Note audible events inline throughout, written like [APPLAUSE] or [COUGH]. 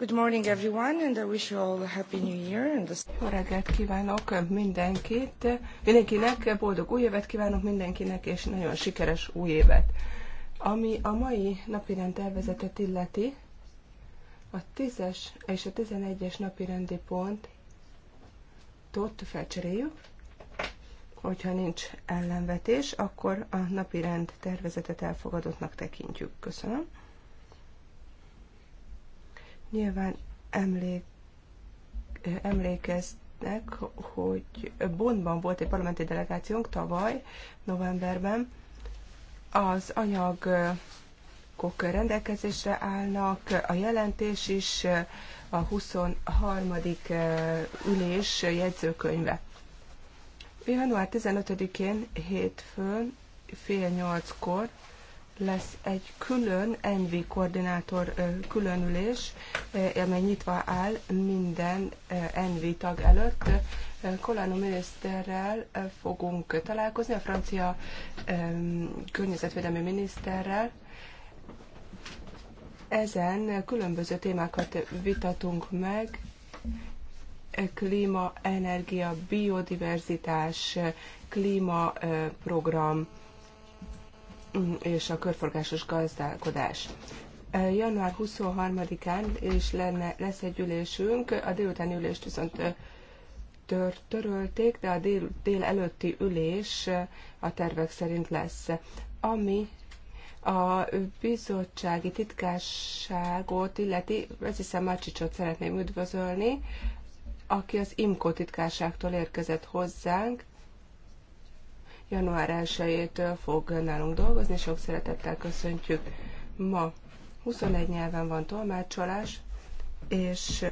Good morning everyone, and I wish you all a happy new year. And a... Jó reggelt kívánok mindenkit, mindenkinek, boldog új évet kívánok mindenkinek, és nagyon sikeres új évet. Ami a mai napirend tervezetet illeti, a 10-es és a 11-es napirendi pont tot felcseréljük. Hogyha nincs ellenvetés, akkor a napirend tervezetet elfogadottnak tekintjük. Köszönöm. Nyilván emlék, emlékeznek, hogy Bonnban volt egy parlamenti delegációnk tavaly, novemberben. Az anyagok rendelkezésre állnak, a jelentés is a 23. Eh, ülés jegyzőkönyve. Január 15-én hétfőn fél nyolckor lesz egy külön NV koordinátor különülés, amely nyitva áll minden NV tag előtt. Kolano miniszterrel fogunk találkozni, a francia környezetvédelmi miniszterrel. Ezen különböző témákat vitatunk meg, klíma, energia, biodiverzitás, klímaprogram, és a körforgásos gazdálkodás. Január 23-án is lenne, lesz egy ülésünk, a délutáni ülést viszont tör, törölték, de a dél, dél előtti ülés a tervek szerint lesz. Ami a bizottsági titkárságot illeti, ez hiszem Macsicsot szeretném üdvözölni, aki az IMKO titkárságtól érkezett hozzánk, január 1-től fog nálunk dolgozni. Sok szeretettel köszöntjük ma. 21 nyelven van tolmácsolás, és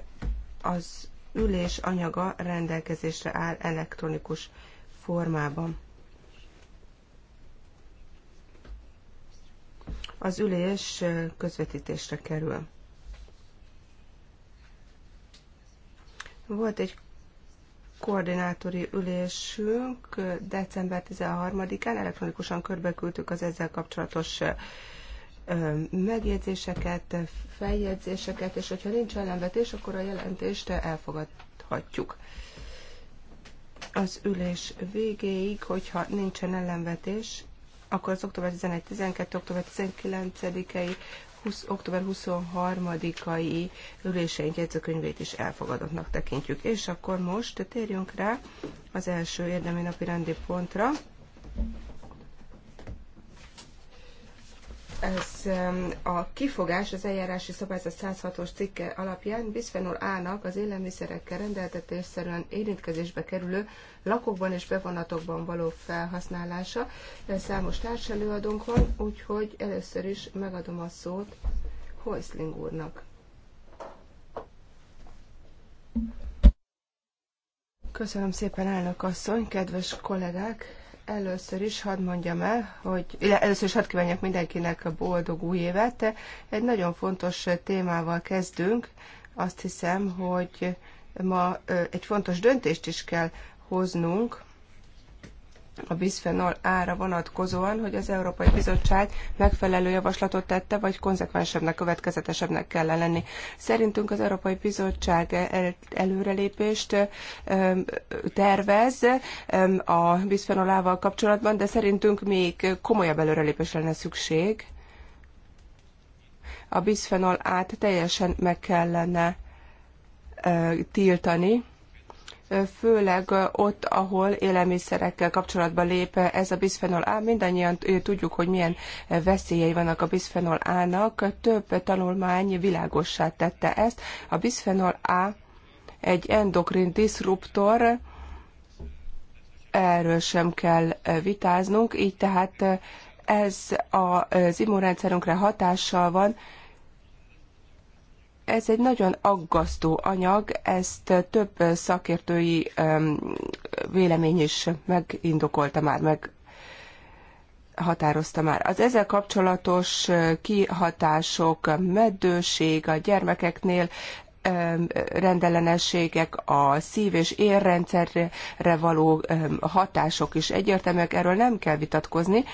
az ülés anyaga rendelkezésre áll elektronikus formában. Az ülés közvetítésre kerül. Volt egy koordinátori ülésünk december 13-án elektronikusan körbeküldtük az ezzel kapcsolatos megjegyzéseket, feljegyzéseket, és hogyha nincs ellenvetés, akkor a jelentést elfogadhatjuk. Az ülés végéig, hogyha nincsen ellenvetés, akkor az október 11-12, október 19-i 20, október 23-ai üléseink jegyzőkönyvét is elfogadottnak tekintjük. És akkor most térjünk rá az első érdemi napi rendi pontra. Ez a kifogás az eljárási szabályzat 106-os cikke alapján bisphenol A-nak az élelmiszerekkel rendeltetésszerűen érintkezésbe kerülő lakokban és bevonatokban való felhasználása. Számos társelőadónk van, úgyhogy először is megadom a szót Hoisling úrnak. Köszönöm szépen, elnök asszony, kedves kollégák! Először is hadd mondjam el, hogy először is hadd kívánjak mindenkinek a boldog új évet. Egy nagyon fontos témával kezdünk. Azt hiszem, hogy ma egy fontos döntést is kell hoznunk, a bisphenol ára vonatkozóan, hogy az Európai Bizottság megfelelő javaslatot tette, vagy konzekvensebbnek, következetesebbnek kell lenni. Szerintünk az Európai Bizottság előrelépést tervez a bizfenolával kapcsolatban, de szerintünk még komolyabb előrelépésre lenne szükség. A bisphenol át teljesen meg kellene tiltani főleg ott, ahol élelmiszerekkel kapcsolatban lép ez a bisphenol A. Mindannyian tudjuk, hogy milyen veszélyei vannak a bisphenol A-nak. Több tanulmány világossá tette ezt. A bisphenol A egy endokrin diszruptor, erről sem kell vitáznunk, így tehát ez az immunrendszerünkre hatással van, ez egy nagyon aggasztó anyag, ezt több szakértői vélemény is megindokolta már, meg határozta már. Az ezzel kapcsolatos kihatások, meddőség a gyermekeknél, rendellenességek, a szív- és érrendszerre való hatások is egyértelműek, erről nem kell vitatkozni,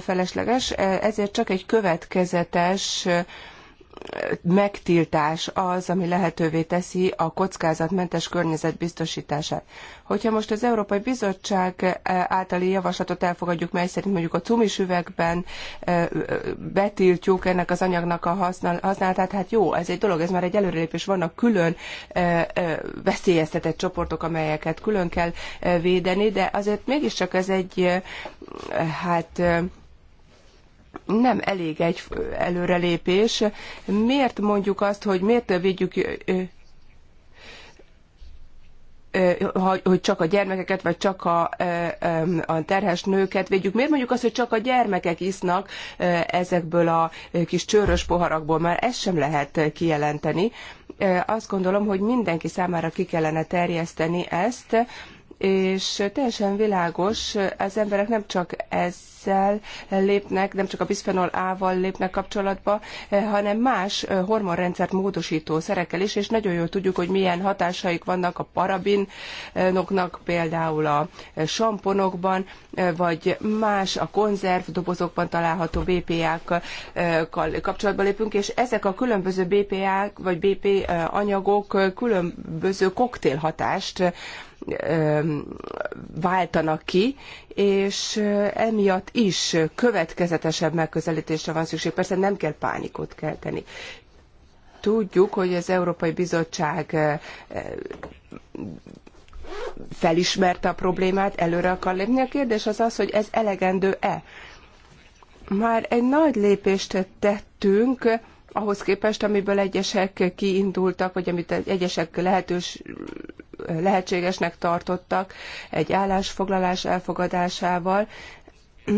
felesleges, e, ezért csak egy következetes megtiltás az, ami lehetővé teszi a kockázatmentes környezet biztosítását. Hogyha most az Európai Bizottság eh, általi javaslatot elfogadjuk, mely szerint mondjuk a cumis üvegben eh, betiltjuk ennek az anyagnak a használatát, hát jó, ez egy dolog, ez már egy előrelépés, vannak külön eh, veszélyeztetett csoportok, amelyeket külön kell védeni, de azért mégiscsak ez egy hát nem elég egy előrelépés. Miért mondjuk azt, hogy miért védjük hogy csak a gyermekeket, vagy csak a, a terhes nőket védjük. Miért mondjuk azt, hogy csak a gyermekek isznak ezekből a kis csőrös poharakból? Már ezt sem lehet kijelenteni. Azt gondolom, hogy mindenki számára ki kellene terjeszteni ezt, és teljesen világos, az emberek nem csak ezzel lépnek, nem csak a bisphenol A-val lépnek kapcsolatba, hanem más hormonrendszert módosító szerekkel is, és nagyon jól tudjuk, hogy milyen hatásaik vannak a parabinoknak, például a samponokban, vagy más a konzervdobozokban található BPA-kkal kapcsolatba lépünk, és ezek a különböző BPA-k vagy BP anyagok különböző koktélhatást váltanak ki, és emiatt is következetesebb megközelítésre van szükség. Persze nem kell pánikot kelteni. Tudjuk, hogy az Európai Bizottság felismerte a problémát, előre akar lépni. A kérdés az az, hogy ez elegendő-e. Már egy nagy lépést tettünk, ahhoz képest, amiből egyesek kiindultak, vagy amit egyesek lehetős, lehetségesnek tartottak egy állásfoglalás elfogadásával.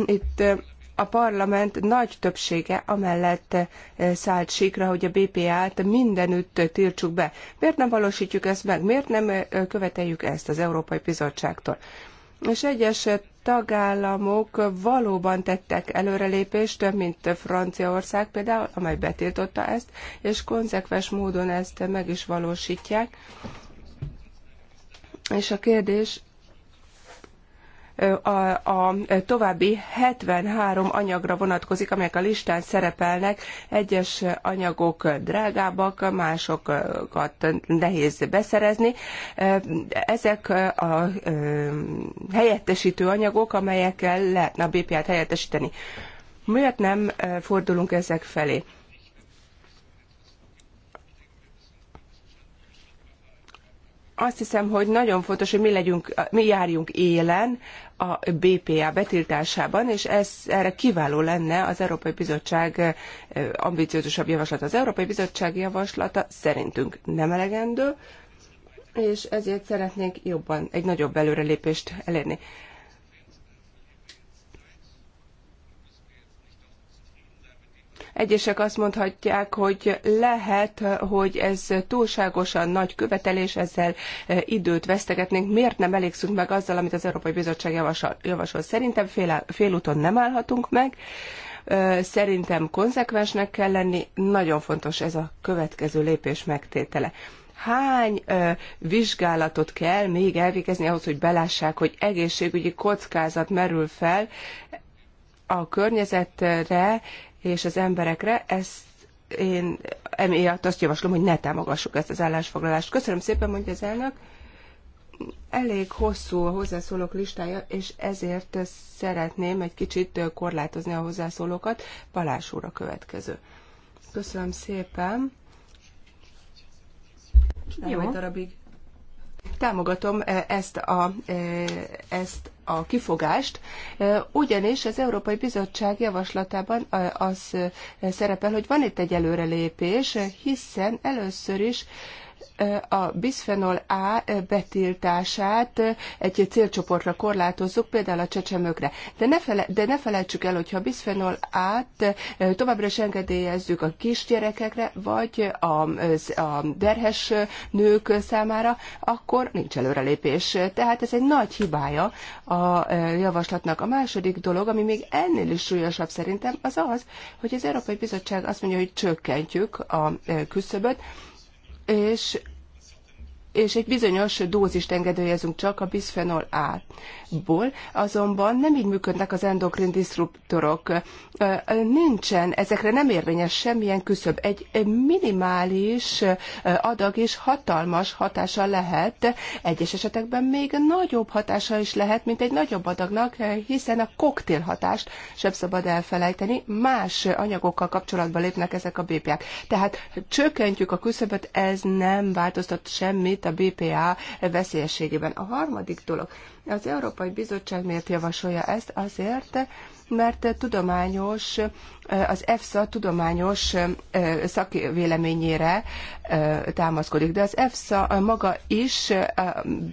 Itt a parlament nagy többsége amellett szállt síkra, hogy a BPA-t mindenütt tiltsuk be. Miért nem valósítjuk ezt meg? Miért nem követeljük ezt az Európai Bizottságtól? és egyes tagállamok valóban tettek előrelépést, mint Franciaország például, amely betiltotta ezt, és konzekvens módon ezt meg is valósítják. És a kérdés a, a további 73 anyagra vonatkozik, amelyek a listán szerepelnek. Egyes anyagok drágábbak, másokat nehéz beszerezni. Ezek a helyettesítő anyagok, amelyekkel lehetne a BPA-t helyettesíteni. Miért nem fordulunk ezek felé? azt hiszem, hogy nagyon fontos, hogy mi, legyünk, mi járjunk élen a BPA betiltásában, és ez erre kiváló lenne az Európai Bizottság eh, ambiciózusabb javaslata. Az Európai Bizottság javaslata szerintünk nem elegendő, és ezért szeretnénk jobban, egy nagyobb előrelépést elérni. Egyesek azt mondhatják, hogy lehet, hogy ez túlságosan nagy követelés, ezzel e, időt vesztegetnénk. Miért nem elégszünk meg azzal, amit az Európai Bizottság javasol? javasol? Szerintem fél, félúton nem állhatunk meg. E, szerintem konzekvensnek kell lenni. Nagyon fontos ez a következő lépés megtétele hány ö, e, vizsgálatot kell még elvégezni ahhoz, hogy belássák, hogy egészségügyi kockázat merül fel a környezetre és az emberekre. Ezt én emiatt azt javaslom, hogy ne támogassuk ezt az állásfoglalást. Köszönöm szépen, mondja az elnök. Elég hosszú a hozzászólók listája, és ezért szeretném egy kicsit korlátozni a hozzászólókat. Balázs úr a következő. Köszönöm szépen. Jó. egy darabig. Támogatom e, ezt a, e, ezt a kifogást, ugyanis az Európai Bizottság javaslatában az szerepel, hogy van itt egy előrelépés, hiszen először is a bisphenol A betiltását egy célcsoportra korlátozzuk, például a csecsemőkre. De ne, fele, de ne felejtsük el, hogyha a bisphenol A-t továbbra is engedélyezzük a kisgyerekekre, vagy a, a derhes nők számára, akkor nincs előrelépés. Tehát ez egy nagy hibája a javaslatnak. A második dolog, ami még ennél is súlyosabb szerintem, az az, hogy az Európai Bizottság azt mondja, hogy csökkentjük a küszöböt, és és egy bizonyos dózist engedélyezünk csak a bisphenol A-ból, azonban nem így működnek az endokrin disruptorok Nincsen, ezekre nem érvényes semmilyen küszöb. Egy minimális adag is hatalmas hatása lehet, egyes esetekben még nagyobb hatása is lehet, mint egy nagyobb adagnak, hiszen a koktél hatást sem szabad elfelejteni, más anyagokkal kapcsolatban lépnek ezek a bépják. Tehát csökkentjük a küszöböt, ez nem változtat semmit itt a BPA veszélyességében. A harmadik dolog, az Európai Bizottság miért javasolja ezt? Azért, mert tudományos, az EFSA tudományos szakvéleményére támaszkodik, de az EFSA maga is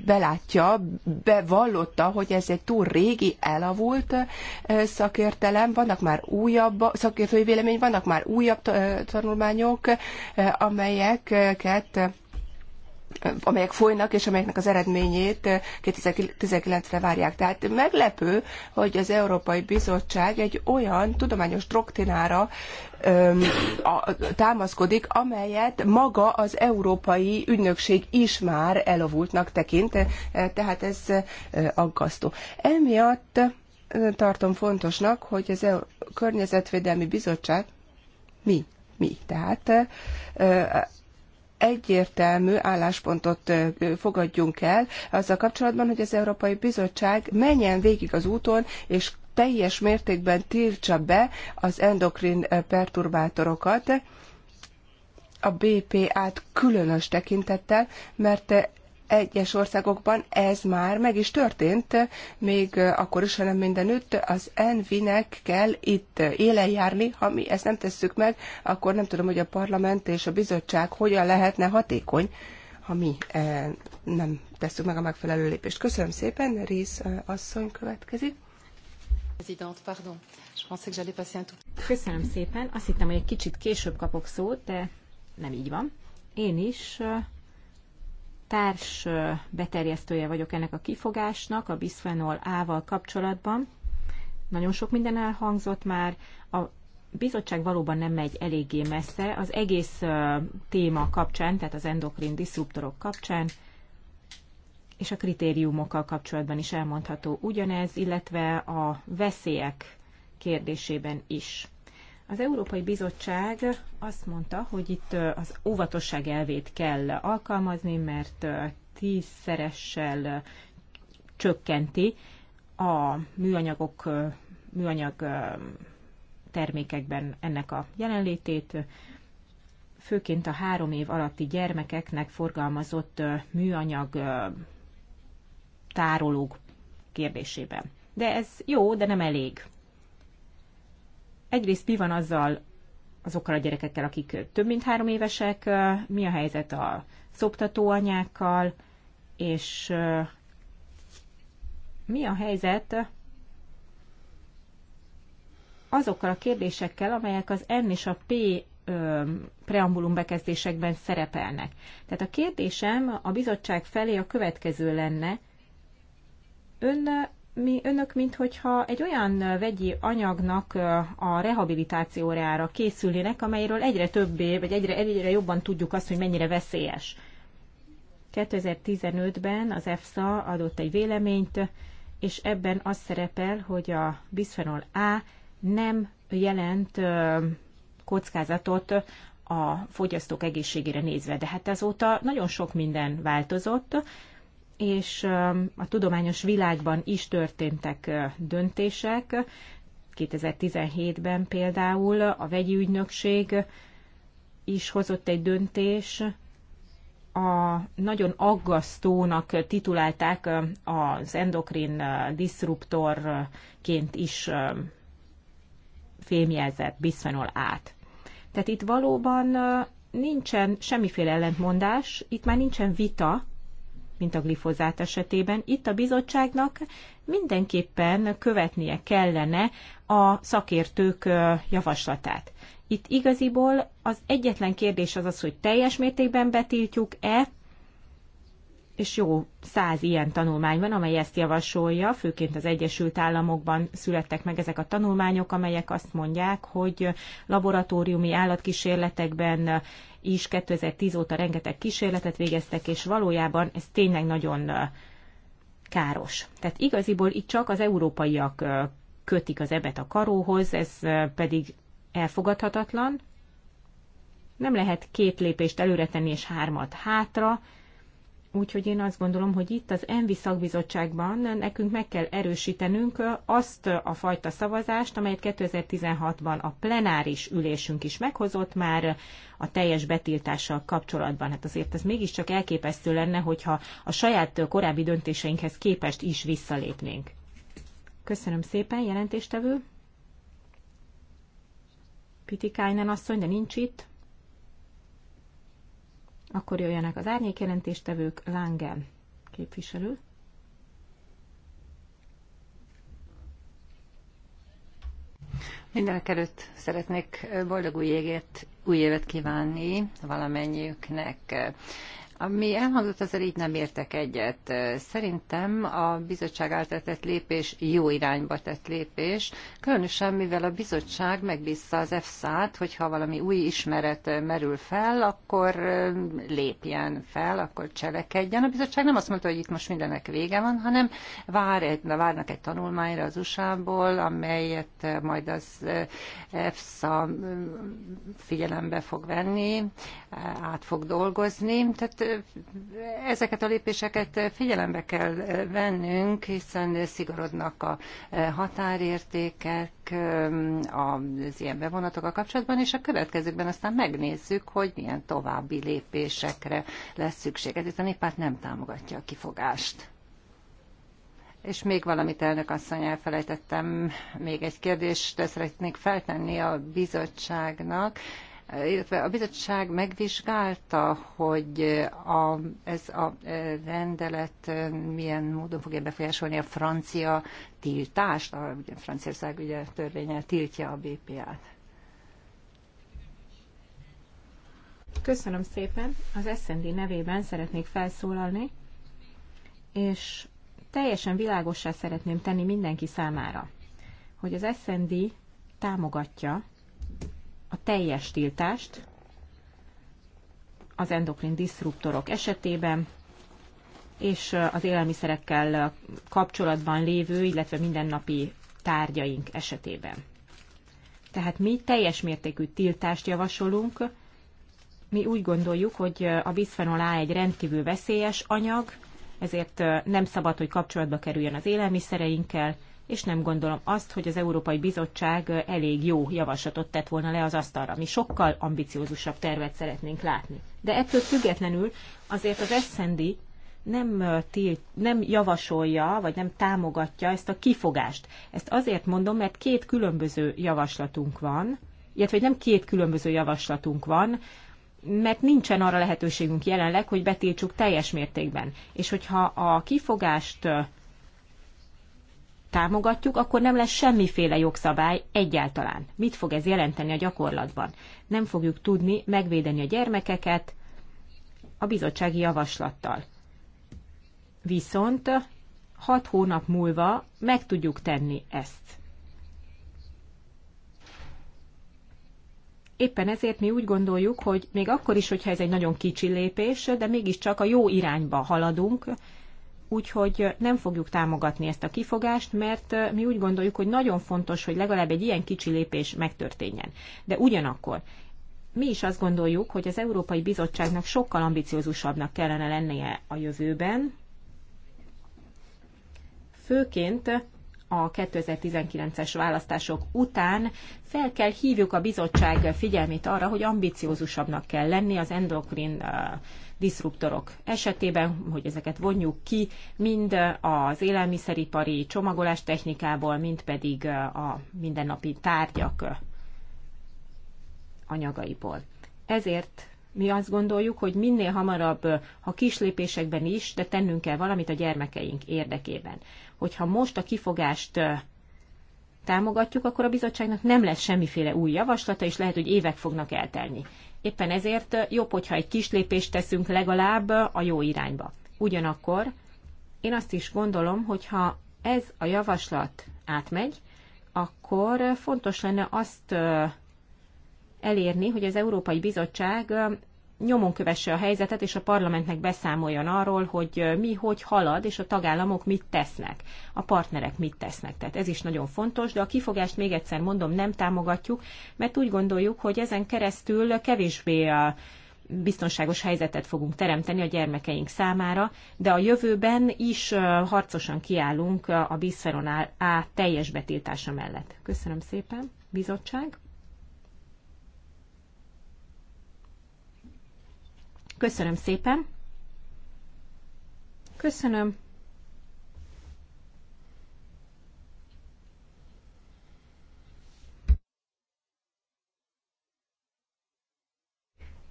belátja, bevallotta, hogy ez egy túl régi, elavult szakértelem, vannak már újabb szakértői vélemény, vannak már újabb tanulmányok, amelyeket amelyek folynak, és amelyeknek az eredményét 2019-re eh, várják. Tehát meglepő, hogy az Európai Bizottság egy olyan tudományos a, támaszkodik, amelyet maga az Európai Ügynökség is már elavultnak tekint, eh, tehát ez eh, aggasztó. Emiatt tartom fontosnak, hogy az EU Környezetvédelmi Bizottság mi mi. Tehát egyértelmű álláspontot fogadjunk el azzal kapcsolatban, hogy az Európai Bizottság menjen végig az úton, és teljes mértékben tiltsa be az endokrin perturbátorokat, a BPA-t különös tekintettel, mert egyes országokban ez már meg is történt, még akkor is, hanem mindenütt az envinek kell itt élen járni. Ha mi ezt nem tesszük meg, akkor nem tudom, hogy a parlament és a bizottság hogyan lehetne hatékony, ha mi eh, nem tesszük meg a megfelelő lépést. Köszönöm szépen, Rész eh, asszony következik. Köszönöm szépen. Azt hittem, hogy egy kicsit később kapok szót, de nem így van. Én is eh, társ beterjesztője vagyok ennek a kifogásnak, a bisphenol A-val kapcsolatban. Nagyon sok minden elhangzott már. A bizottság valóban nem megy eléggé messze az egész téma kapcsán, tehát az endokrin diszruptorok kapcsán, és a kritériumokkal kapcsolatban is elmondható ugyanez, illetve a veszélyek kérdésében is. Az Európai Bizottság azt mondta, hogy itt az óvatosság elvét kell alkalmazni, mert tízszeressel csökkenti a műanyagok, műanyag termékekben ennek a jelenlétét, főként a három év alatti gyermekeknek forgalmazott műanyag tárolók kérdésében. De ez jó, de nem elég egyrészt mi van azzal azokkal a gyerekekkel, akik több mint három évesek, mi a helyzet a anyákkal, és mi a helyzet azokkal a kérdésekkel, amelyek az N és a P preambulum bekezdésekben szerepelnek. Tehát a kérdésem a bizottság felé a következő lenne. Ön mi önök, hogyha egy olyan vegyi anyagnak a rehabilitációra készülnének, amelyről egyre többé, vagy egyre, egyre jobban tudjuk azt, hogy mennyire veszélyes. 2015-ben az EFSA adott egy véleményt, és ebben az szerepel, hogy a bisphenol A nem jelent kockázatot a fogyasztók egészségére nézve. De hát azóta nagyon sok minden változott, és a tudományos világban is történtek döntések. 2017-ben például a vegyi ügynökség is hozott egy döntés, a nagyon aggasztónak titulálták az endokrin diszruptorként is fémjelzett bisphenol át. Tehát itt valóban nincsen semmiféle ellentmondás, itt már nincsen vita, mint a glifozát esetében. Itt a bizottságnak mindenképpen követnie kellene a szakértők javaslatát. Itt igaziból az egyetlen kérdés az az, hogy teljes mértékben betiltjuk-e és jó száz ilyen tanulmány van, amely ezt javasolja, főként az Egyesült Államokban születtek meg ezek a tanulmányok, amelyek azt mondják, hogy laboratóriumi állatkísérletekben is 2010 óta rengeteg kísérletet végeztek, és valójában ez tényleg nagyon káros. Tehát igaziból itt csak az európaiak kötik az ebet a karóhoz, ez pedig elfogadhatatlan. Nem lehet két lépést előre tenni és hármat hátra, Úgyhogy én azt gondolom, hogy itt az ENVI szakbizottságban nekünk meg kell erősítenünk azt a fajta szavazást, amelyet 2016-ban a plenáris ülésünk is meghozott már a teljes betiltással kapcsolatban. Hát azért ez mégiscsak elképesztő lenne, hogyha a saját korábbi döntéseinkhez képest is visszalépnénk. Köszönöm szépen, jelentéstevő. Pitikájnen asszony, de nincs itt. Akkor jöjjenek az árnyékjelentéstevők, Lange képviselő. Mindenek előtt szeretnék boldog új évet, új évet kívánni valamennyiüknek. Ami elhangzott, azért így nem értek egyet. Szerintem a bizottság által tett lépés jó irányba tett lépés, különösen mivel a bizottság megbízza az EFSA-t, hogyha valami új ismeret merül fel, akkor lépjen fel, akkor cselekedjen. A bizottság nem azt mondta, hogy itt most mindenek vége van, hanem vár egy, várnak egy tanulmányra az USA-ból, amelyet majd az EFSA figyelembe fog venni, át fog dolgozni. Tehát ezeket a lépéseket figyelembe kell vennünk, hiszen szigorodnak a határértékek az ilyen bevonatokkal kapcsolatban, és a következőkben aztán megnézzük, hogy milyen további lépésekre lesz szükség. Ezért a néppárt nem támogatja a kifogást. És még valamit, elnök asszony, elfelejtettem, még egy kérdést szeretnék feltenni a bizottságnak illetve a bizottság megvizsgálta, hogy a, ez a rendelet milyen módon fogja befolyásolni a francia tiltást, a, ugye Franciaország ugye törvénye tiltja a BPA-t. Köszönöm szépen. Az SND nevében szeretnék felszólalni, és teljesen világossá szeretném tenni mindenki számára, hogy az SND támogatja a teljes tiltást az endokrin diszruptorok esetében, és az élelmiszerekkel kapcsolatban lévő, illetve mindennapi tárgyaink esetében. Tehát mi teljes mértékű tiltást javasolunk. Mi úgy gondoljuk, hogy a bisphenol A egy rendkívül veszélyes anyag, ezért nem szabad, hogy kapcsolatba kerüljön az élelmiszereinkkel, és nem gondolom azt, hogy az Európai Bizottság elég jó javaslatot tett volna le az asztalra. Mi sokkal ambiciózusabb tervet szeretnénk látni. De ettől függetlenül azért az SND nem, tilt, nem javasolja, vagy nem támogatja ezt a kifogást. Ezt azért mondom, mert két különböző javaslatunk van, illetve nem két különböző javaslatunk van, mert nincsen arra lehetőségünk jelenleg, hogy betiltsuk teljes mértékben. És hogyha a kifogást támogatjuk, akkor nem lesz semmiféle jogszabály egyáltalán. Mit fog ez jelenteni a gyakorlatban? Nem fogjuk tudni megvédeni a gyermekeket a bizottsági javaslattal. Viszont hat hónap múlva meg tudjuk tenni ezt. Éppen ezért mi úgy gondoljuk, hogy még akkor is, hogyha ez egy nagyon kicsi lépés, de mégiscsak a jó irányba haladunk, úgyhogy nem fogjuk támogatni ezt a kifogást, mert eh, mi úgy gondoljuk, hogy nagyon fontos, hogy legalább egy ilyen kicsi lépés megtörténjen. De ugyanakkor mi is azt gondoljuk, hogy az Európai Bizottságnak sokkal ambiciózusabbnak kellene lennie a jövőben, főként a 2019-es választások után fel kell hívjuk a bizottság figyelmét arra, hogy ambiciózusabbnak kell lenni az endokrin eh, diszruptorok esetében, hogy ezeket vonjuk ki, mind az élelmiszeripari csomagolás technikából, mind pedig a mindennapi tárgyak anyagaiból. Ezért mi azt gondoljuk, hogy minél hamarabb, ha kislépésekben is, de tennünk kell valamit a gyermekeink érdekében. Hogyha most a kifogást támogatjuk, akkor a bizottságnak nem lesz semmiféle új javaslata, és lehet, hogy évek fognak eltelni. Éppen ezért jobb, hogyha egy kis lépést teszünk legalább a jó irányba. Ugyanakkor én azt is gondolom, hogy ha ez a javaslat átmegy, akkor fontos lenne azt elérni, hogy az Európai Bizottság nyomon kövesse a helyzetet, és a parlamentnek beszámoljon arról, hogy mi hogy halad, és a tagállamok mit tesznek, a partnerek mit tesznek. Tehát ez is nagyon fontos, de a kifogást még egyszer mondom, nem támogatjuk, mert úgy gondoljuk, hogy ezen keresztül kevésbé a biztonságos helyzetet fogunk teremteni a gyermekeink számára, de a jövőben is harcosan kiállunk a biszferon A teljes betiltása mellett. Köszönöm szépen, bizottság! Köszönöm szépen. Köszönöm.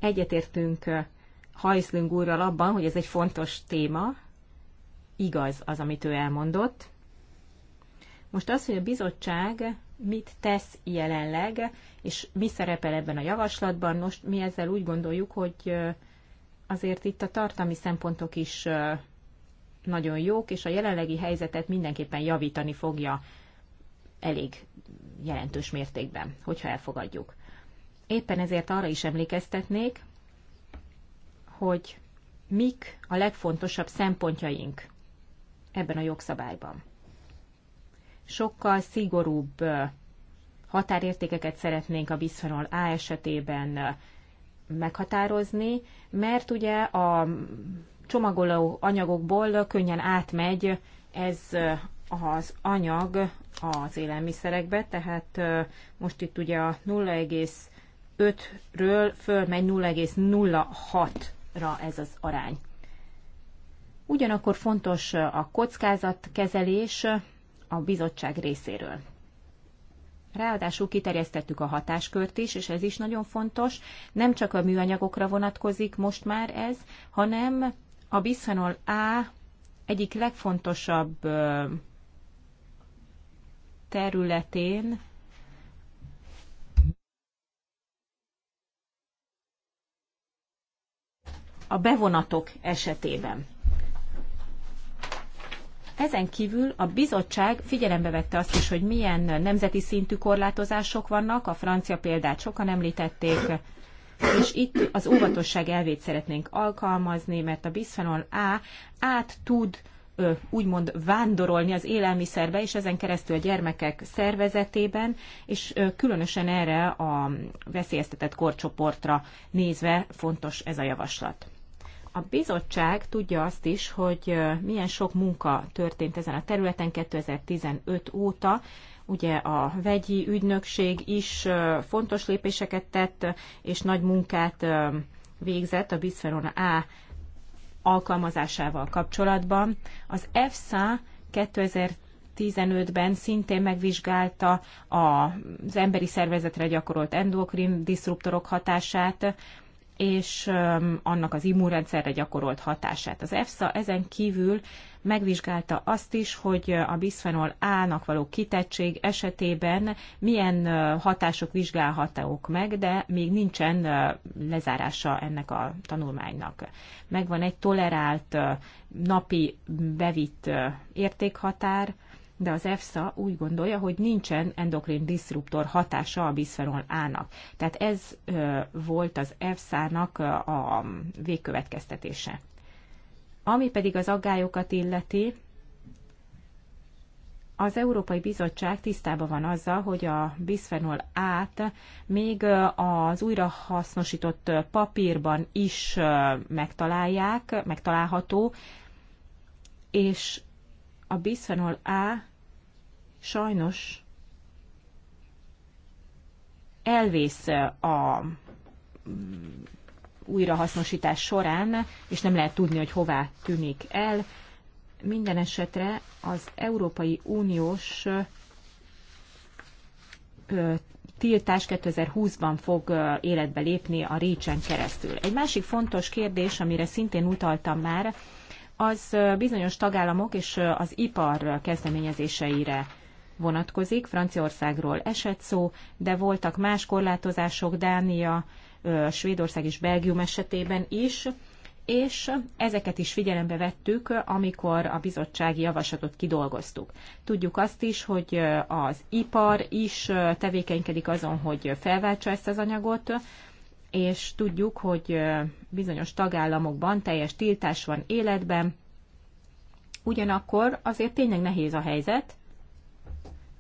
Egyetértünk eh, hajszlünk úrral abban, hogy ez egy fontos téma. Igaz az, amit ő elmondott. Most az, hogy a bizottság mit tesz jelenleg, és mi szerepel ebben a javaslatban, most mi ezzel úgy gondoljuk, hogy eh, azért itt a tartalmi szempontok is nagyon jók, és a jelenlegi helyzetet mindenképpen javítani fogja elég jelentős mértékben, hogyha elfogadjuk. Éppen ezért arra is emlékeztetnék, hogy mik a legfontosabb szempontjaink ebben a jogszabályban. Sokkal szigorúbb határértékeket szeretnénk a bisphenol A esetében meghatározni, mert ugye a csomagoló anyagokból könnyen átmegy ez az anyag az élelmiszerekbe, tehát most itt ugye a 0,5-ről fölmegy 0,06-ra ez az arány. Ugyanakkor fontos a kockázatkezelés a bizottság részéről. Ráadásul kiterjesztettük a hatáskört is, és ez is nagyon fontos. Nem csak a műanyagokra vonatkozik most már ez, hanem a bisphenol A egyik legfontosabb területén a bevonatok esetében. Ezen kívül a bizottság figyelembe vette azt is, hogy milyen nemzeti szintű korlátozások vannak, a francia példát sokan említették, és itt az óvatosság elvét szeretnénk alkalmazni, mert a bisphenol A át tud úgymond vándorolni az élelmiszerbe, és ezen keresztül a gyermekek szervezetében, és különösen erre a veszélyeztetett korcsoportra nézve fontos ez a javaslat. A bizottság tudja azt is, hogy milyen sok munka történt ezen a területen 2015 óta. Ugye a vegyi ügynökség is fontos lépéseket tett, és nagy munkát végzett a Bisferon A alkalmazásával kapcsolatban. Az EFSA 2015-ben szintén megvizsgálta az emberi szervezetre gyakorolt endokrin diszruptorok hatását, és annak az immunrendszerre gyakorolt hatását. Az EFSA ezen kívül megvizsgálta azt is, hogy a bisphenol A-nak való kitettség esetében milyen hatások vizsgálhatók meg, de még nincsen lezárása ennek a tanulmánynak. Megvan egy tolerált napi bevitt értékhatár, de az EFSA úgy gondolja, hogy nincsen endokrin diszruptor hatása a bisphenol A-nak. Tehát ez volt az EFSA-nak a végkövetkeztetése. Ami pedig az aggályokat illeti, az Európai Bizottság tisztában van azzal, hogy a bisphenol át még az újrahasznosított papírban is megtalálják, megtalálható, és a bisphenol A sajnos elvész a újrahasznosítás során, és nem lehet tudni, hogy hová tűnik el. Minden esetre az Európai Uniós tiltás 2020-ban fog életbe lépni a reach keresztül. Egy másik fontos kérdés, amire szintén utaltam már, az bizonyos tagállamok és az ipar kezdeményezéseire vonatkozik. Franciaországról esett szó, de voltak más korlátozások, Dánia, Svédország és Belgium esetében is, és ezeket is figyelembe vettük, amikor a bizottsági javaslatot kidolgoztuk. Tudjuk azt is, hogy az ipar is tevékenykedik azon, hogy felváltsa ezt az anyagot, és tudjuk, hogy bizonyos tagállamokban teljes tiltás van életben, ugyanakkor azért tényleg nehéz a helyzet,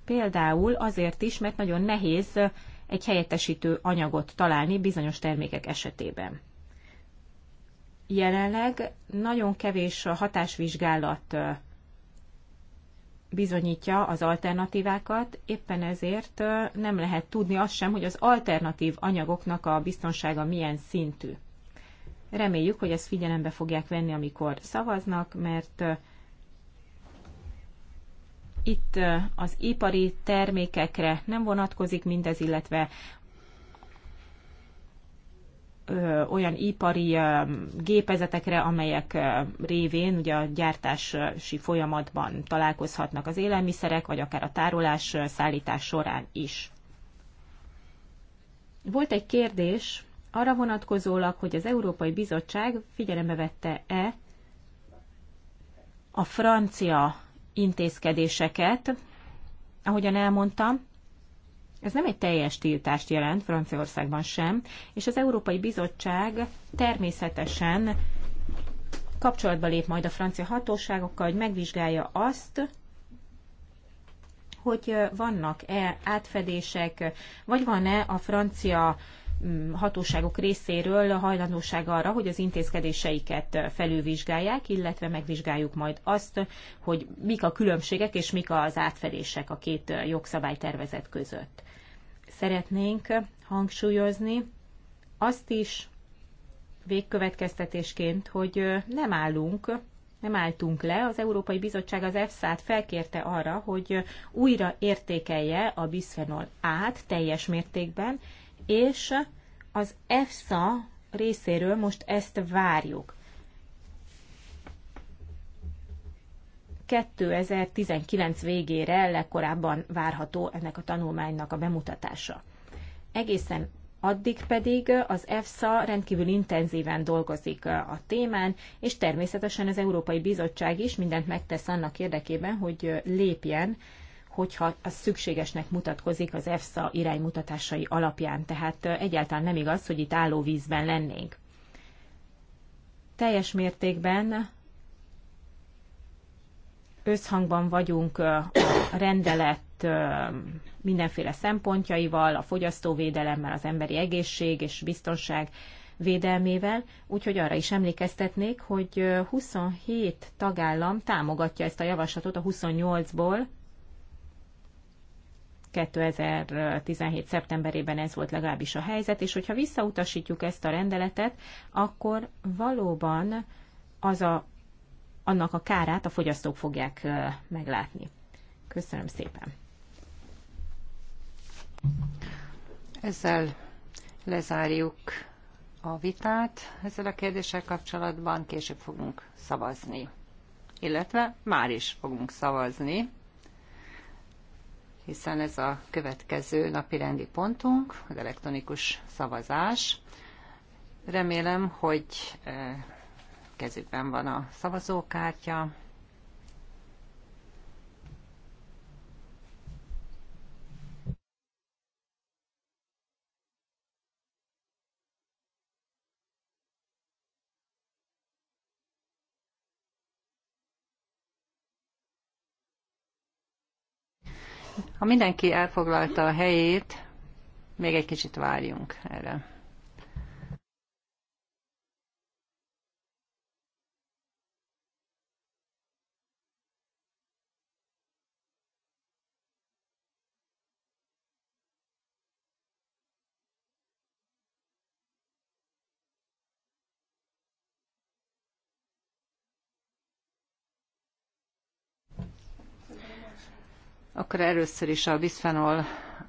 például azért is, mert nagyon nehéz egy helyettesítő anyagot találni bizonyos termékek esetében. Jelenleg nagyon kevés hatásvizsgálat bizonyítja az alternatívákat, éppen ezért nem lehet tudni azt sem, hogy az alternatív anyagoknak a biztonsága milyen szintű. Reméljük, hogy ezt figyelembe fogják venni, amikor szavaznak, mert itt az ipari termékekre nem vonatkozik mindez, illetve ö, olyan ipari ö, gépezetekre, amelyek ö, révén ugye a gyártási folyamatban találkozhatnak az élelmiszerek, vagy akár a tárolás ö, szállítás során is. Volt egy kérdés arra vonatkozólag, hogy az Európai Bizottság figyelembe vette-e a francia intézkedéseket, ahogyan elmondtam, ez nem egy teljes tiltást jelent Franciaországban sem, és az Európai Bizottság természetesen kapcsolatba lép majd a francia hatóságokkal, hogy megvizsgálja azt, hogy vannak-e átfedések, vagy van-e a francia mm, hatóságok részéről hajlandóság arra, hogy az intézkedéseiket felülvizsgálják, illetve megvizsgáljuk majd azt, hogy mik a különbségek és mik az átfedések a két jogszabálytervezet között szeretnénk hangsúlyozni azt is végkövetkeztetésként, hogy nem állunk, nem álltunk le. Az Európai Bizottság az EFSA-t felkérte arra, hogy újra értékelje a bisphenol át teljes mértékben, és az EFSA részéről most ezt várjuk. 2019 végére legkorábban várható ennek a tanulmánynak a bemutatása. Egészen addig pedig az EFSA rendkívül intenzíven dolgozik a témán, és természetesen az Európai Bizottság is mindent megtesz annak érdekében, hogy lépjen, hogyha az szükségesnek mutatkozik az EFSA iránymutatásai alapján. Tehát egyáltalán nem igaz, hogy itt vízben lennénk. Teljes mértékben összhangban vagyunk a rendelet mindenféle szempontjaival, a fogyasztóvédelemmel, az emberi egészség és biztonság védelmével, úgyhogy arra is emlékeztetnék, hogy 27 tagállam támogatja ezt a javaslatot a 28-ból, 2017. szeptemberében ez volt legalábbis a helyzet, és hogyha visszautasítjuk ezt a rendeletet, akkor valóban az a annak a kárát a fogyasztók fogják meglátni. Köszönöm szépen. Ezzel lezárjuk a vitát ezzel a kérdéssel kapcsolatban, később fogunk szavazni. Illetve már is fogunk szavazni, hiszen ez a következő napi rendi pontunk, az elektronikus szavazás. Remélem, hogy kezükben van a szavazókártya. Ha mindenki elfoglalta a helyét, még egy kicsit várjunk erre. Akkor először is a bisphenol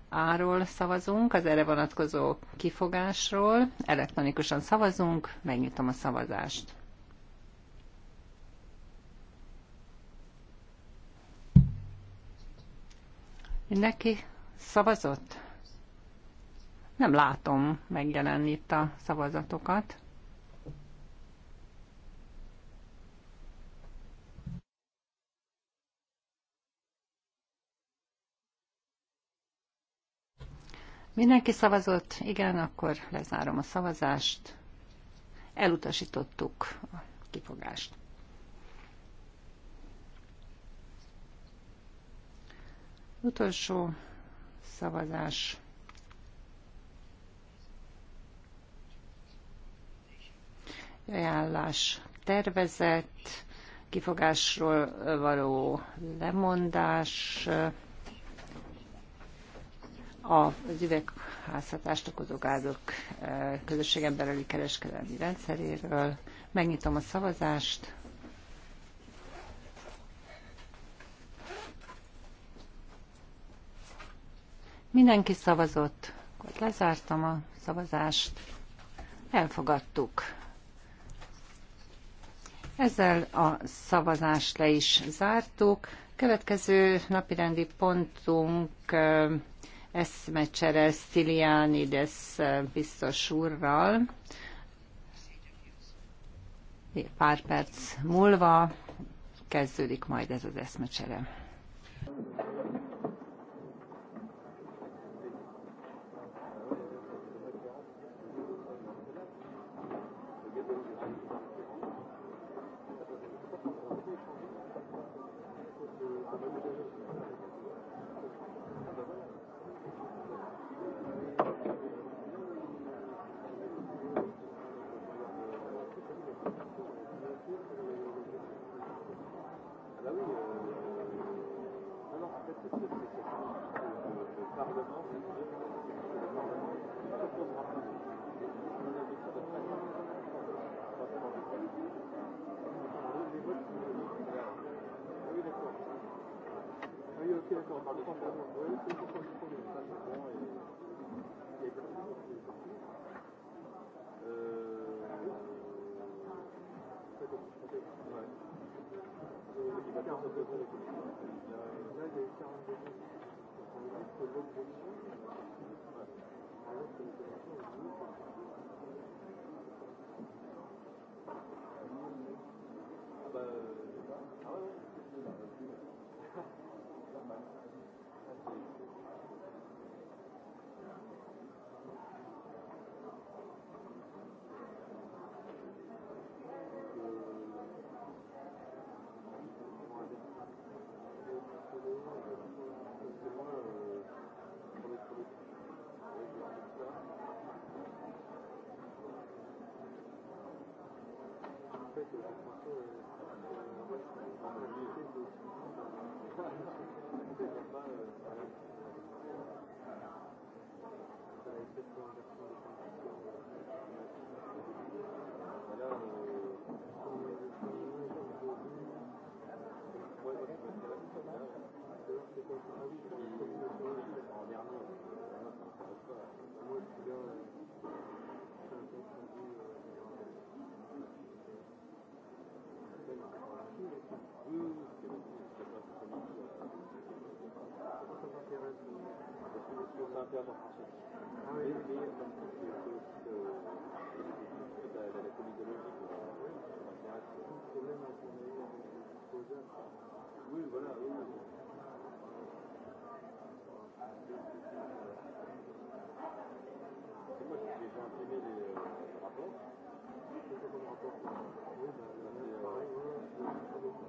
áról szavazunk, az erre vonatkozó kifogásról. Elektronikusan szavazunk, megnyitom a szavazást. Mindenki szavazott? Nem látom megjelenni itt a szavazatokat. Mindenki szavazott? Igen, akkor lezárom a szavazást. Elutasítottuk a kifogást. Utolsó szavazás. Ajánlás tervezett, kifogásról való lemondás az üvegházhatást okozó gázok e, közösségen belüli kereskedelmi rendszeréről. Megnyitom a szavazást. Mindenki szavazott, akkor lezártam a szavazást. Elfogadtuk. Ezzel a szavazást le is zártuk. Következő napirendi pontunk e, eszmecsere Sziliánides biztos úrral. Pár perc múlva kezdődik majd ez az eszmecsere. Oui, voilà, oui. C'est moi qui ai imprimé les rapports. C'est comme rapport Oui, bah, pareil, ouais.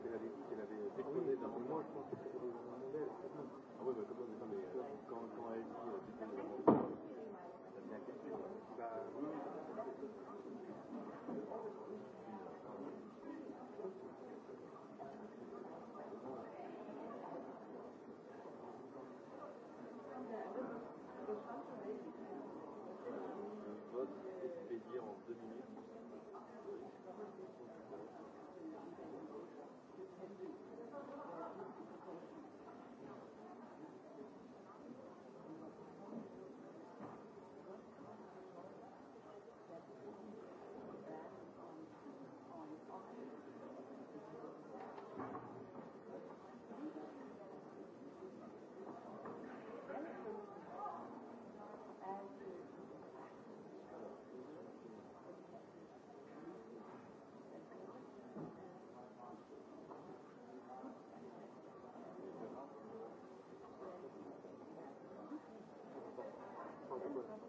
qu'il avait, qu'il avait déposé dans le mois, je pense que c'est dans la nouvelle. Ah ouais, bah, comme on dit, non, mais quand, quand elle dit, c'est dans la nouvelle, ça devient quelque chose. Bah, oui, oui. And then,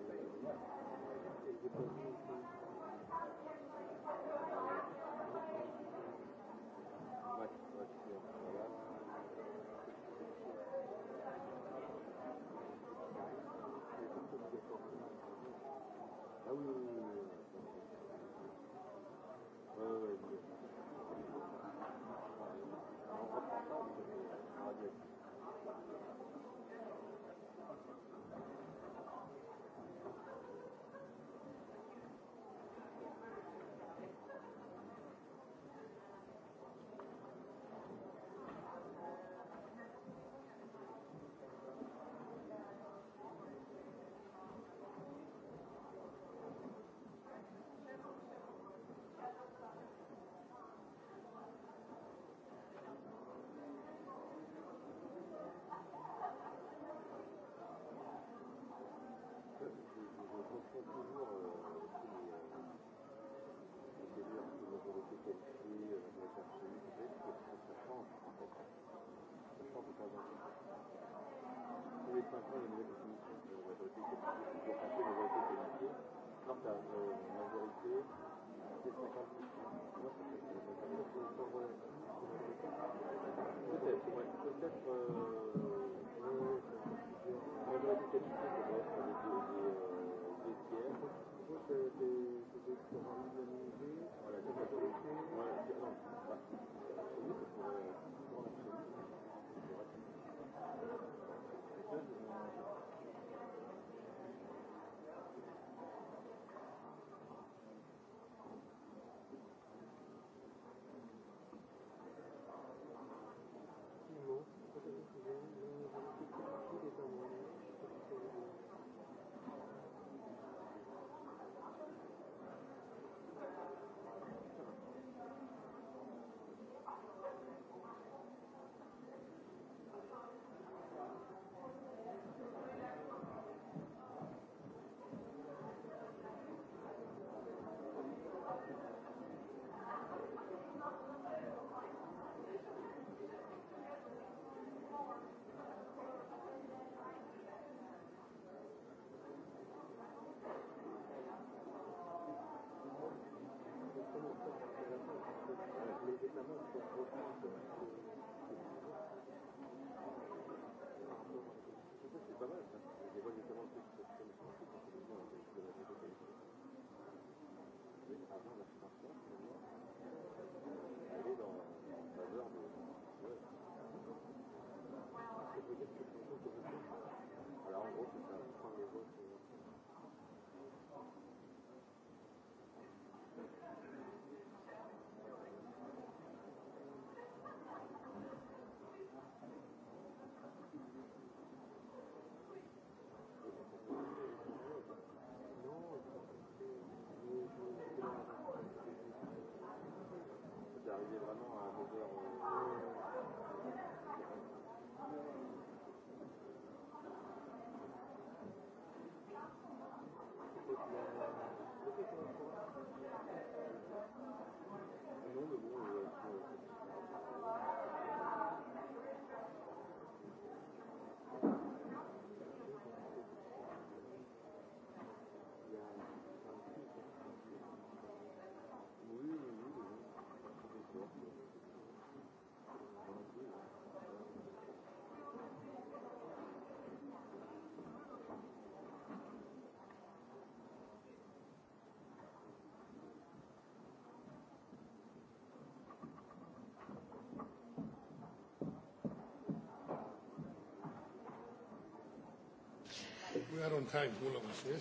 est toujours euh, qui, euh, qui est dur, qui veut vérifier le prix, euh, le absolu, ça change en fait. Ça change de temps en temps. Tous les 5 ans, il y a une nouvelle définition de la majorité qualifiée. Pour passer la majorité qualifiée, quand tu as euh, majorité, c'est 50%. Moi, ça fait Peut-être, ouais. Peut-être, euh, euh, majorité qualifiée, ça doit être des. des euh, des, des électorats unanimisés, la majorité. Ouais, non, bah, oui, évidemment, il faut augmenter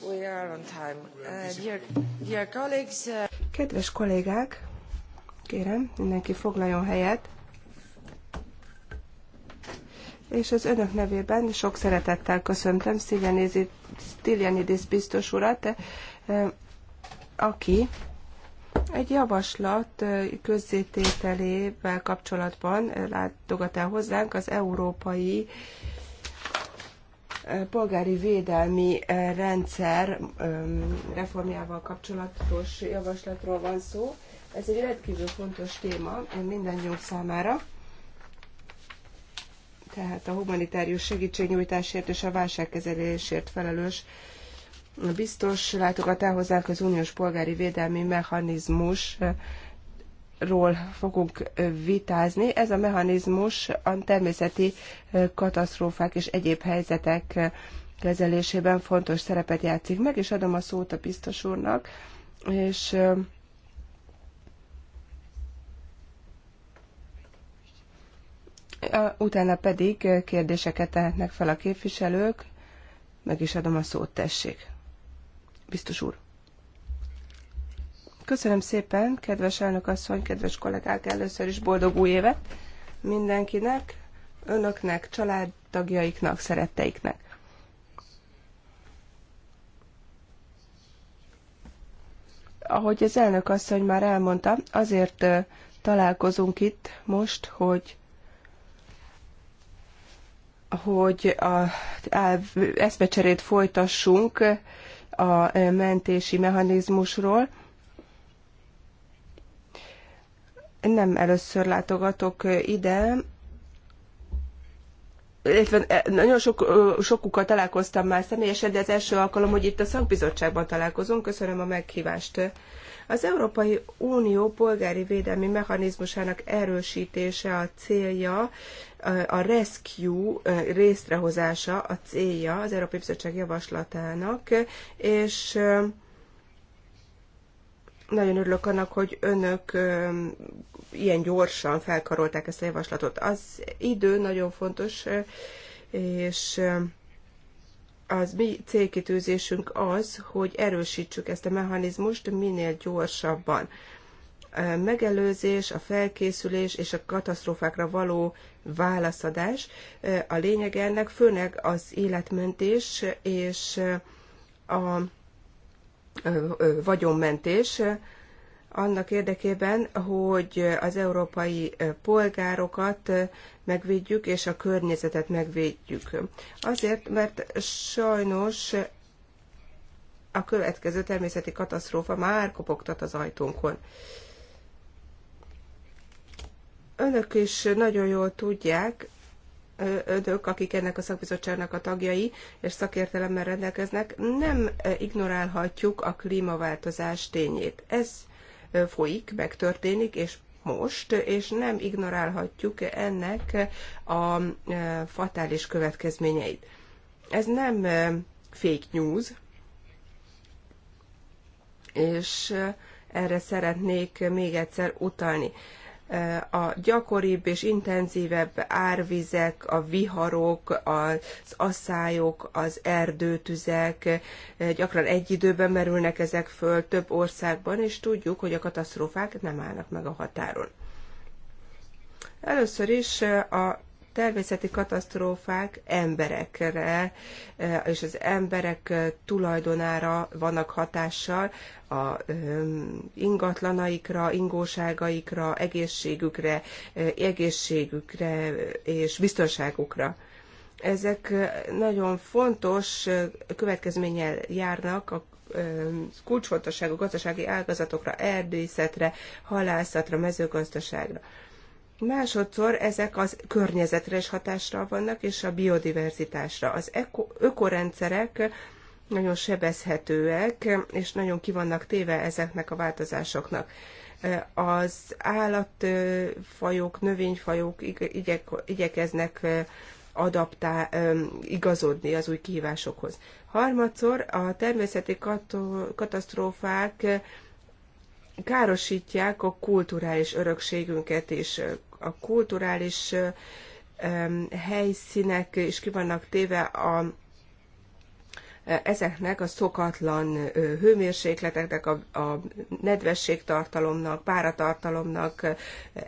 Uh, uh, Kedves kollégák, kérem, mindenki foglaljon helyet. És az önök nevében sok szeretettel köszöntöm Stylianidis biztos urat, eh, aki egy javaslat eh, közzétételével kapcsolatban eh, látogat el hozzánk az európai polgári védelmi eh, rendszer reformjával kapcsolatos javaslatról van szó. Ez egy rendkívül fontos téma mindannyiunk számára. Tehát a humanitárius segítségnyújtásért és a válságkezelésért felelős biztos látogatához az uniós polgári védelmi mechanizmus eh, ról fogunk vitázni. Ez a mechanizmus a természeti katasztrófák és egyéb helyzetek kezelésében fontos szerepet játszik. Meg is adom a szót a biztos úrnak, és utána pedig kérdéseket tehetnek fel a képviselők. Meg is adom a szót, tessék. Biztos úr. Köszönöm szépen, kedves elnök asszony, kedves kollégák, először is boldog új évet mindenkinek, önöknek, családtagjaiknak, szeretteiknek. Ahogy az elnök asszony már elmondta, azért találkozunk itt most, hogy hogy a, a eszmecserét folytassunk a mentési mechanizmusról, nem először látogatok ide, illetve nagyon sok, sokukkal találkoztam már személyesen, de az első alkalom, hogy itt a szakbizottságban találkozunk. Köszönöm a meghívást. Az Európai Unió polgári védelmi mechanizmusának erősítése a célja, a rescue részrehozása a célja az Európai Bizottság javaslatának, és nagyon örülök annak, hogy önök ilyen gyorsan felkarolták ezt a javaslatot. Az idő nagyon fontos, és az mi célkitűzésünk az, hogy erősítsük ezt a mechanizmust minél gyorsabban. A megelőzés, a felkészülés és a katasztrófákra való válaszadás a lényeg ennek, főleg az életmentés és a vagyonmentés annak érdekében, hogy az európai polgárokat megvédjük, és a környezetet megvédjük. Azért, mert sajnos a következő természeti katasztrófa már kopogtat az ajtónkon. Önök is nagyon jól tudják, önök, akik ennek a szakbizottságnak a tagjai és szakértelemmel rendelkeznek, nem ignorálhatjuk a klímaváltozás tényét. Ez folyik, megtörténik, és most, és nem ignorálhatjuk ennek a fatális következményeit. Ez nem fake news, és erre szeretnék még egyszer utalni a gyakoribb és intenzívebb árvizek, a viharok, az asszályok, az erdőtüzek eh, gyakran egy időben merülnek ezek föl több országban, és tudjuk, hogy a katasztrófák nem állnak meg a határon. Először is eh, a természeti katasztrófák emberekre e, és az emberek e, tulajdonára vannak hatással, a e, ingatlanaikra, ingóságaikra, egészségükre, egészségükre és biztonságukra. Ezek nagyon fontos következménnyel járnak a kulcsfontosságú gazdasági ágazatokra, erdészetre, halászatra, mezőgazdaságra. Másodszor ezek az környezetre is hatással vannak, és a biodiverzitásra. Az eko, ökorendszerek nagyon sebezhetőek, és nagyon kivannak téve ezeknek a változásoknak. Az állatfajok, növényfajok igyekeznek adaptá, igazodni az új kihívásokhoz. Harmadszor a természeti katasztrófák károsítják a kulturális örökségünket és a kulturális helyszínek is ki vannak téve a ezeknek a szokatlan hőmérsékleteknek, a, a nedvességtartalomnak, páratartalomnak,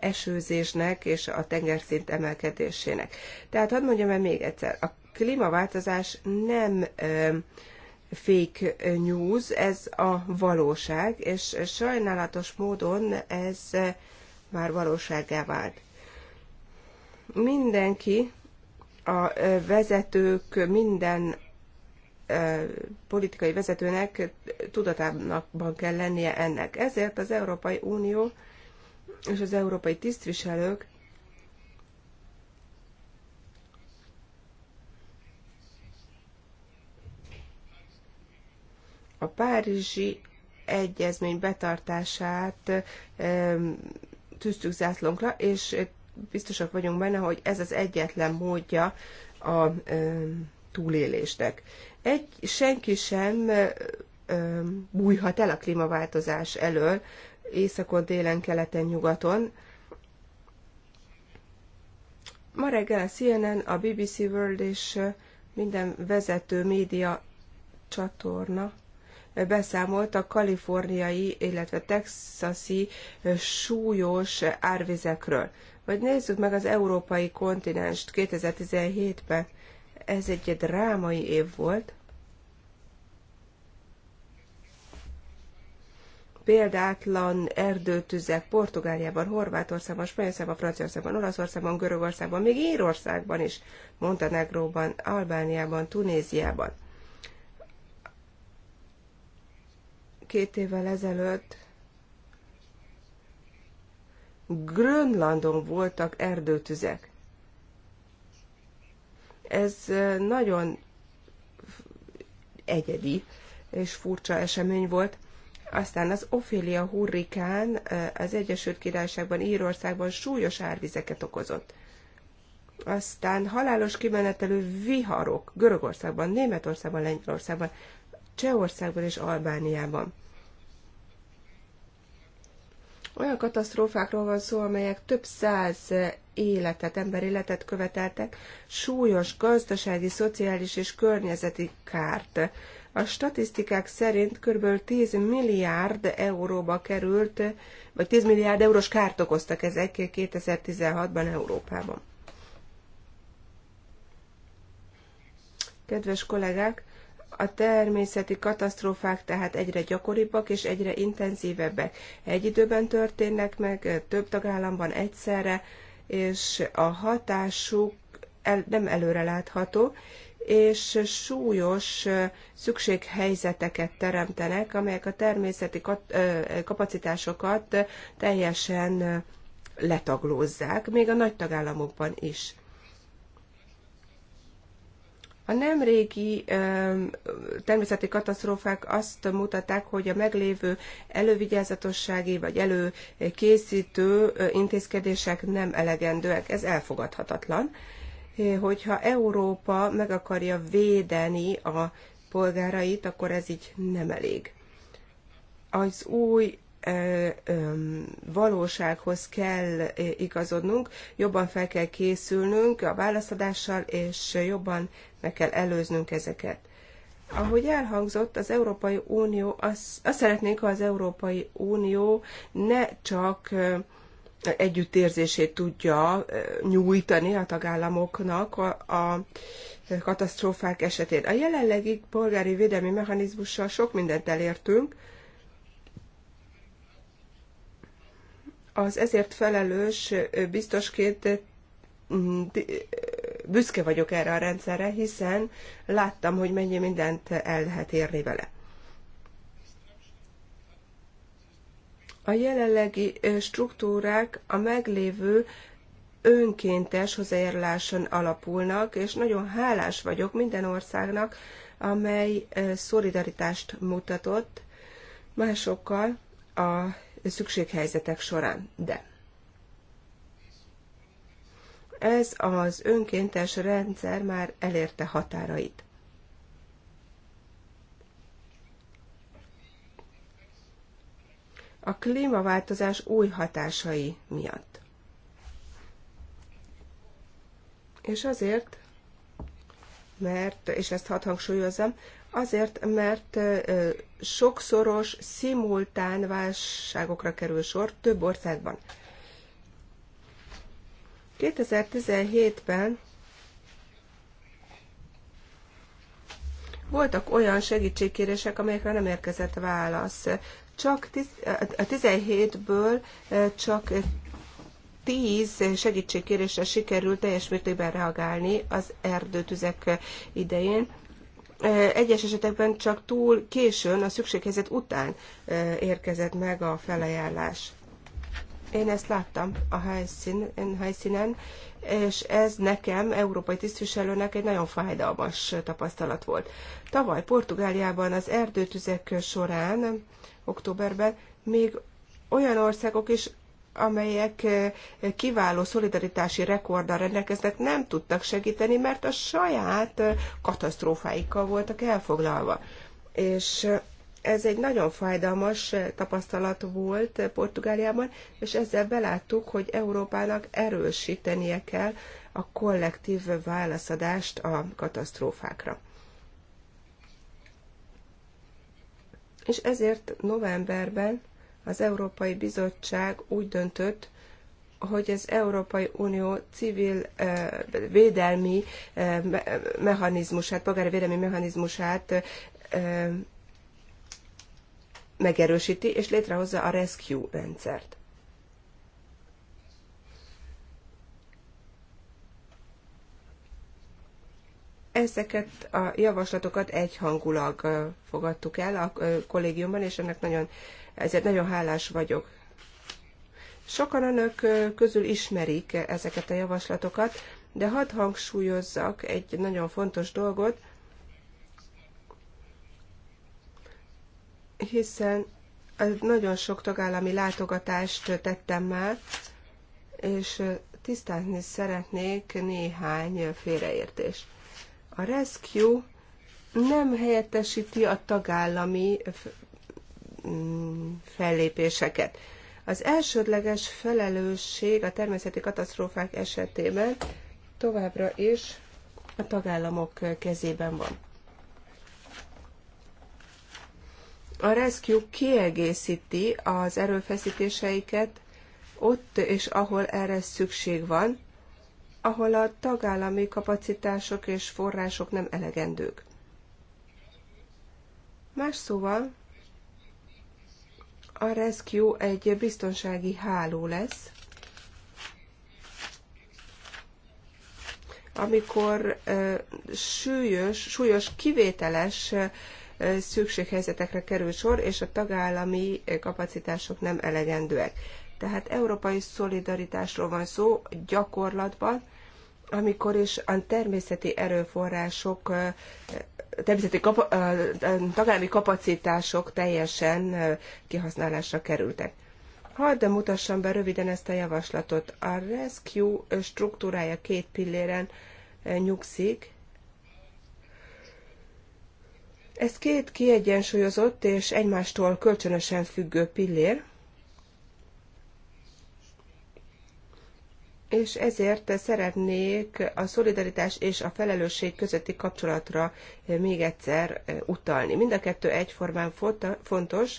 esőzésnek és a tengerszint emelkedésének. Tehát hadd mondjam el még egyszer, a klímaváltozás nem fake news, ez a valóság, és sajnálatos módon ez már valósággá vált. Mindenki, a vezetők minden politikai vezetőnek tudatában kell lennie ennek. Ezért az Európai Unió és az európai tisztviselők a Párizsi Egyezmény betartását tűztük zászlónkra, és eh, biztosak vagyunk benne, hogy ez az egyetlen módja a túlélésnek. Egy, senki sem bújhat el a klímaváltozás elől, északon, délen, keleten, nyugaton. Ma reggel a CNN, a BBC World és minden vezető média csatorna beszámolt a kaliforniai, illetve texasi súlyos árvizekről. Vagy nézzük meg az európai kontinenst 2017-ben. Ez egy drámai év volt. Példátlan erdőtüzek Portugáliában, Horvátországban, Spanyolországban, Franciaországban, Olaszországban, Görögországban, még Írországban is, Montenegróban, Albániában, Tunéziában két évvel ezelőtt Grönlandon voltak erdőtüzek. Ez nagyon egyedi és furcsa esemény volt. Aztán az Ophelia hurrikán az Egyesült Királyságban, Írországban súlyos árvizeket okozott. Aztán halálos kimenetelő viharok Görögországban, Németországban, Lengyelországban, Csehországban és Albániában. Olyan katasztrófákról van szó, amelyek több száz életet, emberéletet követeltek, súlyos gazdasági, szociális és környezeti kárt. A statisztikák szerint kb. 10 milliárd euróba került, vagy 10 milliárd eurós kárt okoztak ezek 2016-ban Európában. Kedves kollégák, a természeti katasztrófák tehát egyre gyakoribbak és egyre intenzívebbek. Egy időben történnek meg, több tagállamban egyszerre, és a hatásuk el, nem előrelátható, és súlyos szükséghelyzeteket teremtenek, amelyek a természeti kapacitásokat teljesen letaglózzák, még a nagy tagállamokban is. A nemrégi természeti katasztrófák azt mutatták, hogy a meglévő elővigyázatossági vagy előkészítő intézkedések nem elegendőek. Ez elfogadhatatlan, hogyha Európa meg akarja védeni a polgárait, akkor ez így nem elég. Az új valósághoz kell igazodnunk, jobban fel kell készülnünk a válaszadással, és jobban meg kell előznünk ezeket. Ahogy elhangzott, az Európai Unió, azt, azt szeretnénk, ha az Európai Unió ne csak együttérzését tudja nyújtani a tagállamoknak a, a katasztrófák esetén. A jelenlegi polgári védelmi mechanizmussal sok mindent elértünk, az ezért felelős biztosként mm, büszke vagyok erre a rendszerre, hiszen láttam, hogy mennyi mindent el lehet érni vele. A jelenlegi struktúrák a meglévő önkéntes hozzájáruláson alapulnak, és nagyon hálás vagyok minden országnak, amely szolidaritást mutatott másokkal a szükséghelyzetek során. De ez az önkéntes rendszer már elérte határait. A klímaváltozás új hatásai miatt. És azért, mert, és ezt hadd hangsúlyozzam, Azért, mert sokszoros, szimultán válságokra kerül sor több országban. 2017-ben voltak olyan segítségkérések, amelyekre nem érkezett válasz. Csak a 17-ből csak 10 segítségkérésre sikerült teljes mértékben reagálni az erdőtüzek idején egyes esetekben csak túl későn, a szükséghelyzet után érkezett meg a felajánlás. Én ezt láttam a helyszín, helyszínen, és ez nekem, európai tisztviselőnek egy nagyon fájdalmas tapasztalat volt. Tavaly Portugáliában az erdőtüzek során, októberben, még olyan országok is amelyek kiváló szolidaritási rekorddal rendelkeznek, nem tudtak segíteni, mert a saját katasztrófáikkal voltak elfoglalva. És ez egy nagyon fájdalmas tapasztalat volt Portugáliában, és ezzel beláttuk, hogy Európának erősítenie kell a kollektív válaszadást a katasztrófákra. És ezért novemberben az Európai Bizottság úgy döntött, hogy az Európai Unió civil védelmi mechanizmusát, polgári védelmi mechanizmusát megerősíti, és létrehozza a rescue rendszert. Ezeket a javaslatokat egyhangulag fogadtuk el a kollégiumban, és ennek nagyon, ezért nagyon hálás vagyok. Sokan önök közül ismerik ezeket a javaslatokat, de hadd hangsúlyozzak egy nagyon fontos dolgot, hiszen nagyon sok tagállami látogatást tettem már, és tisztázni szeretnék néhány félreértést. A Rescue nem helyettesíti a tagállami mm, fellépéseket. Az elsődleges felelősség a természeti katasztrófák esetében továbbra is a tagállamok kezében van. A Rescue kiegészíti az erőfeszítéseiket ott és ahol erre szükség van, ahol a tagállami kapacitások és források nem elegendők. Más szóval, a Rescue egy biztonsági háló lesz, amikor ö, súlyos, súlyos kivételes ö, szükséghelyzetekre kerül sor, és a tagállami kapacitások nem elegendőek. Tehát európai szolidaritásról van szó gyakorlatban, amikor is a természeti erőforrások, természeti kapa, tagállami kapacitások teljesen kihasználásra kerültek. Hadd mutassam be röviden ezt a javaslatot. A Rescue struktúrája két pilléren nyugszik. Ez két kiegyensúlyozott és egymástól kölcsönösen függő pillér. és ezért szeretnék a szolidaritás és a felelősség közötti kapcsolatra még egyszer eh, utalni. Mind a kettő egyformán fontos,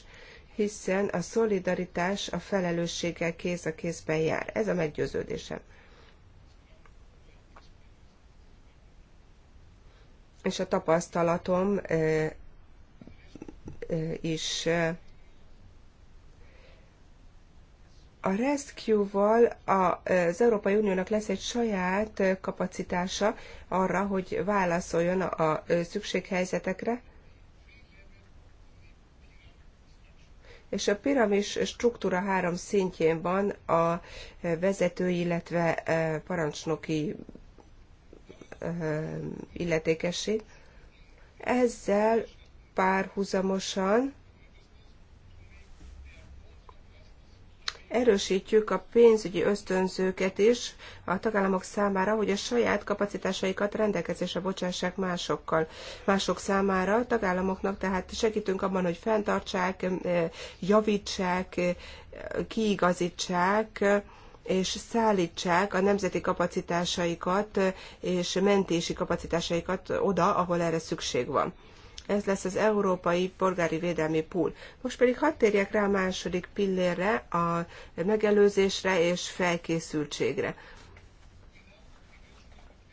hiszen a szolidaritás a felelősséggel kéz a kézben jár. Ez a meggyőződésem. És a tapasztalatom eh, eh, is A Rescue-val az Európai Uniónak lesz egy saját kapacitása arra, hogy válaszoljon a szükséghelyzetekre, és a piramis struktúra három szintjén van a vezetői illetve parancsnoki illetékesség. Ezzel párhuzamosan erősítjük a pénzügyi ösztönzőket is a tagállamok számára, hogy a saját kapacitásaikat rendelkezésre bocsássák másokkal, mások számára. A tagállamoknak tehát segítünk abban, hogy fenntartsák, eh, javítsák, eh, kiigazítsák, eh, és szállítsák a nemzeti kapacitásaikat és mentési kapacitásaikat oda, ahol erre szükség van. Ez lesz az Európai Polgári Védelmi Pool. Most pedig hadd térjek rá a második pillérre, a megelőzésre és felkészültségre.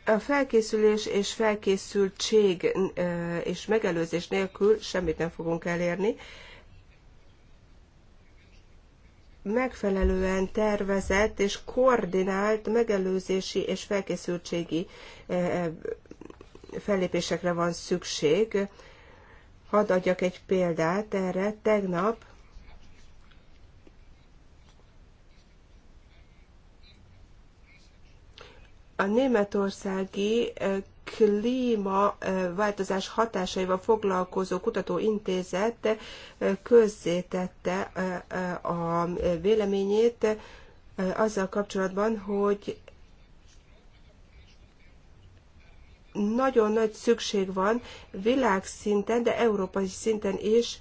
A felkészülés és felkészültség és megelőzés nélkül semmit nem fogunk elérni. Megfelelően tervezett és koordinált megelőzési és felkészültségi fellépésekre van szükség Hadd adjak egy példát erre. Tegnap a németországi klímaváltozás hatásaival foglalkozó kutatóintézet közzétette a véleményét azzal kapcsolatban, hogy nagyon nagy szükség van világszinten, de európai szinten is,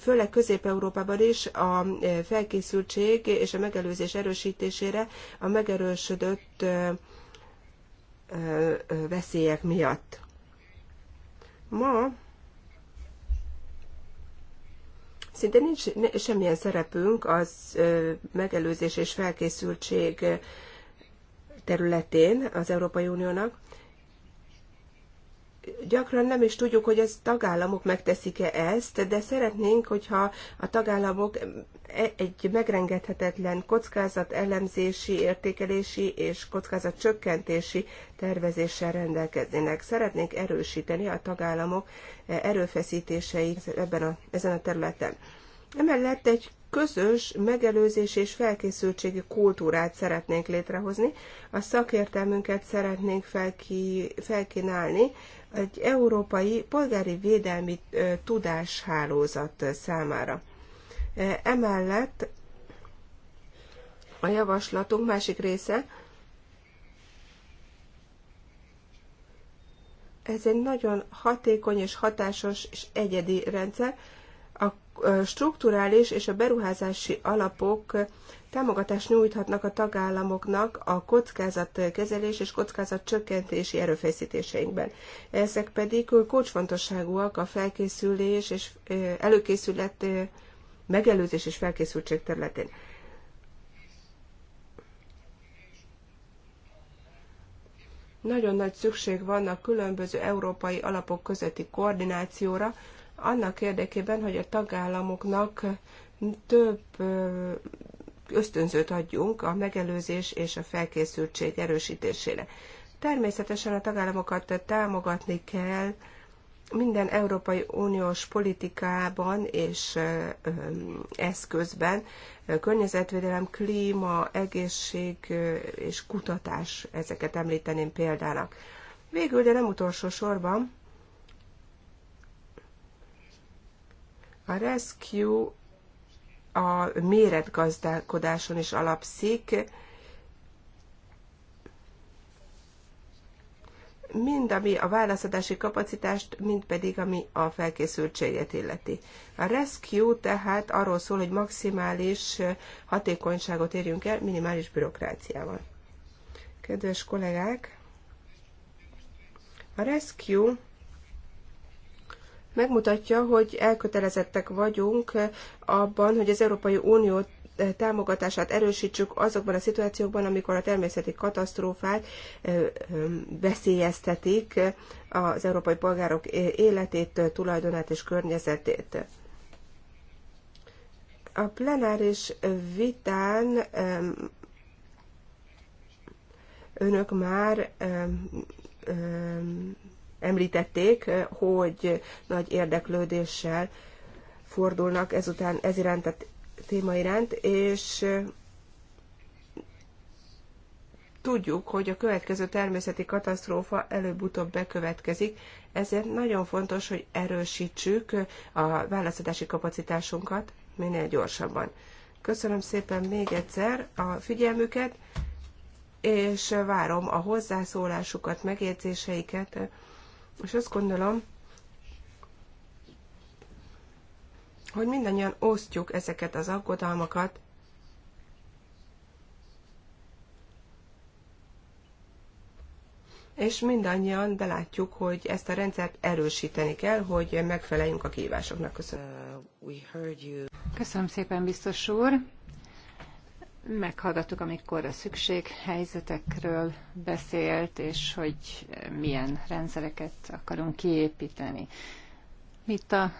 főleg Közép-Európában is a e, felkészültség és a megelőzés erősítésére a megerősödött e, e, veszélyek miatt. Ma szinte nincs semmilyen szerepünk az megelőzés és felkészültség területén az Európai Uniónak gyakran nem is tudjuk, hogy ez tagállamok megteszik-e ezt, de szeretnénk, hogyha a tagállamok e- egy megrengethetetlen kockázat elemzési, értékelési és kockázat csökkentési tervezéssel rendelkeznének. Szeretnénk erősíteni a tagállamok erőfeszítéseit ebben a, ezen a területen. Emellett egy közös megelőzés és felkészültségi kultúrát szeretnénk létrehozni, a szakértelmünket szeretnénk felki, felkínálni egy európai polgári védelmi tudáshálózat számára. Emellett a javaslatunk másik része, ez egy nagyon hatékony és hatásos és egyedi rendszer. A strukturális és a beruházási alapok támogatást nyújthatnak a tagállamoknak a kockázatkezelés és kockázatcsökkentési erőfeszítéseinkben. Ezek pedig kulcsfontosságúak a felkészülés és előkészület megelőzés és felkészültség területén. Nagyon nagy szükség van a különböző európai alapok közötti koordinációra, annak érdekében, hogy a tagállamoknak több ösztönzőt adjunk a megelőzés és a felkészültség erősítésére. Természetesen a tagállamokat támogatni kell minden Európai Uniós politikában és eszközben, környezetvédelem, klíma, egészség és kutatás, ezeket említeném példának. Végül, de nem utolsó sorban, a Rescue a méretgazdálkodáson is alapszik. Mind ami a válaszadási kapacitást, mind pedig ami a felkészültséget illeti. A rescue tehát arról szól, hogy maximális hatékonyságot érjünk el minimális bürokráciával. Kedves kollégák! A rescue megmutatja, hogy elkötelezettek vagyunk abban, hogy az Európai Unió támogatását erősítsük azokban a szituációkban, amikor a természeti katasztrófák veszélyeztetik az európai polgárok életét, tulajdonát és környezetét. A plenáris vitán önök már említették, hogy nagy érdeklődéssel fordulnak ezután ez iránt a téma iránt, és tudjuk, hogy a következő természeti katasztrófa előbb-utóbb bekövetkezik, ezért nagyon fontos, hogy erősítsük a választási kapacitásunkat minél gyorsabban. Köszönöm szépen még egyszer a figyelmüket, és várom a hozzászólásukat, megjegyzéseiket. És azt gondolom, hogy mindannyian osztjuk ezeket az aggodalmakat, és mindannyian belátjuk, hogy ezt a rendszert erősíteni kell, hogy megfeleljünk a kívásoknak. Köszönöm. Uh, Köszönöm szépen, biztos úr meghallgattuk, amikor a szükséghelyzetekről beszélt, és hogy milyen rendszereket akarunk kiépíteni. Mit a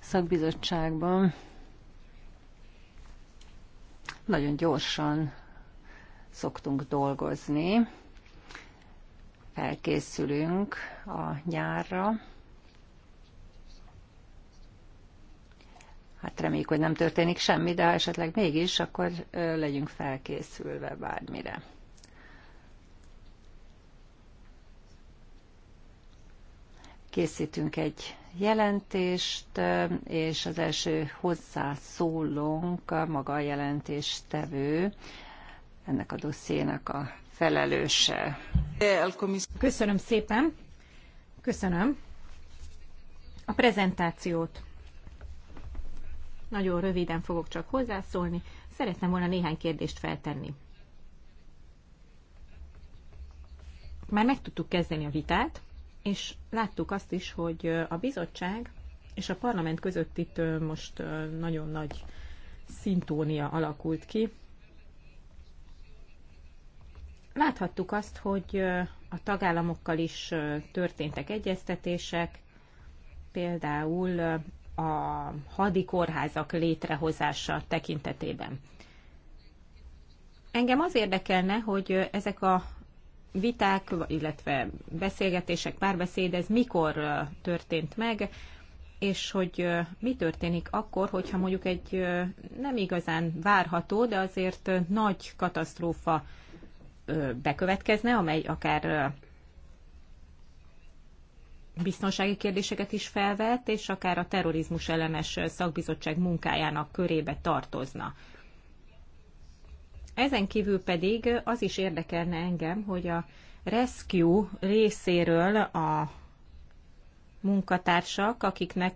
szakbizottságban nagyon gyorsan szoktunk dolgozni, felkészülünk a nyárra, Hát reméljük, hogy nem történik semmi, de ha esetleg mégis, akkor legyünk felkészülve bármire. Készítünk egy jelentést, és az első hozzászólónk a maga a jelentéstevő, ennek a dossziénak a felelőse. Köszönöm szépen. Köszönöm a prezentációt. Nagyon röviden fogok csak hozzászólni. Szeretném volna néhány kérdést feltenni. Már meg tudtuk kezdeni a vitát, és láttuk azt is, hogy a bizottság és a parlament között itt most nagyon nagy szintónia alakult ki. Láthattuk azt, hogy a tagállamokkal is történtek egyeztetések, például a hadi kórházak létrehozása tekintetében. Engem az érdekelne, hogy ezek a viták, illetve beszélgetések, párbeszéd, ez mikor történt meg, és hogy mi történik akkor, hogyha mondjuk egy nem igazán várható, de azért nagy katasztrófa bekövetkezne, amely akár biztonsági kérdéseket is felvet, és akár a terrorizmus ellenes szakbizottság munkájának körébe tartozna. Ezen kívül pedig az is érdekelne engem, hogy a rescue részéről a munkatársak, akiknek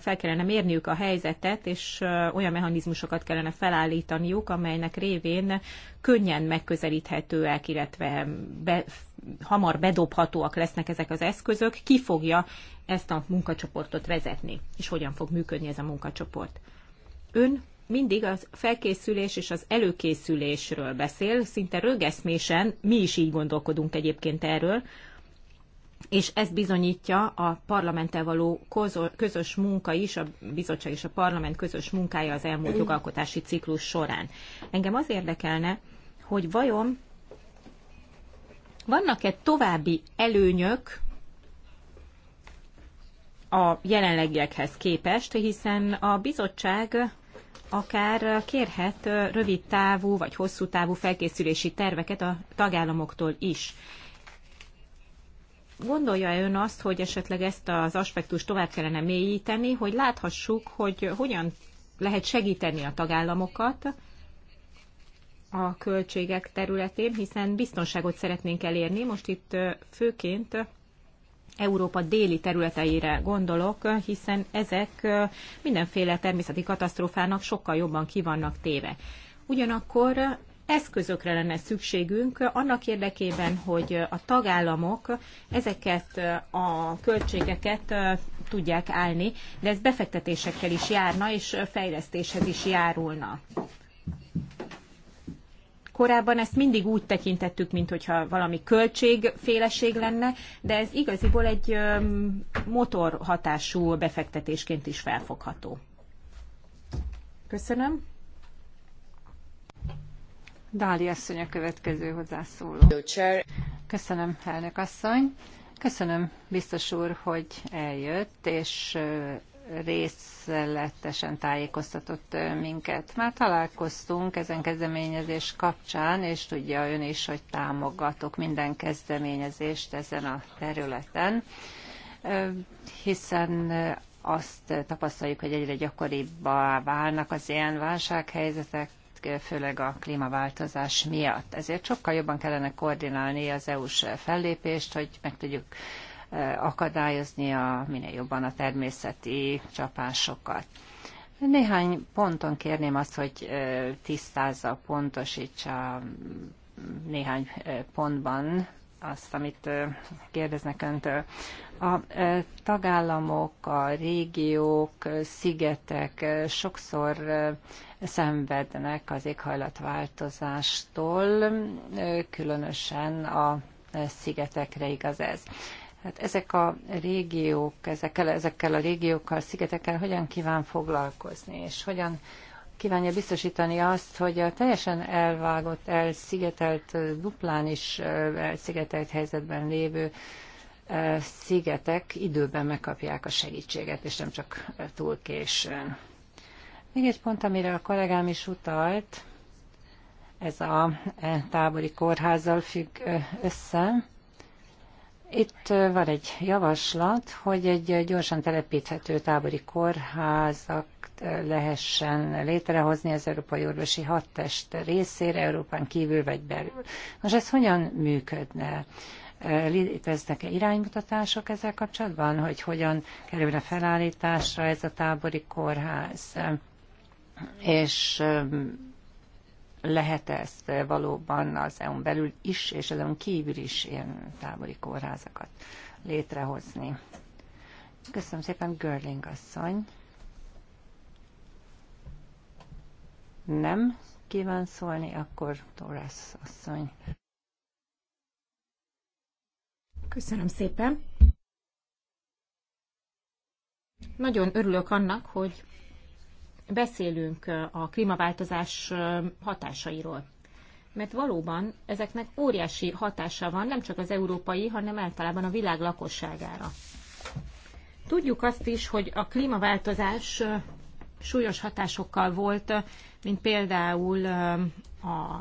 fel kellene mérniük a helyzetet, és olyan mechanizmusokat kellene felállítaniuk, amelynek révén könnyen megközelíthetőek, illetve be, hamar bedobhatóak lesznek ezek az eszközök. Ki fogja ezt a munkacsoportot vezetni, és hogyan fog működni ez a munkacsoport? Ön mindig az felkészülés és az előkészülésről beszél, szinte rögeszmésen, mi is így gondolkodunk egyébként erről, és ez bizonyítja a parlamenttel való közös munka is, a bizottság és a parlament közös munkája az elmúlt jogalkotási ciklus során. Engem az érdekelne, hogy vajon vannak-e további előnyök a jelenlegiekhez képest, hiszen a bizottság akár kérhet rövid távú vagy hosszú távú felkészülési terveket a tagállamoktól is. Gondolja-e ön azt, hogy esetleg ezt az aspektust tovább kellene mélyíteni, hogy láthassuk, hogy hogyan lehet segíteni a tagállamokat a költségek területén, hiszen biztonságot szeretnénk elérni. Most itt főként Európa déli területeire gondolok, hiszen ezek mindenféle természeti katasztrófának sokkal jobban kivannak téve. Ugyanakkor eszközökre lenne szükségünk annak érdekében, hogy a tagállamok ezeket a költségeket tudják állni, de ez befektetésekkel is járna, és fejlesztéshez is járulna. Korábban ezt mindig úgy tekintettük, mint hogyha valami költségféleség lenne, de ez igaziból egy motorhatású befektetésként is felfogható. Köszönöm. Dáli asszony a következő hozzászóló. Köszönöm, elnök asszony. Köszönöm, biztos úr, hogy eljött, és részletesen tájékoztatott minket. Már találkoztunk ezen kezdeményezés kapcsán, és tudja ön is, hogy támogatok minden kezdeményezést ezen a területen, hiszen azt tapasztaljuk, hogy egyre gyakoribbá válnak az ilyen válsághelyzetek, főleg a klímaváltozás miatt. Ezért sokkal jobban kellene koordinálni az EU-s fellépést, hogy meg tudjuk eh, akadályozni a, minél jobban a természeti csapásokat. Néhány ponton kérném azt, hogy eh, tisztázza, pontosítsa néhány eh, pontban azt, amit kérdeznek öntől. A e, tagállamok, a régiók, e, szigetek e, sokszor szenvednek az éghajlatváltozástól, különösen a szigetekre igaz ez. Hát ezek a régiók, ezekkel, ezekkel a régiókkal, szigetekkel hogyan kíván foglalkozni, és hogyan kívánja biztosítani azt, hogy a teljesen elvágott, elszigetelt, duplán is elszigetelt helyzetben lévő szigetek időben megkapják a segítséget, és nem csak túl későn. Még egy pont, amire a kollégám is utalt, ez a tábori kórházzal függ össze. Itt van egy javaslat, hogy egy gyorsan telepíthető tábori kórházak lehessen létrehozni az Európai Orvosi Hadtest részére, Európán kívül vagy belül. Most ez hogyan működne? léteznek-e iránymutatások ezzel kapcsolatban, hogy hogyan kerülne felállításra ez a tábori kórház, és um, lehet -e ezt valóban az eu belül is, és az EU-n kívül is ilyen tábori kórházakat létrehozni. Köszönöm szépen, Görling asszony. Nem kíván szólni, akkor Torres asszony. Köszönöm szépen. Nagyon örülök annak, hogy beszélünk eh, a klímaváltozás eh, hatásairól. Mert valóban ezeknek óriási hatása van nem csak az európai, hanem általában a világ lakosságára. Tudjuk azt is, hogy a klímaváltozás eh, súlyos hatásokkal volt mint például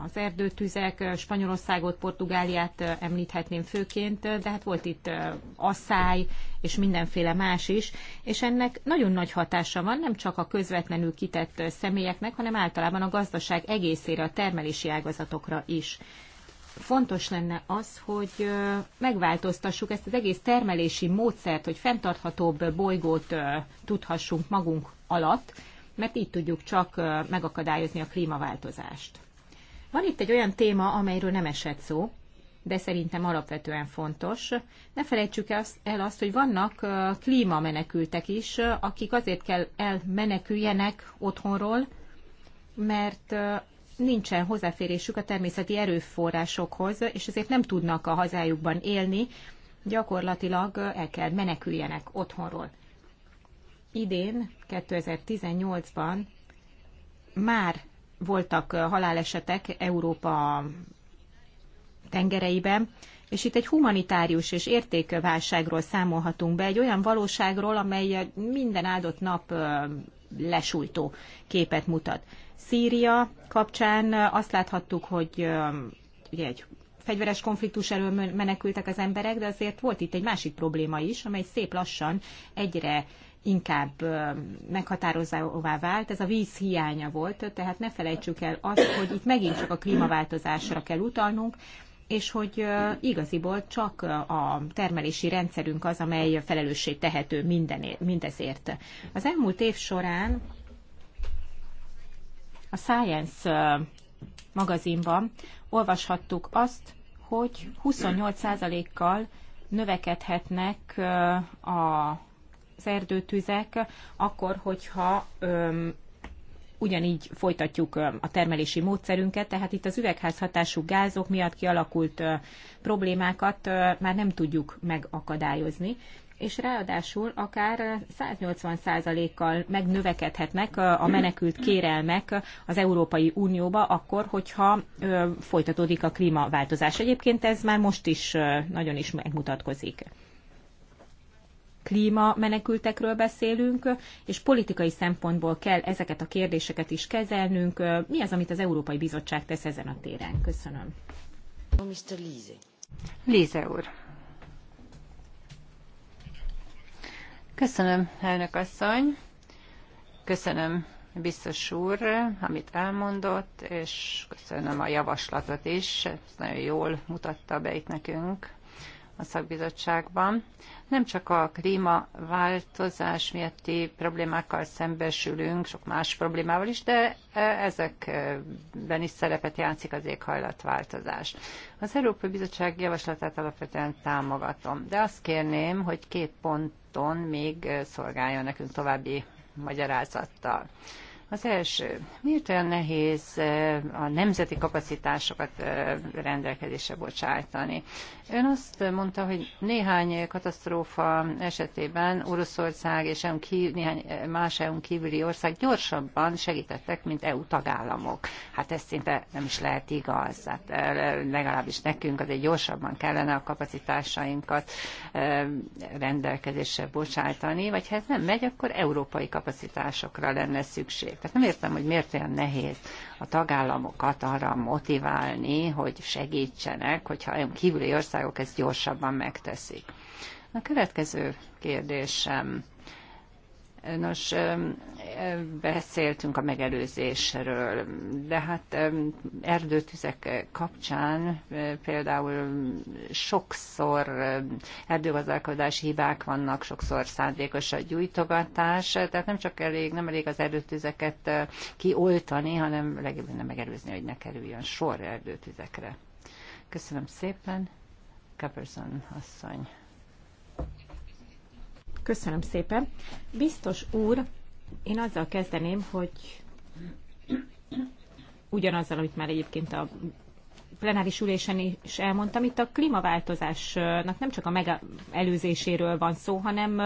az erdőtüzek, Spanyolországot, Portugáliát említhetném főként, de hát volt itt asszály és mindenféle más is, és ennek nagyon nagy hatása van nem csak a közvetlenül kitett személyeknek, hanem általában a gazdaság egészére, a termelési ágazatokra is. Fontos lenne az, hogy megváltoztassuk ezt az egész termelési módszert, hogy fenntarthatóbb bolygót tudhassunk magunk alatt, mert így tudjuk csak megakadályozni a klímaváltozást. Van itt egy olyan téma, amelyről nem esett szó, de szerintem alapvetően fontos. Ne felejtsük el azt, hogy vannak klímamenekültek is, akik azért kell elmeneküljenek otthonról, mert nincsen hozzáférésük a természeti erőforrásokhoz, és ezért nem tudnak a hazájukban élni, gyakorlatilag el kell meneküljenek otthonról idén, 2018-ban már voltak halálesetek Európa tengereiben, és itt egy humanitárius és értékválságról számolhatunk be, egy olyan valóságról, amely minden áldott nap lesújtó képet mutat. Szíria kapcsán azt láthattuk, hogy ugye egy fegyveres konfliktus elől menekültek az emberek, de azért volt itt egy másik probléma is, amely szép lassan egyre inkább meghatározóvá vált, ez a víz hiánya volt, tehát ne felejtsük el azt, hogy itt megint csak a klímaváltozásra kell utalnunk, és hogy igaziból csak a termelési rendszerünk az, amely felelősség tehető minden, mindezért. Az elmúlt év során a Science magazinban olvashattuk azt, hogy 28%-kal növekedhetnek a az erdőtüzek, akkor, hogyha öm, ugyanígy folytatjuk a termelési módszerünket, tehát itt az üvegházhatású gázok miatt kialakult problémákat már nem tudjuk megakadályozni és ráadásul akár 180%-kal megnövekedhetnek a menekült kérelmek az Európai Unióba akkor, hogyha folytatódik a klímaváltozás. Egyébként ez már most is nagyon is megmutatkozik klíma menekültekről beszélünk, és politikai szempontból kell ezeket a kérdéseket is kezelnünk. Mi az, amit az Európai Bizottság tesz ezen a téren? Köszönöm. Mr. Líze. Líze úr. Köszönöm, elnök asszony. Köszönöm, biztos úr, amit elmondott, és köszönöm a javaslatot is. Ezt nagyon jól mutatta be itt nekünk a szakbizottságban. Nem csak a klímaváltozás miatti problémákkal szembesülünk, sok más problémával is, de e, ezekben is szerepet játszik az éghajlatváltozás. Az Európai Bizottság javaslatát alapvetően támogatom, de azt kérném, hogy két ponton még szolgáljon nekünk további magyarázattal. Az első, miért olyan nehéz eh, a nemzeti kapacitásokat eh, rendelkezésre bocsájtani? Ön azt mondta, hogy néhány katasztrófa esetében Oroszország és EU kívül, néhány eh, más EU kívüli ország gyorsabban segítettek, mint EU tagállamok. Hát ez szinte nem is lehet igaz. Hát legalábbis nekünk azért gyorsabban kellene a kapacitásainkat rendelkezésre bocsájtani, vagy ha ez nem megy, akkor európai kapacitásokra lenne szükség. Tehát nem értem, hogy miért olyan nehéz a tagállamokat arra motiválni, hogy segítsenek, hogyha olyan kívüli országok ezt gyorsabban megteszik. A következő kérdésem Nos, beszéltünk a megelőzésről, de hát erdőtüzek kapcsán például sokszor erdőgazdálkodási hibák vannak, sokszor szándékos a gyújtogatás, tehát nem csak elég, nem elég az erdőtüzeket kioltani, hanem legjobb nem megelőzni, hogy ne kerüljön sor erdőtüzekre. Köszönöm szépen, Kaperson asszony. Köszönöm szépen. Biztos úr, én azzal kezdeném, hogy ugyanazzal, amit már egyébként a plenáris ülésen is elmondtam, itt a klímaváltozásnak nem csak a megelőzéséről van szó, hanem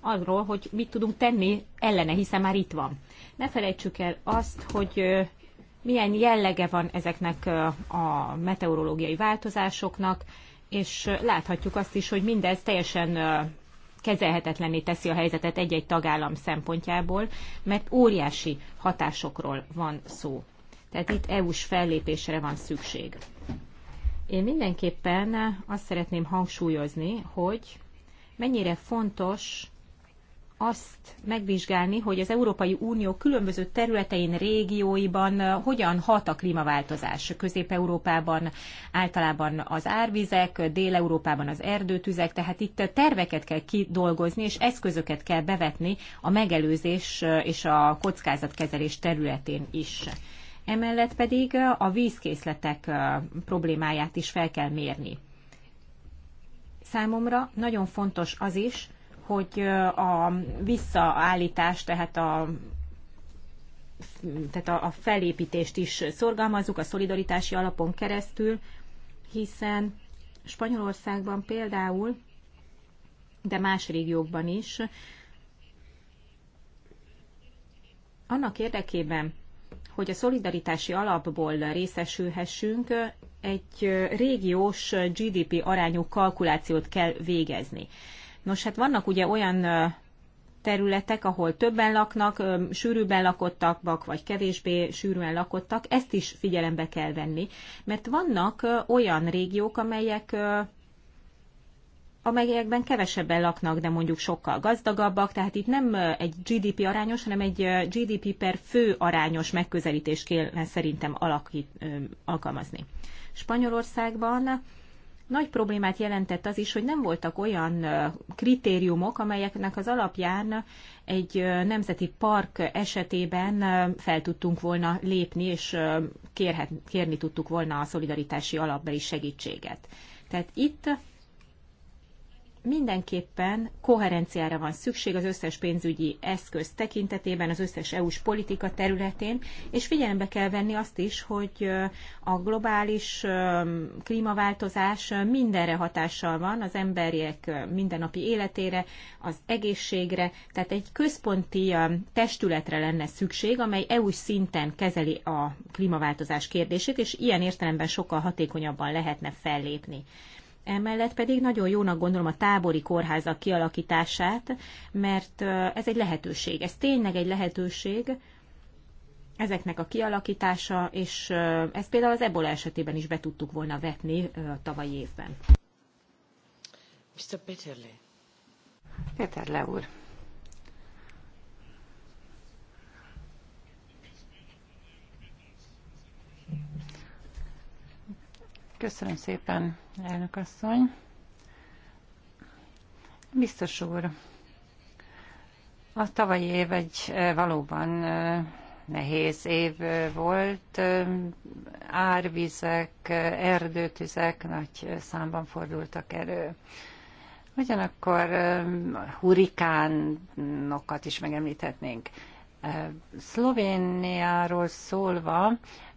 arról, hogy mit tudunk tenni ellene, hiszen már itt van. Ne felejtsük el azt, hogy milyen jellege van ezeknek a meteorológiai változásoknak, és láthatjuk azt is, hogy mindez teljesen kezelhetetlenné teszi a helyzetet egy-egy tagállam szempontjából, mert óriási hatásokról van szó. Tehát itt EU-s fellépésre van szükség. Én mindenképpen azt szeretném hangsúlyozni, hogy mennyire fontos azt megvizsgálni, hogy az Európai Unió különböző területein, régióiban hogyan hat a klímaváltozás. Közép-Európában általában az árvizek, Dél-Európában az erdőtüzek, tehát itt terveket kell kidolgozni, és eszközöket kell bevetni a megelőzés és a kockázatkezelés területén is. Emellett pedig a vízkészletek problémáját is fel kell mérni. Számomra nagyon fontos az is, hogy a visszaállítás, tehát a tehát a, felépítést is szorgalmazzuk a szolidaritási alapon keresztül, hiszen Spanyolországban például, de más régiókban is, annak érdekében, hogy a szolidaritási alapból részesülhessünk, egy régiós GDP arányú kalkulációt kell végezni. Nos, hát vannak ugye olyan területek, ahol többen laknak, sűrűbben lakottak, vagy kevésbé sűrűen lakottak, ezt is figyelembe kell venni, mert vannak olyan régiók, amelyek amelyekben kevesebben laknak, de mondjuk sokkal gazdagabbak, tehát itt nem egy GDP arányos, hanem egy GDP per fő arányos megközelítés kell szerintem alakít, alkalmazni. Spanyolországban nagy problémát jelentett az is, hogy nem voltak olyan kritériumok, amelyeknek az alapján egy nemzeti park esetében fel tudtunk volna lépni, és kérhet, kérni tudtuk volna a szolidaritási alapbeli segítséget. Tehát itt mindenképpen koherenciára van szükség az összes pénzügyi eszköz tekintetében, az összes EU-s politika területén, és figyelembe kell venni azt is, hogy a globális klímaváltozás mindenre hatással van, az emberiek mindennapi életére, az egészségre, tehát egy központi testületre lenne szükség, amely eu szinten kezeli a klímaváltozás kérdését, és ilyen értelemben sokkal hatékonyabban lehetne fellépni. Emellett pedig nagyon jónak gondolom a tábori kórházak kialakítását, mert ez egy lehetőség, ez tényleg egy lehetőség, ezeknek a kialakítása, és ezt például az ebola esetében is be tudtuk volna vetni tavalyi évben. Mr. Peterle. Peterle úr. Köszönöm szépen, elnök asszony. Biztos úr, a tavalyi év egy valóban nehéz év volt. Árvizek, erdőtüzek nagy számban fordultak elő. Ugyanakkor hurikánokat is megemlíthetnénk. Szlovéniáról szólva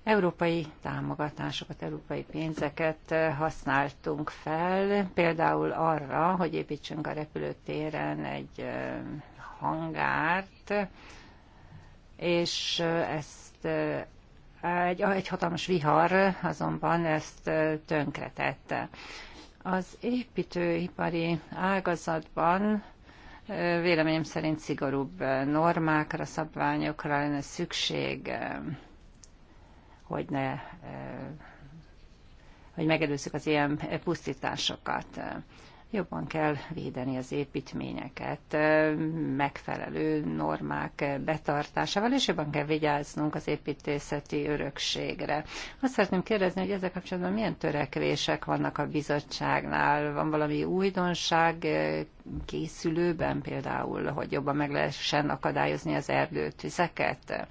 Európai támogatásokat, európai pénzeket eh, használtunk fel, például arra, hogy építsünk a repülőtéren egy eh, hangárt, és eh, ezt egy, egy hatalmas vihar azonban ezt tönkretette. Az építőipari ágazatban véleményem szerint szigorúbb normákra, szabványokra lenne szükség hogy ne eh, hogy megelőzzük az ilyen pusztításokat. Jobban kell védeni az építményeket eh, megfelelő normák betartásával, és jobban kell vigyáznunk az építészeti örökségre. Azt szeretném kérdezni, hogy ezzel kapcsolatban milyen törekvések vannak a bizottságnál? Van valami újdonság eh, készülőben például, hogy jobban meg lehessen akadályozni az erdőtüzeket?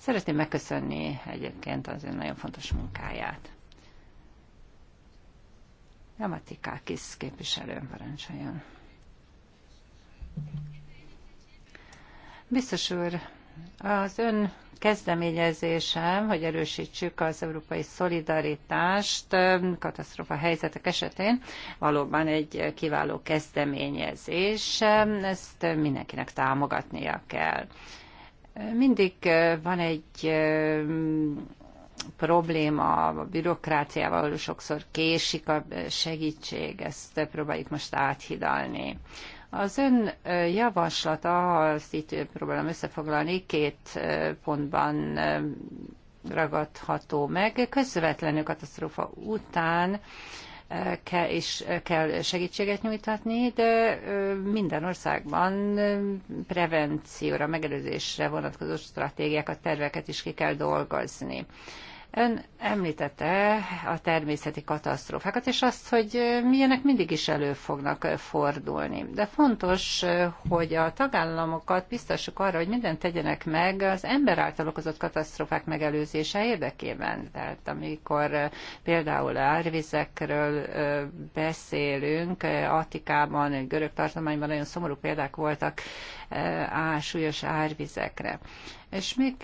Szeretném megköszönni egyébként az ön nagyon fontos munkáját. Gramatikákis képviselő parancsoljon. Biztos úr, az ön kezdeményezésem, hogy erősítsük az európai szolidaritást katasztrófa helyzetek esetén, valóban egy kiváló kezdeményezés, ezt mindenkinek támogatnia kell. Mindig van egy probléma a bürokráciával, sokszor késik a segítség, ezt próbáljuk most áthidalni. Az ön javaslata, ha ezt itt próbálom összefoglalni, két pontban ragadható meg. Közvetlenül katasztrófa után kell, és kell segítséget nyújtatni, de minden országban prevencióra, megelőzésre vonatkozó stratégiákat, terveket is ki kell dolgozni. Ön említette a természeti katasztrófákat, és azt, hogy milyenek mindig is elő fognak fordulni. De fontos, hogy a tagállamokat biztosuk arra, hogy mindent tegyenek meg az ember által okozott katasztrófák megelőzése érdekében. Tehát amikor eh, például árvizekről eh, beszélünk, eh, Attikában, görög tartományban nagyon szomorú példák voltak á, súlyos árvizekre. És még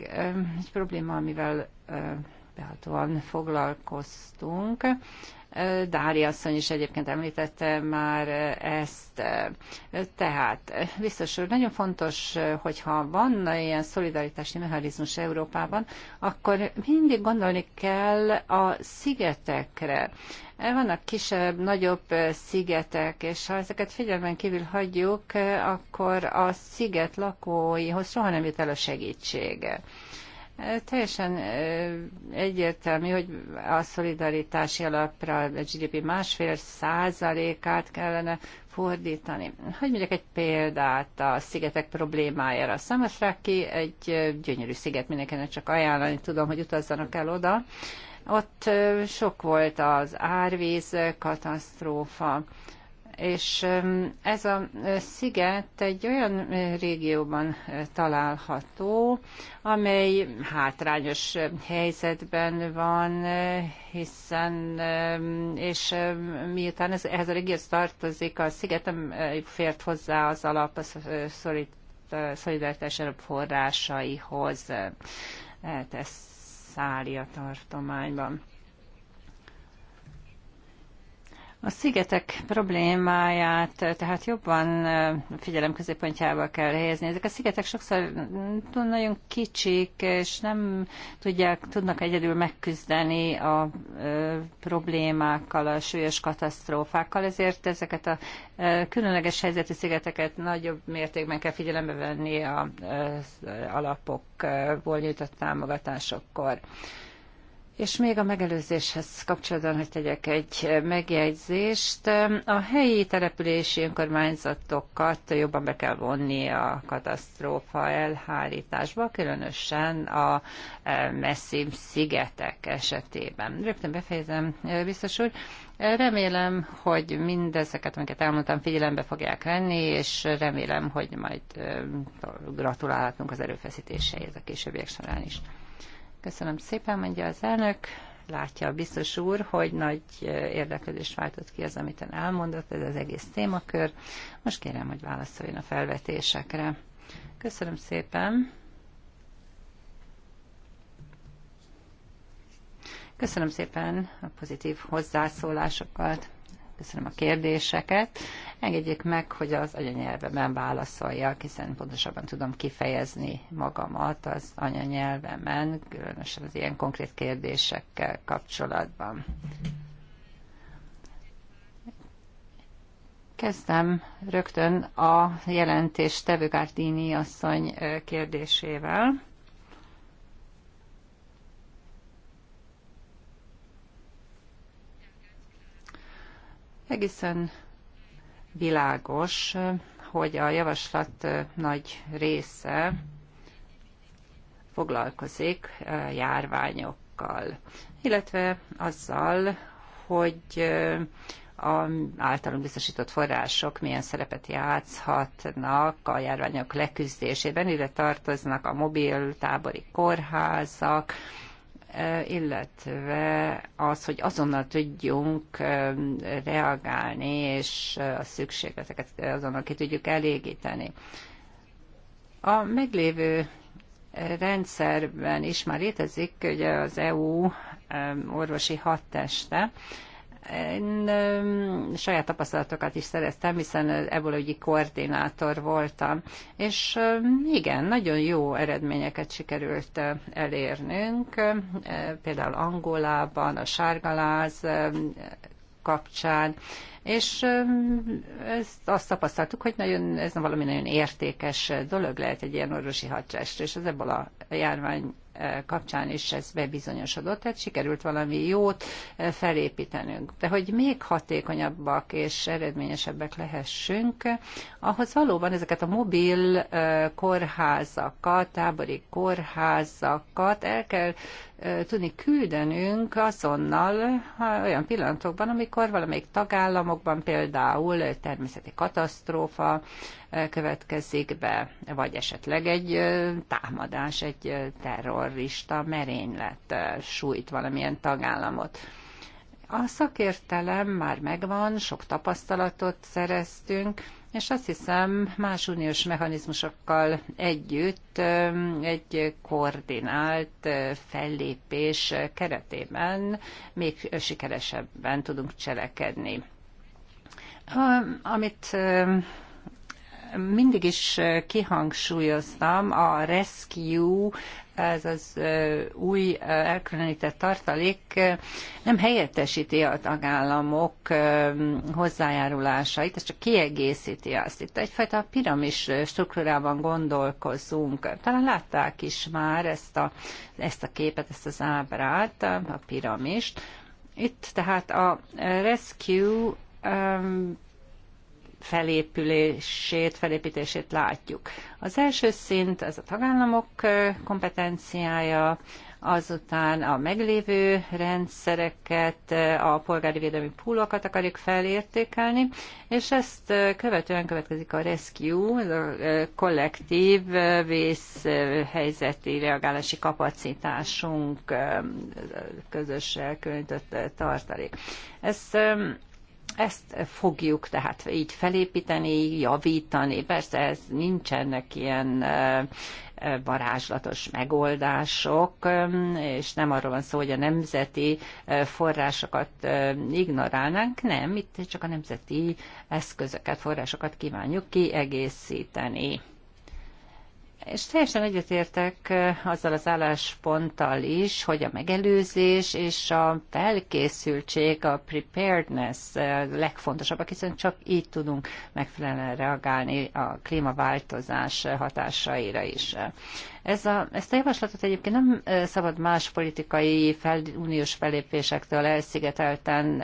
egy probléma, amivel behatóan foglalkoztunk. Dári asszony is egyébként említette már ezt. Tehát biztos, hogy nagyon fontos, hogyha van ilyen szolidaritási mechanizmus Európában, akkor mindig gondolni kell a szigetekre. Vannak kisebb, nagyobb szigetek, és ha ezeket figyelmen kívül hagyjuk, akkor a sziget lakóihoz soha nem jut el a segítsége. Teljesen egyértelmű, hogy a szolidaritási alapra a GDP másfél százalékát kellene fordítani. Hogy mondjak egy példát a szigetek problémájára. Szamaszráki egy gyönyörű sziget, mindenkinek csak ajánlani tudom, hogy utazzanak el oda. Ott sok volt az árvíz katasztrófa és ez a sziget egy olyan régióban található, amely hátrányos helyzetben van, hiszen, és miután ez, ehhez a régióhoz tartozik, a sziget nem fért hozzá az alap a szolidaritás forrásaihoz, tesz hát szállja tartományban. A szigetek problémáját eh, tehát jobban eh, figyelem középpontjába kell helyezni. Ezek a szigetek sokszor nagyon kicsik, és nem tudják, tudnak egyedül megküzdeni a eh, problémákkal, a súlyos katasztrófákkal, ezért ezeket a különleges helyzetű szigeteket nagyobb mértékben kell figyelembe venni az alapokból nyújtott támogatásokkor. És még a megelőzéshez kapcsolatban, hogy tegyek egy megjegyzést, a helyi települési önkormányzatokat jobban be kell vonni a katasztrófa elhárításba, különösen a e, messzi szigetek esetében. Rögtön befejezem, e, biztos úr. Remélem, hogy mindezeket, amiket elmondtam, figyelembe fogják venni, és remélem, hogy majd e, gratulálhatunk az erőfeszítéseihez a későbbiek során is. Köszönöm szépen, mondja az elnök. Látja a biztos úr, hogy nagy érdeklődés váltott ki az, amit ön elmondott, ez az egész témakör. Most kérem, hogy válaszoljon a felvetésekre. Köszönöm szépen. Köszönöm szépen a pozitív hozzászólásokat köszönöm a kérdéseket. Engedjék meg, hogy az anyanyelvemen válaszoljak, hiszen pontosabban tudom kifejezni magamat az anyanyelvemen, különösen az ilyen konkrét kérdésekkel kapcsolatban. Kezdem rögtön a jelentés Tevő Gárdini asszony kérdésével. Egészen világos, hogy a javaslat nagy része foglalkozik eh, járványokkal, illetve azzal, hogy eh, a általunk biztosított források milyen szerepet játszhatnak a járványok leküzdésében. Ide tartoznak a mobil tábori kórházak, illetve az, hogy azonnal tudjunk reagálni, és a szükségleteket azonnal ki tudjuk elégíteni. A meglévő rendszerben is már létezik hogy az EU orvosi hatteste, én saját tapasztalatokat is szereztem, hiszen ebből koordinátor voltam, és igen, nagyon jó eredményeket sikerült elérnünk, például Angolában, a sárgaláz kapcsán, és ezt azt tapasztaltuk, hogy nagyon, ez valami nagyon értékes dolog lehet egy ilyen orvosi hadsest, és ez ebből a járvány kapcsán is ez bebizonyosodott, tehát sikerült valami jót eh, felépítenünk. De hogy még hatékonyabbak és eredményesebbek lehessünk, ahhoz valóban ezeket a mobil eh, kórházakat, tábori kórházakat el kell eh, tudni küldenünk azonnal olyan pillanatokban, amikor valamelyik tagállamokban például természeti katasztrófa következik be, vagy esetleg egy támadás, egy terrorista merénylet sújt valamilyen tagállamot. A szakértelem már megvan, sok tapasztalatot szereztünk, és azt hiszem más uniós mechanizmusokkal együtt egy koordinált fellépés keretében még sikeresebben tudunk cselekedni. Amit mindig is kihangsúlyoztam a rescue ez az új elkülönített tartalék nem helyettesíti a tagállamok hozzájárulásait, ez csak kiegészíti azt. Itt egyfajta piramis struktúrában gondolkozunk. Talán látták is már ezt a, ezt a képet, ezt az ábrát, a piramist. Itt tehát a rescue felépülését, felépítését látjuk. Az első szint az a tagállamok kompetenciája, azután a meglévő rendszereket, a polgári védelmi púlokat akarjuk felértékelni, és ezt követően következik a rescue, ez a kollektív vészhelyzeti reagálási kapacitásunk közös elkülönített tartalék. Ez ezt fogjuk tehát így felépíteni, javítani. Persze ez nincsenek ilyen varázslatos megoldások, és nem arról van szó, hogy a nemzeti forrásokat ignorálnánk, nem, itt csak a nemzeti eszközöket, forrásokat kívánjuk kiegészíteni. És teljesen egyetértek azzal az állásponttal is, hogy a megelőzés és a felkészültség, a preparedness legfontosabb, hiszen csak így tudunk megfelelően reagálni a klímaváltozás hatásaira is. Ez a, ezt a javaslatot egyébként nem szabad más politikai fel, uniós felépésektől elszigetelten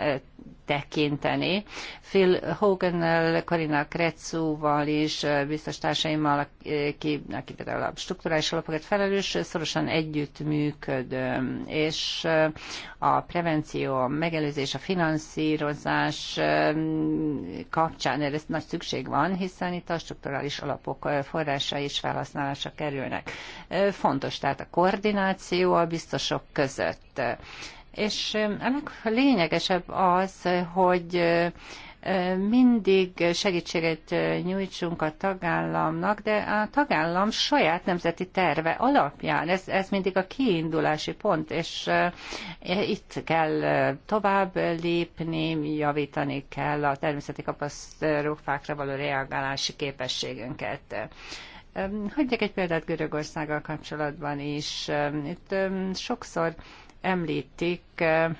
tekinteni. Phil Hogan-nel, Karina Kretszúval és biztos társaimmal, aki, aki például a strukturális alapokat felelős, szorosan együttműködő és a prevenció, a megelőzés, a finanszírozás kapcsán erre nagy szükség van, hiszen itt a struktúrális alapok forrásai és felhasználása kerülnek fontos, tehát a koordináció a biztosok között. És a lényegesebb az, hogy mindig segítséget nyújtsunk a tagállamnak, de a tagállam saját nemzeti terve alapján, ez, ez mindig a kiindulási pont, és itt kell tovább lépni, javítani kell a természeti kapasztrófákra való reagálási képességünket. Hagyjak egy példát Görögországgal kapcsolatban is. Itt sokszor említik e,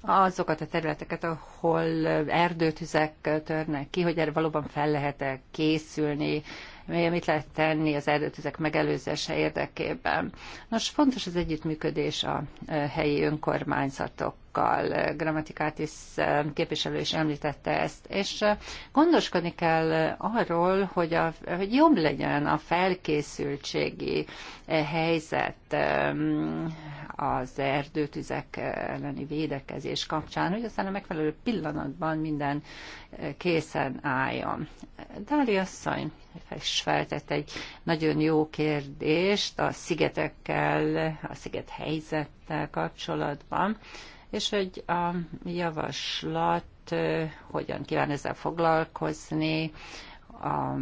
azokat a területeket, ahol erdőtüzek törnek ki, hogy erre valóban fel lehet -e készülni, mit lehet tenni az erdőtüzek megelőzése érdekében. Nos, fontos az együttműködés a e, helyi önkormányzatok Eh, grammatikát is eh, képviselő is említette ezt. És eh, gondoskodni kell arról, hogy, a, hogy jobb legyen a felkészültségi helyzet az erdőtüzek elleni védekezés kapcsán, hogy aztán a megfelelő pillanatban minden készen álljon. Dáli asszony is feltett egy nagyon jó kérdést a szigetekkel, a sziget helyzettel kapcsolatban és hogy a javaslat hogyan kíván ezzel foglalkozni, a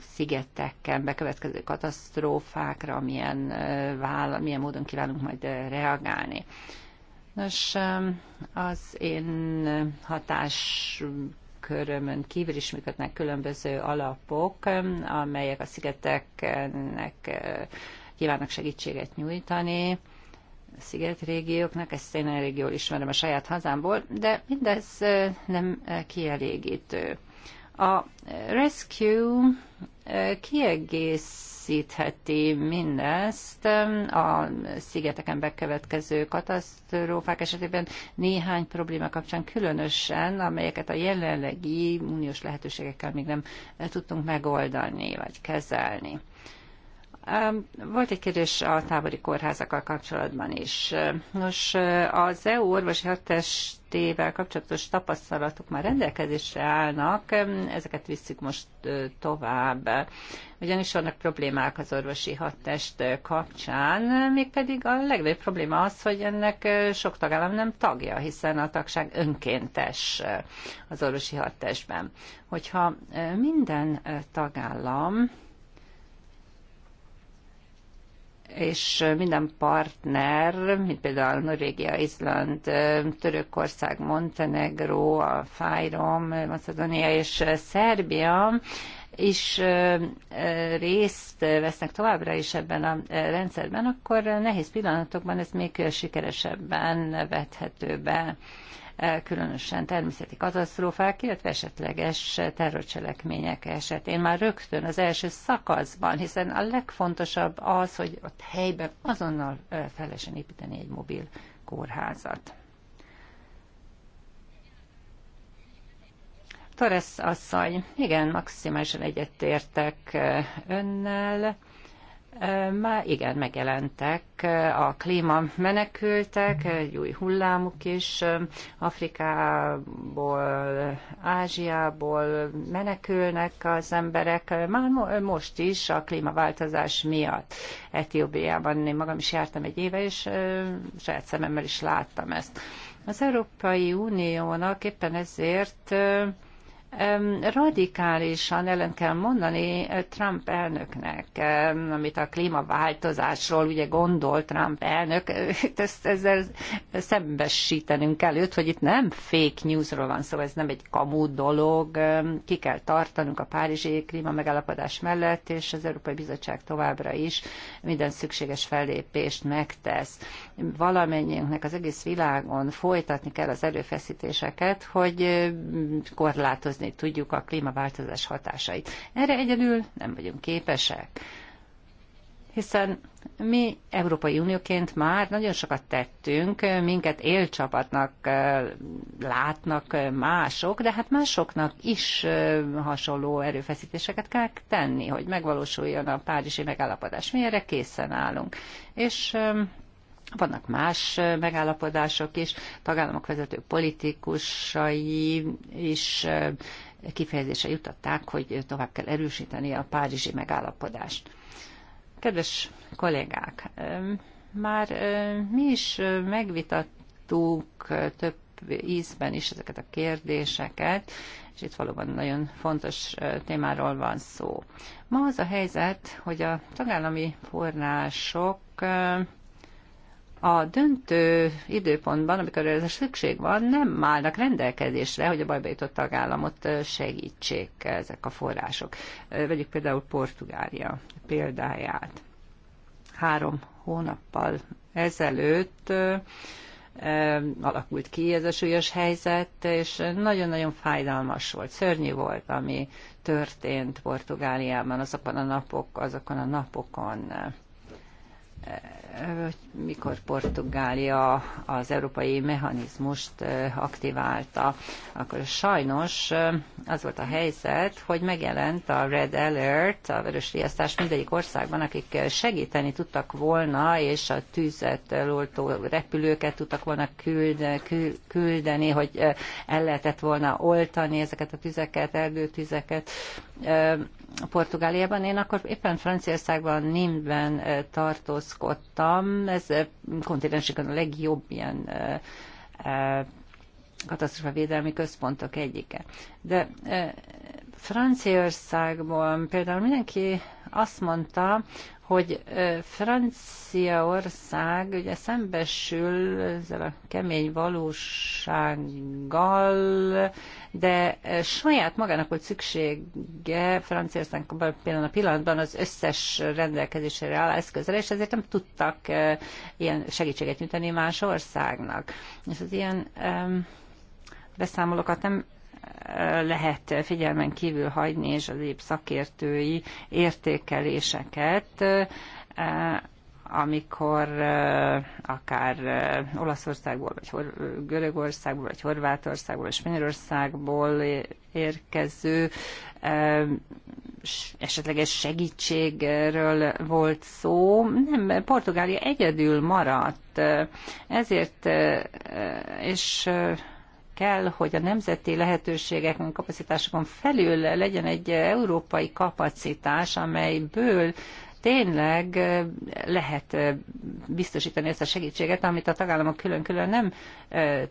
szigeteken bekövetkező katasztrófákra, milyen, vála, milyen módon kívánunk majd reagálni. Nos, az én hatás körömön kívül is működnek különböző alapok, amelyek a szigeteknek kívánnak segítséget nyújtani szigetrégióknak, ezt én elég jól ismerem a saját hazámból, de mindez nem kielégítő. A Rescue kiegészítheti mindezt a szigeteken bekövetkező katasztrófák esetében néhány probléma kapcsán különösen, amelyeket a jelenlegi uniós lehetőségekkel még nem tudtunk megoldani vagy kezelni. Volt egy kérdés a tábori kórházakkal kapcsolatban is. Nos, az EU orvosi hatestével kapcsolatos tapasztalatok már rendelkezésre állnak, ezeket visszük most tovább. Ugyanis vannak problémák az orvosi hattest kapcsán, mégpedig a legnagyobb probléma az, hogy ennek sok tagállam nem tagja, hiszen a tagság önkéntes az orvosi hattestben. Hogyha minden tagállam és minden partner, mint például Norvégia, Izland, Törökország, Montenegro, a Fájrom, Macedónia és Szerbia is részt vesznek továbbra is ebben a rendszerben, akkor nehéz pillanatokban ez még sikeresebben vethető be. Eh, különösen természeti katasztrófák, illetve esetleges terrorcselekmények esetén már rögtön az első szakaszban, hiszen a legfontosabb az, hogy ott helyben azonnal eh, felesen építeni egy mobil kórházat. Torres asszony, igen, maximálisan egyetértek eh, önnel. Már igen, megjelentek eh, a klíma menekültek, egy új hullámuk is eh, Afrikából, Ázsiából menekülnek az emberek, eh, már most is a klímaváltozás miatt. Etiópiában én magam is jártam egy éve, és saját szememmel is láttam ezt. Az Európai Uniónak éppen ezért radikálisan ellen kell mondani eh, Trump elnöknek, amit a klímaváltozásról ugye gondol Trump elnök, [LAUGHS] ezt, ezzel szembesítenünk kell őt, hogy itt nem fake newsról van szó, szóval ez nem egy kamú dolog, ki kell tartanunk a párizsi megállapodás mellett, és az Európai Bizottság továbbra is minden szükséges fellépést megtesz valamennyiünknek az egész világon folytatni kell az erőfeszítéseket, hogy korlátozni tudjuk a klímaváltozás hatásait. Erre egyedül nem vagyunk képesek hiszen mi Európai Unióként már nagyon sokat tettünk, minket élcsapatnak látnak mások, de hát másoknak is hasonló erőfeszítéseket kell tenni, hogy megvalósuljon a Párizsi megállapodás. Mi erre készen állunk. És vannak más megállapodások is, tagállamok vezető politikusai is kifejezése jutották, hogy tovább kell erősíteni a párizsi megállapodást. Kedves kollégák, már mi is megvitattuk több ízben is ezeket a kérdéseket, és itt valóban nagyon fontos témáról van szó. Ma az a helyzet, hogy a tagállami források a döntő időpontban, amikor ez a szükség van, nem állnak rendelkezésre, hogy a bajba jutott tagállamot segítsék ezek a források. Vegyük például Portugália példáját. Három hónappal ezelőtt alakult ki ez a súlyos helyzet, és nagyon-nagyon fájdalmas volt, szörnyű volt, ami történt Portugáliában azokon a napok, azokon a napokon mikor Portugália az európai mechanizmust aktiválta, akkor sajnos az volt a helyzet, hogy megjelent a Red Alert, a vörös riasztás mindegyik országban, akik segíteni tudtak volna, és a tűzet oltó repülőket tudtak volna küldeni, hogy el lehetett volna oltani ezeket a tüzeket, erdőtüzeket. Portugáliában. Én akkor éppen Franciaországban Nimben eh, tartózkodtam. Ez eh, kontinensükön a legjobb ilyen eh, katasztrófavédelmi központok egyike. De Franciaországban például mindenki azt mondta, hogy Franciaország ugye szembesül ezzel a kemény valósággal, de saját magának volt szüksége Például a pillanatban az összes rendelkezésre áll eszközre, és ezért nem tudtak ilyen segítséget nyújtani más országnak. És az ilyen beszámolókat nem lehet figyelmen kívül hagyni, és az épp szakértői értékeléseket, eh, amikor eh, akár eh, Olaszországból, vagy Görögországból, vagy Horvátországból, vagy Spanyolországból érkező esetleges segítségről volt szó. Nem, Portugália egyedül maradt. Ezért, és kell, hogy a nemzeti lehetőségeken, kapacitásokon felül legyen egy európai kapacitás, amelyből tényleg lehet biztosítani ezt a segítséget, amit a tagállamok külön-külön nem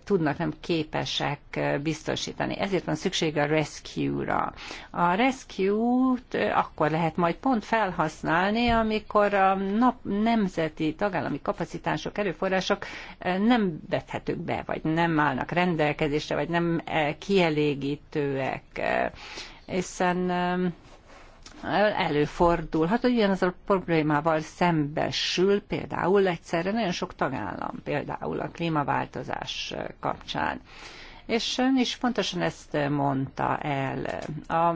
tudnak, nem képesek biztosítani. Ezért van szükség a rescue-ra. A rescue-t akkor lehet majd pont felhasználni, amikor a nap nemzeti tagállami kapacitások, erőforrások nem vethetők be, vagy nem állnak rendelkezésre, vagy nem kielégítőek hiszen előfordulhat, hogy az a problémával szembesül például egyszerre nagyon sok tagállam, például a klímaváltozás kapcsán és ön is pontosan ezt mondta el. A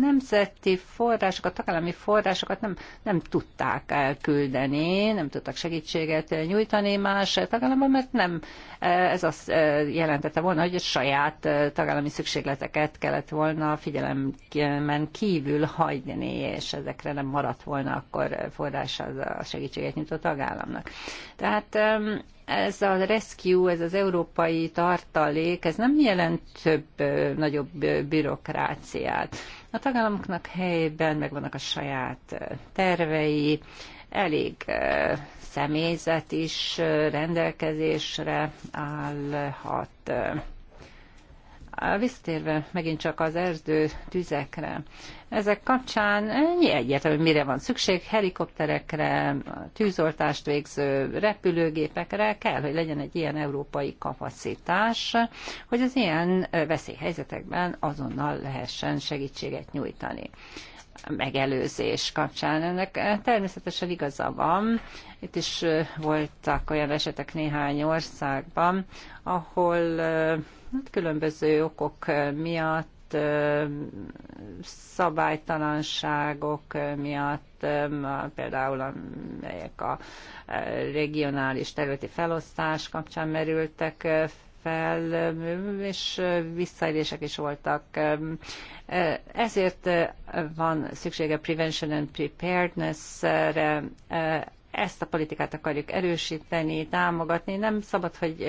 nemzeti forrásokat, tagállami forrásokat nem, nem tudták elküldeni, nem tudtak segítséget nyújtani más tagállamban, mert nem ez azt jelentette volna, hogy a saját tagállami szükségleteket kellett volna figyelemben kívül hagyni, és ezekre nem maradt volna akkor forrás az a segítséget nyújtó tagállamnak. Tehát ez a rescue, ez az európai tartalék, ez nem jelent több, nagyobb bürokráciát. A tagállamoknak helyben megvannak a saját tervei, elég személyzet is rendelkezésre állhat. Visszatérve megint csak az erdő tüzekre, ezek kapcsán egyértelmű, mire van szükség, helikopterekre, tűzoltást végző repülőgépekre kell, hogy legyen egy ilyen európai kapacitás, hogy az ilyen veszélyhelyzetekben azonnal lehessen segítséget nyújtani megelőzés kapcsán. ennek természetesen igaza van. Itt is voltak olyan esetek néhány országban, ahol hát, különböző okok miatt miatt, szabálytalanságok miatt, például amelyek a regionális területi felosztás kapcsán merültek fel, és visszaélések is voltak. Ezért van szüksége prevention and preparedness-re, ezt a politikát akarjuk erősíteni, támogatni, nem szabad, hogy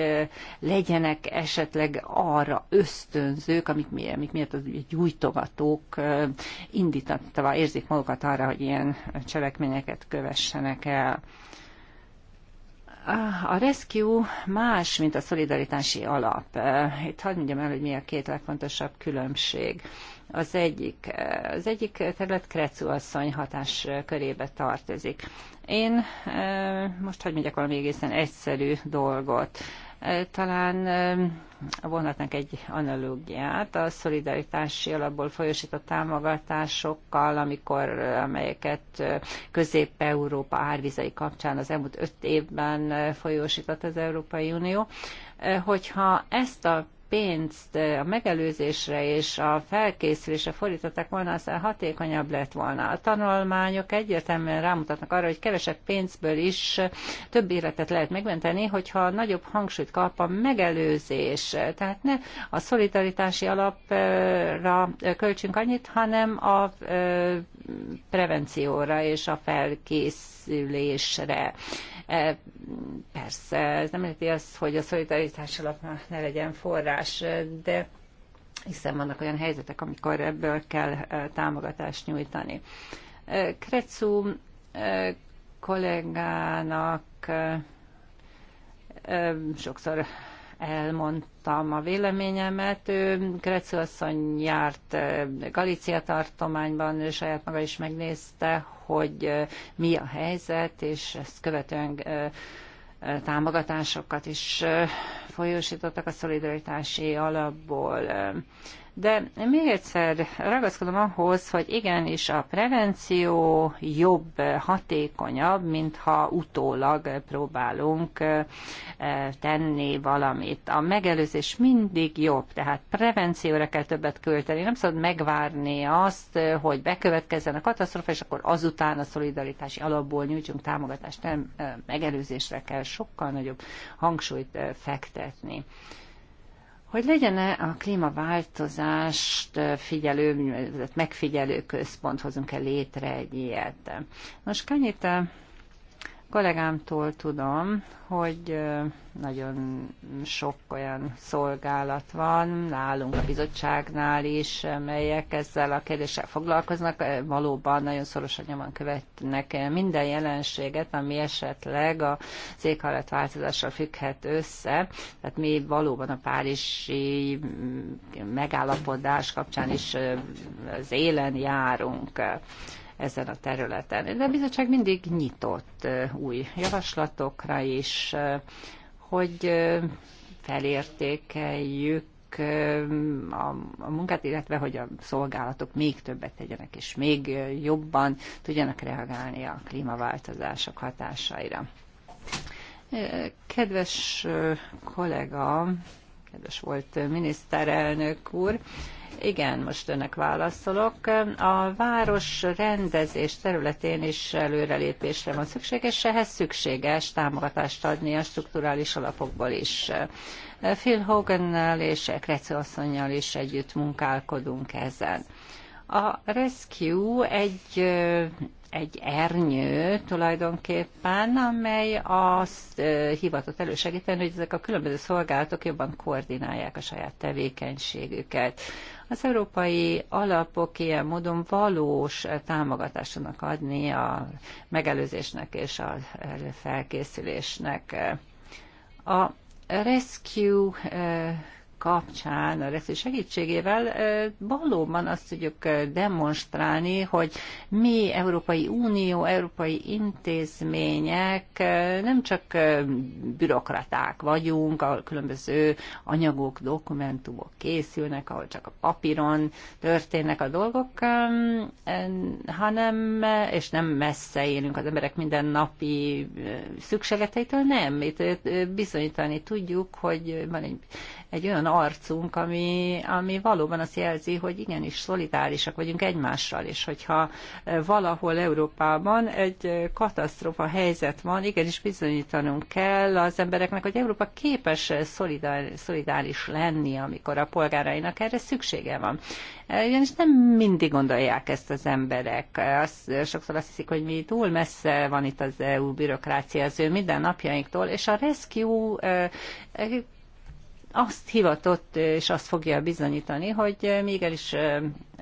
legyenek esetleg arra ösztönzők, amik, miért amik miatt a gyújtogatók indítatva érzik magukat arra, hogy ilyen cselekményeket kövessenek el. A rescue más, mint a szolidaritási alap. Itt hadd mondjam el, hogy mi a két legfontosabb különbség. Az egyik, az egyik terület Krecu asszony hatás körébe tartozik. Én most hogy megyek valami egészen egyszerű dolgot. Talán vonhatnánk egy analógiát a szolidaritási alapból folyosított támogatásokkal, amikor amelyeket Közép-Európa árvizei kapcsán az elmúlt öt évben folyósított az Európai Unió. Hogyha ezt a pénzt eh, a megelőzésre és a felkészülésre fordították volna, aztán hatékonyabb lett volna. A tanulmányok egyértelműen rámutatnak arra, hogy kevesebb pénzből is több életet lehet megmenteni, hogyha nagyobb hangsúlyt kap a megelőzés. Tehát ne a szolidaritási alapra költsünk annyit, hanem a eh, prevencióra és a felkészülésre közülésre. E, persze, ez nem jelenti azt, hogy a szolidaritás alapna ne legyen forrás, de hiszen vannak olyan helyzetek, amikor ebből kell e, támogatást nyújtani. E, Kretszú kollégának sokszor elmondtam a véleményemet. Kretsz asszony járt eh, Galícia tartományban, ő saját maga is megnézte, hogy eh, mi a helyzet, és ezt követően eh, támogatásokat is folyósítottak a szolidaritási alapból. De még egyszer ragaszkodom ahhoz, hogy igenis a prevenció jobb, hatékonyabb, mintha utólag próbálunk tenni valamit. A megelőzés mindig jobb, tehát prevencióra kell többet költeni. Nem szabad megvárni azt, hogy bekövetkezzen a katasztrofa, és akkor azután a szolidaritási alapból nyújtsunk támogatást. Nem, megelőzésre kell sokkal nagyobb hangsúlyt fektetni hogy legyen -e a klímaváltozást figyelő, megfigyelő központ, hozunk-e létre egy ilyet. Most Kanyita kollégámtól tudom, hogy nagyon sok olyan szolgálat van nálunk a bizottságnál is, melyek ezzel a kérdéssel foglalkoznak, valóban nagyon szorosan nyomon követnek minden jelenséget, ami esetleg a az változással függhet össze. Tehát mi valóban a párizsi megállapodás kapcsán is az élen járunk ezen a területen. De a bizottság mindig nyitott új javaslatokra is, hogy felértékeljük a munkát, illetve hogy a szolgálatok még többet tegyenek, és még jobban tudjanak reagálni a klímaváltozások hatásaira. Kedves kollega, kedves volt miniszterelnök úr, igen, most önnek válaszolok. A város rendezés területén is előrelépésre van szükség, és ehhez szükséges támogatást adni a strukturális alapokból is. Phil Hogannel és Kreci asszonynal is együtt munkálkodunk ezen. A Rescue egy, egy ernyő tulajdonképpen, amely azt hivatott elősegíteni, hogy ezek a különböző szolgálatok jobban koordinálják a saját tevékenységüket. Az európai alapok ilyen módon valós támogatásonak adni a megelőzésnek és a felkészülésnek. A Rescue eh, kapcsán, a reszű segítségével valóban azt tudjuk demonstrálni, hogy mi, Európai Unió, európai intézmények nem csak bürokraták vagyunk, ahol különböző anyagok, dokumentumok készülnek, ahol csak a papíron történnek a dolgok, hanem, és nem messze élünk az emberek mindennapi szükségleteitől, nem. Itt bizonyítani tudjuk, hogy van egy egy olyan arcunk, ami, ami valóban azt jelzi, hogy igenis szolidárisak vagyunk egymással, és hogyha e, valahol Európában egy e, katasztrófa helyzet van, igenis bizonyítanunk kell az embereknek, hogy Európa képes e, szolidár, szolidáris lenni, amikor a polgárainak erre szüksége van. Ugyanis nem mindig gondolják ezt az emberek. Azt, sokszor azt hiszik, hogy mi túl messze van itt az EU bürokrácia az ő mindennapjainktól, és a rescue azt hivatott és azt fogja bizonyítani, hogy még el is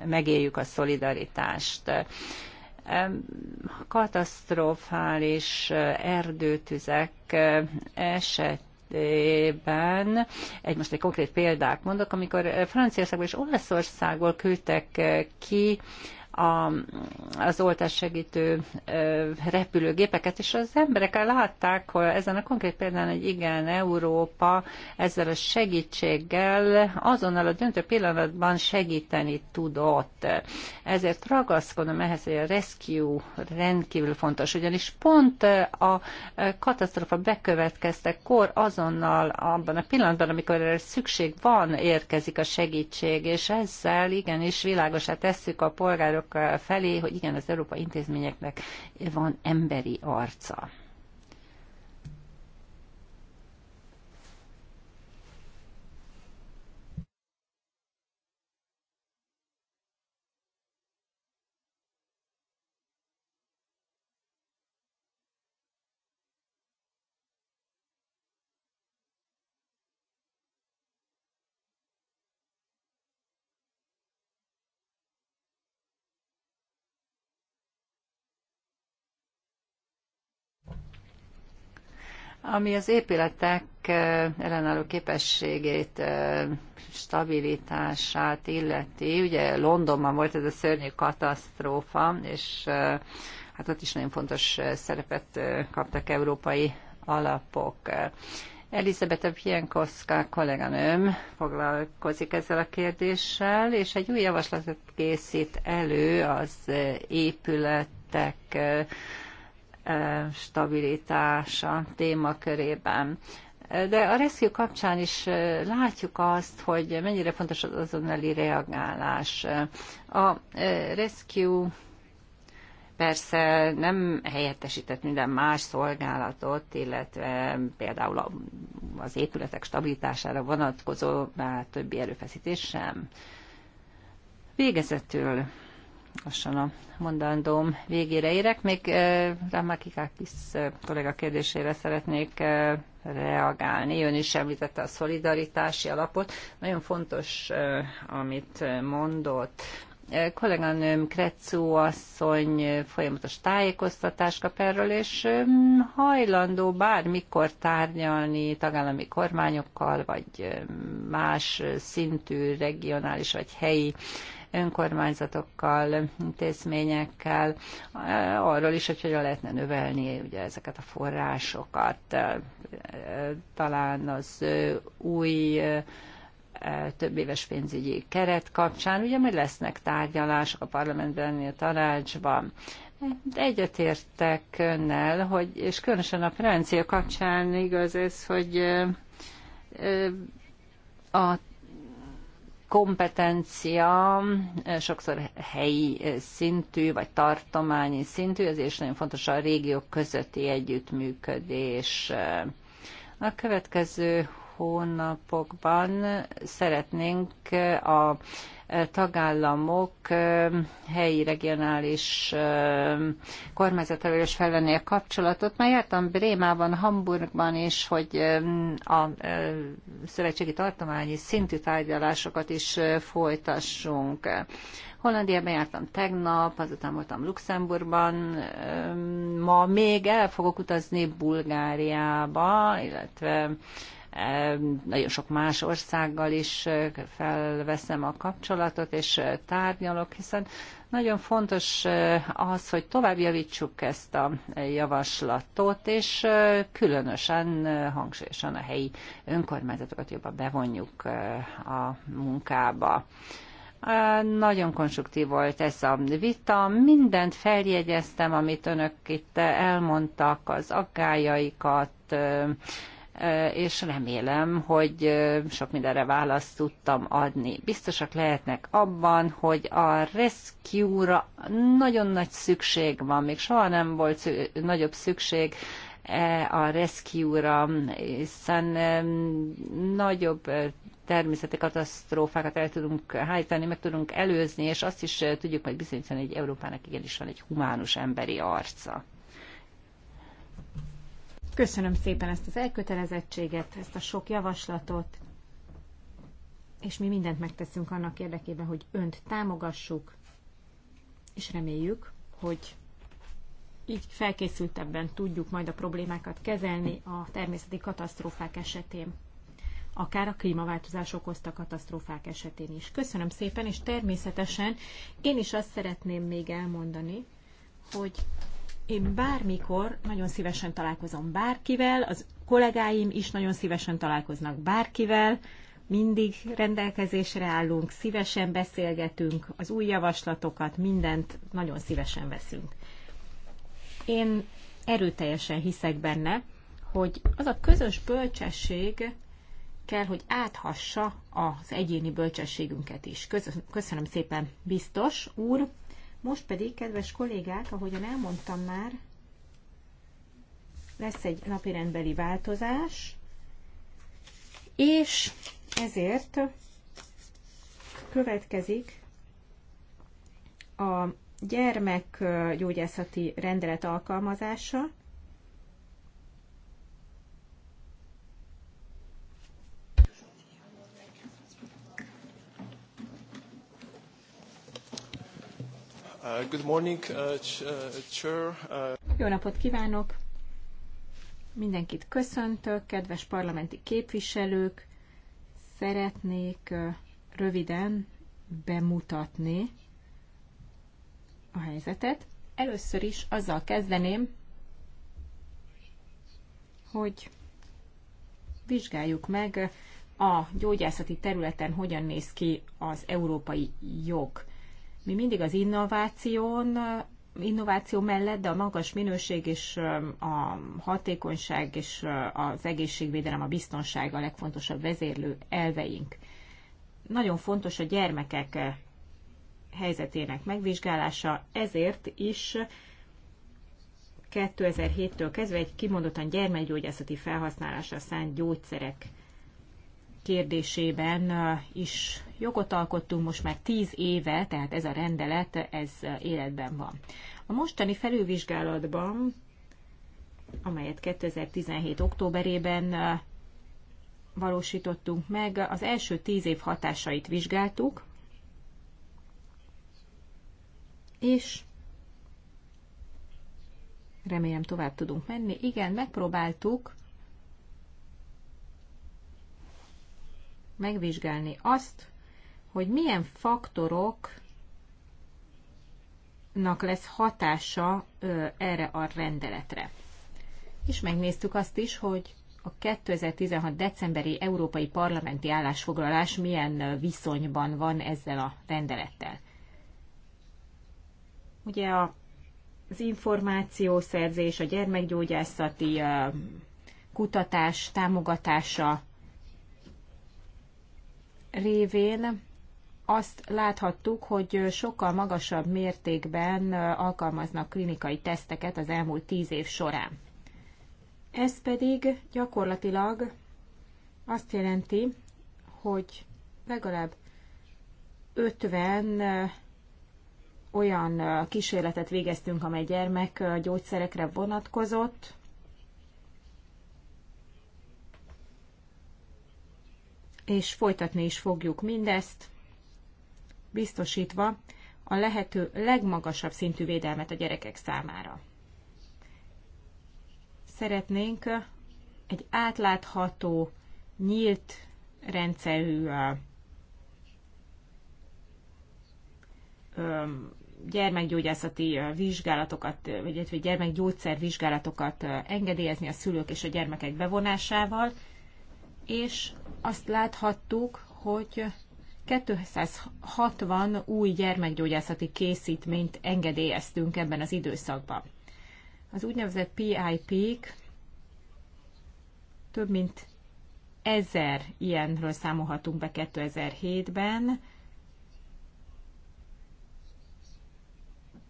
megéljük a szolidaritást. Katasztrofális erdőtüzek eset esetében, egy most egy konkrét példát mondok, amikor Franciaországból és Olaszországból küldtek ki a, az ö, repülőgépeket, és az emberek látták hogy ezen a konkrét példán, hogy igen, Európa ezzel a segítséggel azonnal a döntő pillanatban segíteni tudott. Ezért ragaszkodom ehhez, hogy a rescue rendkívül fontos, ugyanis pont a katasztrofa bekövetkeztekor azonnal abban a pillanatban, amikor erre szükség van, érkezik a segítség, és ezzel igenis világosá tesszük a polgárok Eh, felé, hogy igen, az európai intézményeknek van emberi arca. Ami az épületek ellenálló képességét, stabilitását illeti, ugye Londonban volt ez a szörnyű katasztrófa, és hát ott is nagyon fontos szerepet kaptak európai alapok. Elizabeth Pienkowska kolléganőm foglalkozik ezzel a kérdéssel, és egy új javaslatot készít elő az épületek stabilitása témakörében. De a rescue kapcsán is látjuk azt, hogy mennyire fontos az azonnali reagálás. A rescue persze nem helyettesített minden más szolgálatot, illetve például az épületek stabilitására vonatkozó már többi erőfeszítés sem. Végezetül lassan a mondandóm végére érek. Még eh, uh, kollega kérdésére szeretnék uh, reagálni. Ön is említette a szolidaritási alapot. Nagyon fontos, uh, amit mondott. Kolléganőm Kretszó asszony folyamatos tájékoztatást kap erről, és hajlandó bármikor tárgyalni tagállami kormányokkal, vagy más szintű regionális vagy helyi önkormányzatokkal, intézményekkel, eh, arról is, hogy hogyan lehetne növelni ugye ezeket a forrásokat. Eh, talán az eh, új több éves pénzügyi keret kapcsán, ugye majd lesznek tárgyalások a parlamentben, a tanácsban. Egyetértek önnel, hogy, és különösen a francia kapcsán igaz ez, hogy a kompetencia sokszor helyi szintű, vagy tartományi szintű, ezért is nagyon fontos a régiók közötti együttműködés. A következő hónapokban szeretnénk a tagállamok helyi regionális kormányzatával is felvenni a kapcsolatot. Már jártam Brémában, Hamburgban is, hogy a szövetségi tartományi szintű tárgyalásokat is folytassunk. Hollandiában jártam tegnap, azután voltam Luxemburgban, ma még el fogok utazni Bulgáriába, illetve nagyon sok más országgal is felveszem a kapcsolatot, és tárgyalok, hiszen nagyon fontos az, hogy tovább javítsuk ezt a javaslatot, és különösen hangsúlyosan a helyi önkormányzatokat jobban bevonjuk a munkába. Nagyon konstruktív volt ez a vita. Mindent feljegyeztem, amit önök itt elmondtak, az aggájaikat, Eh, és remélem, hogy eh, sok mindenre választ tudtam adni. Biztosak lehetnek abban, hogy a rescue-ra nagyon nagy szükség van, még soha nem volt szü- nagyobb szükség eh, a rescue-ra, hiszen nagyobb természeti katasztrófákat el tudunk hajtani, meg tudunk előzni, és azt is tudjuk majd bizonyítani, hogy Európának igenis van egy humánus emberi arca. Köszönöm szépen ezt az elkötelezettséget, ezt a sok javaslatot, és mi mindent megteszünk annak érdekében, hogy önt támogassuk, és reméljük, hogy így felkészültebben tudjuk majd a problémákat kezelni a természeti katasztrófák esetén, akár a klímaváltozás okozta katasztrófák esetén is. Köszönöm szépen, és természetesen én is azt szeretném még elmondani, hogy én bármikor nagyon szívesen találkozom bárkivel, az kollégáim is nagyon szívesen találkoznak bárkivel, mindig rendelkezésre állunk, szívesen beszélgetünk, az új javaslatokat, mindent nagyon szívesen veszünk. Én erőteljesen hiszek benne, hogy az a közös bölcsesség kell, hogy áthassa az egyéni bölcsességünket is. Köszönöm szépen, biztos úr! Most pedig, kedves kollégák, ahogyan elmondtam már, lesz egy napirendbeli változás, és ezért következik a gyermekgyógyászati rendelet alkalmazása, Uh, good morning, uh, uh, Chair. Jó napot kívánok! Mindenkit köszöntök, kedves parlamenti képviselők! Szeretnék röviden bemutatni a helyzetet. Először is azzal kezdeném, hogy vizsgáljuk meg a gyógyászati területen hogyan néz ki az európai jog. Mi mindig az innováción, innováció mellett, de a magas minőség és a hatékonyság és az egészségvédelem, a biztonság a legfontosabb vezérlő elveink. Nagyon fontos a gyermekek helyzetének megvizsgálása, ezért is 2007-től kezdve egy kimondottan gyermekgyógyászati felhasználásra szánt gyógyszerek kérdésében is jogot alkottunk, most már tíz éve, tehát ez a rendelet, ez életben van. A mostani felülvizsgálatban, amelyet 2017. októberében valósítottunk meg, az első tíz év hatásait vizsgáltuk, és remélem tovább tudunk menni. Igen, megpróbáltuk megvizsgálni azt, hogy milyen faktoroknak lesz hatása erre a rendeletre. És megnéztük azt is, hogy a 2016. decemberi európai parlamenti állásfoglalás milyen viszonyban van ezzel a rendelettel. Ugye a, az információszerzés, a gyermekgyógyászati kutatás támogatása révén azt láthattuk, hogy sokkal magasabb mértékben alkalmaznak klinikai teszteket az elmúlt tíz év során. Ez pedig gyakorlatilag azt jelenti, hogy legalább 50 olyan kísérletet végeztünk, amely gyermek gyógyszerekre vonatkozott, és folytatni is fogjuk mindezt biztosítva a lehető legmagasabb szintű védelmet a gyerekek számára. Szeretnénk egy átlátható, nyílt rendszerű gyermekgyógyászati vizsgálatokat, vagy gyermekgyógyszer vizsgálatokat engedélyezni a szülők és a gyermekek bevonásával, és azt láthattuk, hogy 260 új gyermekgyógyászati készítményt engedélyeztünk ebben az időszakban. Az úgynevezett PIP-k több mint ezer ilyenről számolhatunk be 2007-ben,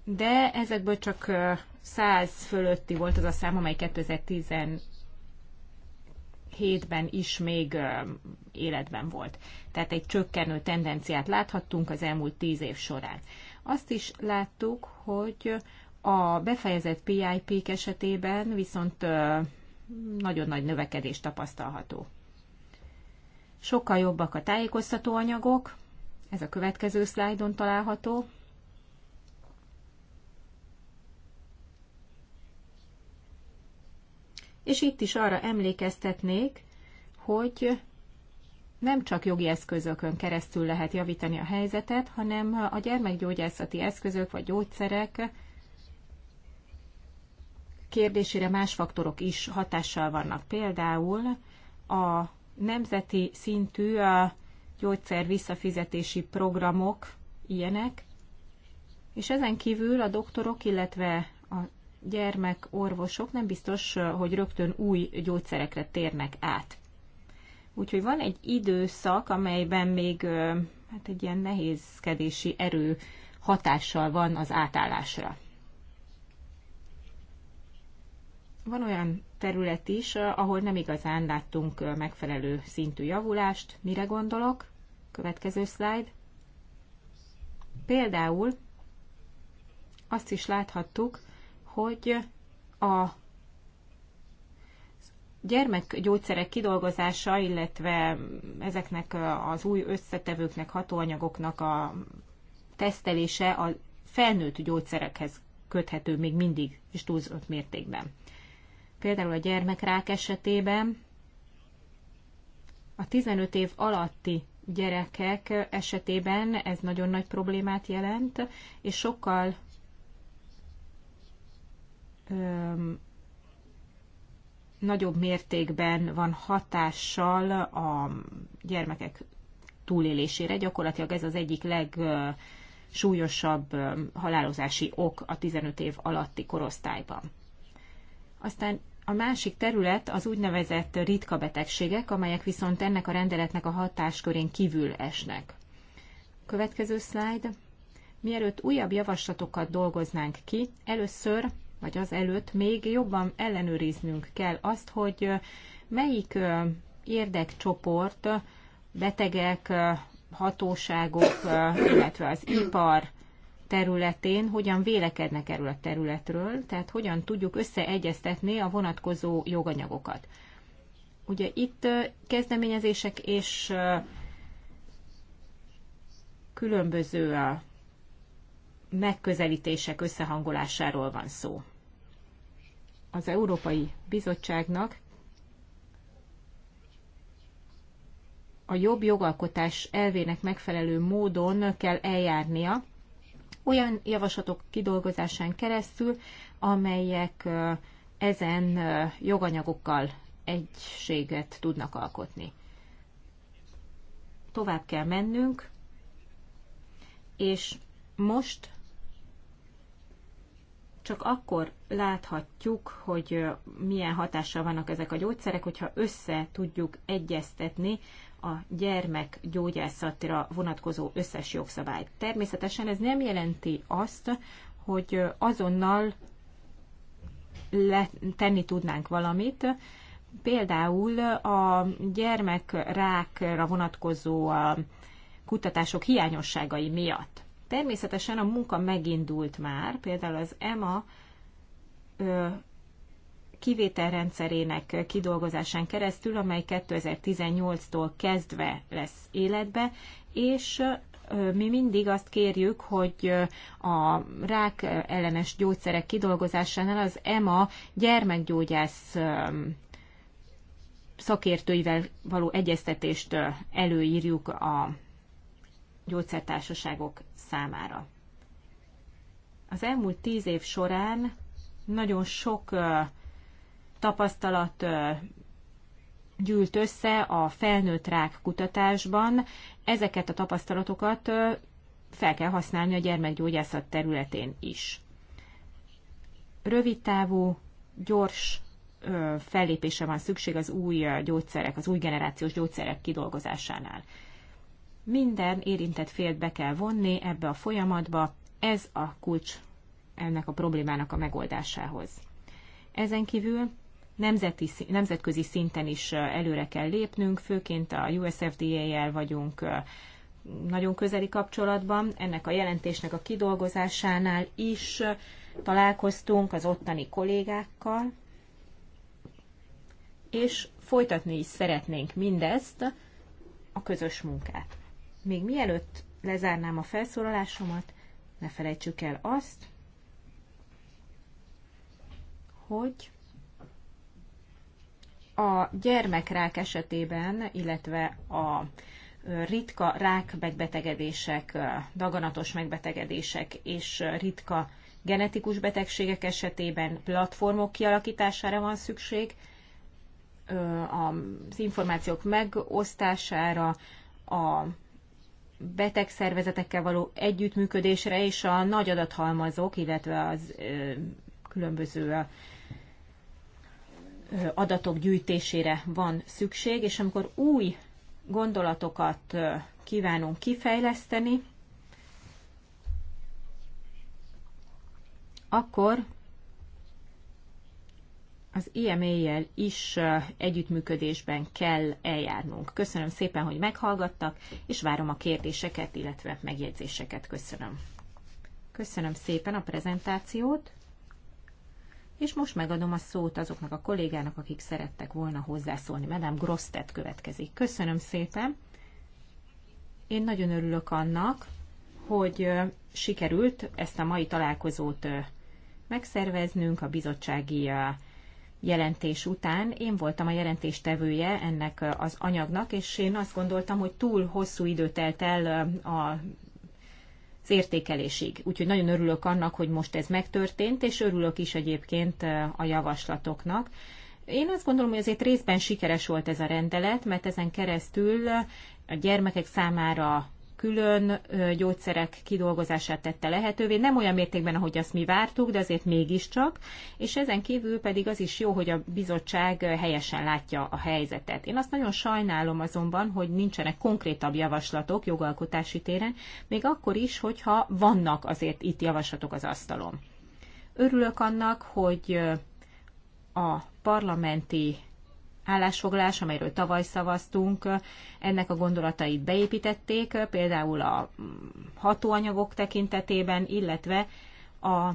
de ezekből csak 100 fölötti volt az a szám, amely 2010 2007-ben is még életben volt. Tehát egy csökkenő tendenciát láthattunk az elmúlt tíz év során. Azt is láttuk, hogy a befejezett PIP-k esetében viszont nagyon nagy növekedés tapasztalható. Sokkal jobbak a tájékoztatóanyagok, ez a következő szlájdon található. és itt is arra emlékeztetnék, hogy nem csak jogi eszközökön keresztül lehet javítani a helyzetet, hanem a gyermekgyógyászati eszközök vagy gyógyszerek kérdésére más faktorok is hatással vannak. Például a nemzeti szintű a gyógyszer visszafizetési programok ilyenek, és ezen kívül a doktorok, illetve gyermekorvosok nem biztos, hogy rögtön új gyógyszerekre térnek át. Úgyhogy van egy időszak, amelyben még hát egy ilyen nehézkedési erő hatással van az átállásra. Van olyan terület is, ahol nem igazán láttunk megfelelő szintű javulást. Mire gondolok? Következő szlájd. Például azt is láthattuk, hogy a gyermekgyógyszerek kidolgozása, illetve ezeknek az új összetevőknek, hatóanyagoknak a tesztelése a felnőtt gyógyszerekhez köthető még mindig, és túlzott mértékben. Például a gyermekrák esetében a 15 év alatti gyerekek esetében ez nagyon nagy problémát jelent, és sokkal nagyobb mértékben van hatással a gyermekek túlélésére. Gyakorlatilag ez az egyik legsúlyosabb halálozási ok a 15 év alatti korosztályban. Aztán a másik terület az úgynevezett ritka betegségek, amelyek viszont ennek a rendeletnek a hatáskörén kívül esnek. Következő szlájd. Mielőtt újabb javaslatokat dolgoznánk ki, először vagy az előtt még jobban ellenőriznünk kell azt, hogy melyik érdekcsoport, betegek, hatóságok, illetve az ipar területén hogyan vélekednek erről a területről, tehát hogyan tudjuk összeegyeztetni a vonatkozó joganyagokat. Ugye itt kezdeményezések és különböző megközelítések összehangolásáról van szó. Az Európai Bizottságnak a jobb jogalkotás elvének megfelelő módon kell eljárnia, olyan javaslatok kidolgozásán keresztül, amelyek ezen joganyagokkal egységet tudnak alkotni. Tovább kell mennünk, és most csak akkor láthatjuk, hogy milyen hatással vannak ezek a gyógyszerek, hogyha össze tudjuk egyeztetni a gyermek gyógyászatra vonatkozó összes jogszabályt. Természetesen ez nem jelenti azt, hogy azonnal tenni tudnánk valamit. Például a gyermekrákra vonatkozó kutatások hiányosságai miatt Természetesen a munka megindult már, például az EMA ö, kivételrendszerének kidolgozásán keresztül, amely 2018-tól kezdve lesz életbe, és mi mindig azt kérjük, hogy a rák ellenes gyógyszerek kidolgozásánál az EMA gyermekgyógyász szakértőivel való egyeztetést előírjuk a gyógyszertársaságok számára. Az elmúlt tíz év során nagyon sok tapasztalat gyűlt össze a felnőtt rák kutatásban. Ezeket a tapasztalatokat fel kell használni a gyermekgyógyászat területén is. Rövidtávú, gyors fellépése van szükség az új gyógyszerek, az új generációs gyógyszerek kidolgozásánál. Minden érintett félt be kell vonni ebbe a folyamatba, ez a kulcs ennek a problémának a megoldásához. Ezen kívül nemzeti, nemzetközi szinten is előre kell lépnünk, főként a USFDA-jel vagyunk nagyon közeli kapcsolatban. Ennek a jelentésnek a kidolgozásánál is találkoztunk az ottani kollégákkal, és folytatni is szeretnénk mindezt, a közös munkát. Még mielőtt lezárnám a felszólalásomat, ne felejtsük el azt, hogy a gyermekrák esetében, illetve a ritka rák megbetegedések, daganatos megbetegedések és ritka genetikus betegségek esetében platformok kialakítására van szükség, az információk megosztására, a betegszervezetekkel való együttműködésre és a nagy adathalmazok, illetve az különböző adatok gyűjtésére van szükség, és amikor új gondolatokat kívánunk kifejleszteni, akkor az IMA-jel e is együttműködésben kell eljárnunk. Köszönöm szépen, hogy meghallgattak, és várom a kérdéseket, illetve megjegyzéseket. Köszönöm. Köszönöm szépen a prezentációt, és most megadom a szót azoknak a kollégának, akik szerettek volna hozzászólni. Medám Grosztet következik. Köszönöm szépen. Én nagyon örülök annak, hogy sikerült ezt a mai találkozót megszerveznünk a bizottsági jelentés után. Én voltam a jelentéstevője ennek az anyagnak, és én azt gondoltam, hogy túl hosszú idő telt el a az értékelésig. Úgyhogy nagyon örülök annak, hogy most ez megtörtént, és örülök is egyébként a javaslatoknak. Én azt gondolom, hogy azért részben sikeres volt ez a rendelet, mert ezen keresztül a gyermekek számára külön gyógyszerek kidolgozását tette lehetővé. Nem olyan mértékben, ahogy azt mi vártuk, de azért mégiscsak. És ezen kívül pedig az is jó, hogy a bizottság helyesen látja a helyzetet. Én azt nagyon sajnálom azonban, hogy nincsenek konkrétabb javaslatok jogalkotási téren, még akkor is, hogyha vannak azért itt javaslatok az asztalon. Örülök annak, hogy a parlamenti állásfoglalás, amelyről tavaly szavaztunk, ennek a gondolatait beépítették, például a hatóanyagok tekintetében, illetve a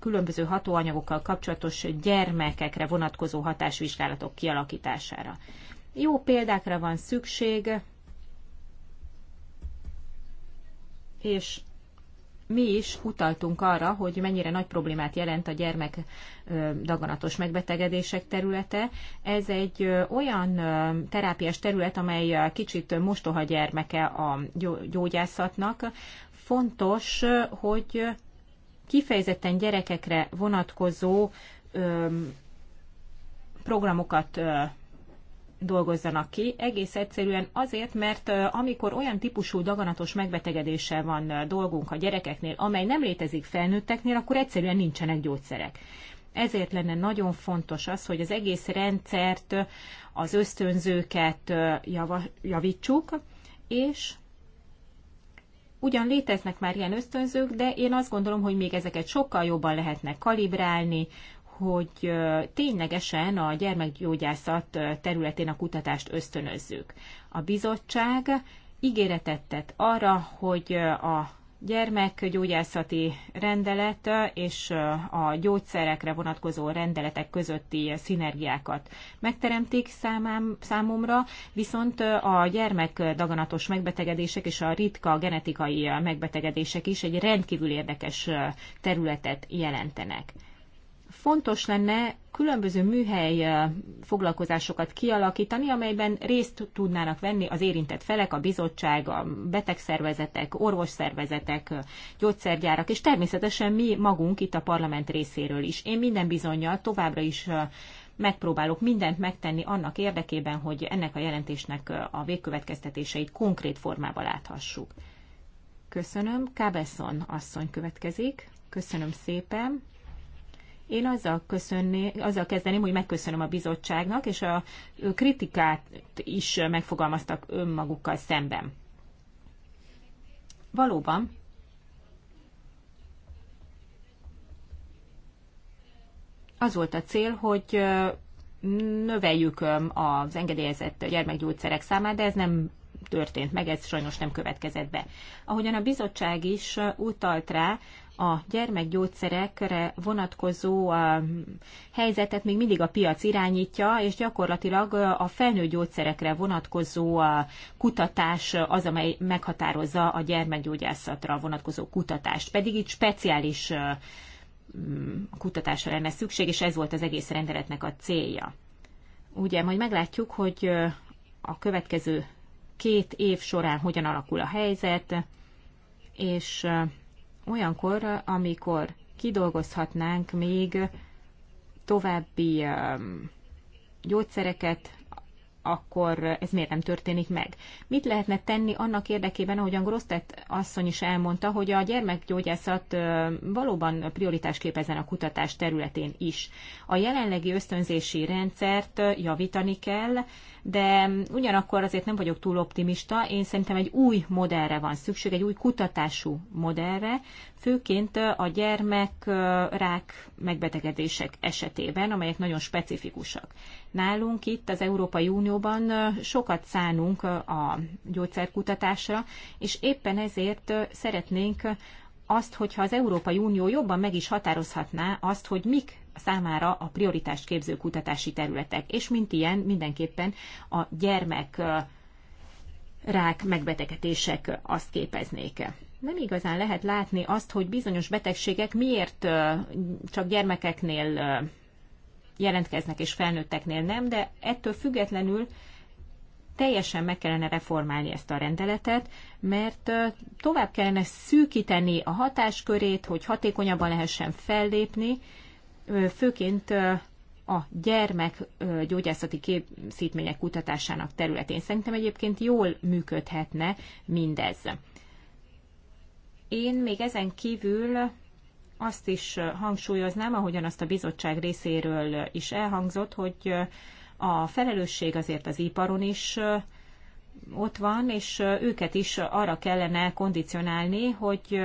különböző hatóanyagokkal kapcsolatos gyermekekre vonatkozó hatásvizsgálatok kialakítására. Jó példákra van szükség, és mi is utaltunk arra, hogy mennyire nagy problémát jelent a gyermek daganatos megbetegedések területe. Ez egy olyan terápiás terület, amely kicsit mostoha gyermeke a gyógyászatnak. Fontos, hogy kifejezetten gyerekekre vonatkozó programokat dolgozzanak ki, egész egyszerűen azért, mert amikor olyan típusú daganatos megbetegedéssel van dolgunk a gyerekeknél, amely nem létezik felnőtteknél, akkor egyszerűen nincsenek gyógyszerek. Ezért lenne nagyon fontos az, hogy az egész rendszert, az ösztönzőket javítsuk, és ugyan léteznek már ilyen ösztönzők, de én azt gondolom, hogy még ezeket sokkal jobban lehetne kalibrálni, hogy ténylegesen a gyermekgyógyászat területén a kutatást ösztönözzük. A bizottság ígéretet tett arra, hogy a gyermekgyógyászati rendelet és a gyógyszerekre vonatkozó rendeletek közötti szinergiákat megteremtik számám, számomra, viszont a gyermekdaganatos megbetegedések és a ritka genetikai megbetegedések is egy rendkívül érdekes területet jelentenek fontos lenne különböző műhely foglalkozásokat kialakítani, amelyben részt tudnának venni az érintett felek, a bizottság, a betegszervezetek, orvosszervezetek, gyógyszergyárak, és természetesen mi magunk itt a parlament részéről is. Én minden bizonyal továbbra is megpróbálok mindent megtenni annak érdekében, hogy ennek a jelentésnek a végkövetkeztetéseit konkrét formába láthassuk. Köszönöm. Kábeszon asszony következik. Köszönöm szépen. Én azzal, köszönné, azzal kezdeném, hogy megköszönöm a bizottságnak, és a kritikát is megfogalmaztak önmagukkal szemben. Valóban, az volt a cél, hogy növeljük az engedélyezett gyermekgyógyszerek számát, de ez nem történt meg, ez sajnos nem következett be. Ahogyan a bizottság is utalt rá, a gyermekgyógyszerekre vonatkozó helyzetet még mindig a piac irányítja, és gyakorlatilag a felnőtt gyógyszerekre vonatkozó kutatás az, amely meghatározza a gyermekgyógyászatra vonatkozó kutatást. Pedig itt speciális kutatásra lenne szükség, és ez volt az egész rendeletnek a célja. Ugye majd meglátjuk, hogy a következő két év során hogyan alakul a helyzet, és olyankor, amikor kidolgozhatnánk még további um, gyógyszereket, akkor ez miért nem történik meg? Mit lehetne tenni annak érdekében, ahogyan Grosztett asszony is elmondta, hogy a gyermekgyógyászat um, valóban prioritás képezen a kutatás területén is. A jelenlegi ösztönzési rendszert uh, javítani kell, de ugyanakkor azért nem vagyok túl optimista. Én szerintem egy új modellre van szükség, egy új kutatású modellre, főként a gyermekrák megbetegedések esetében, amelyek nagyon specifikusak. Nálunk itt az Európai Unióban sokat szánunk a gyógyszerkutatásra, és éppen ezért szeretnénk azt, hogyha az Európai Unió jobban meg is határozhatná azt, hogy mik számára a prioritást képző kutatási területek, és mint ilyen mindenképpen a gyermek rák megbetegedések azt képeznék. Nem igazán lehet látni azt, hogy bizonyos betegségek miért csak gyermekeknél jelentkeznek és felnőtteknél nem, de ettől függetlenül teljesen meg kellene reformálni ezt a rendeletet, mert tovább kellene szűkíteni a hatáskörét, hogy hatékonyabban lehessen fellépni, főként a gyermek gyógyászati képzítmények kutatásának területén. Szerintem egyébként jól működhetne mindez. Én még ezen kívül azt is hangsúlyoznám, ahogyan azt a bizottság részéről is elhangzott, hogy a felelősség azért az iparon is ott van, és őket is arra kellene kondicionálni, hogy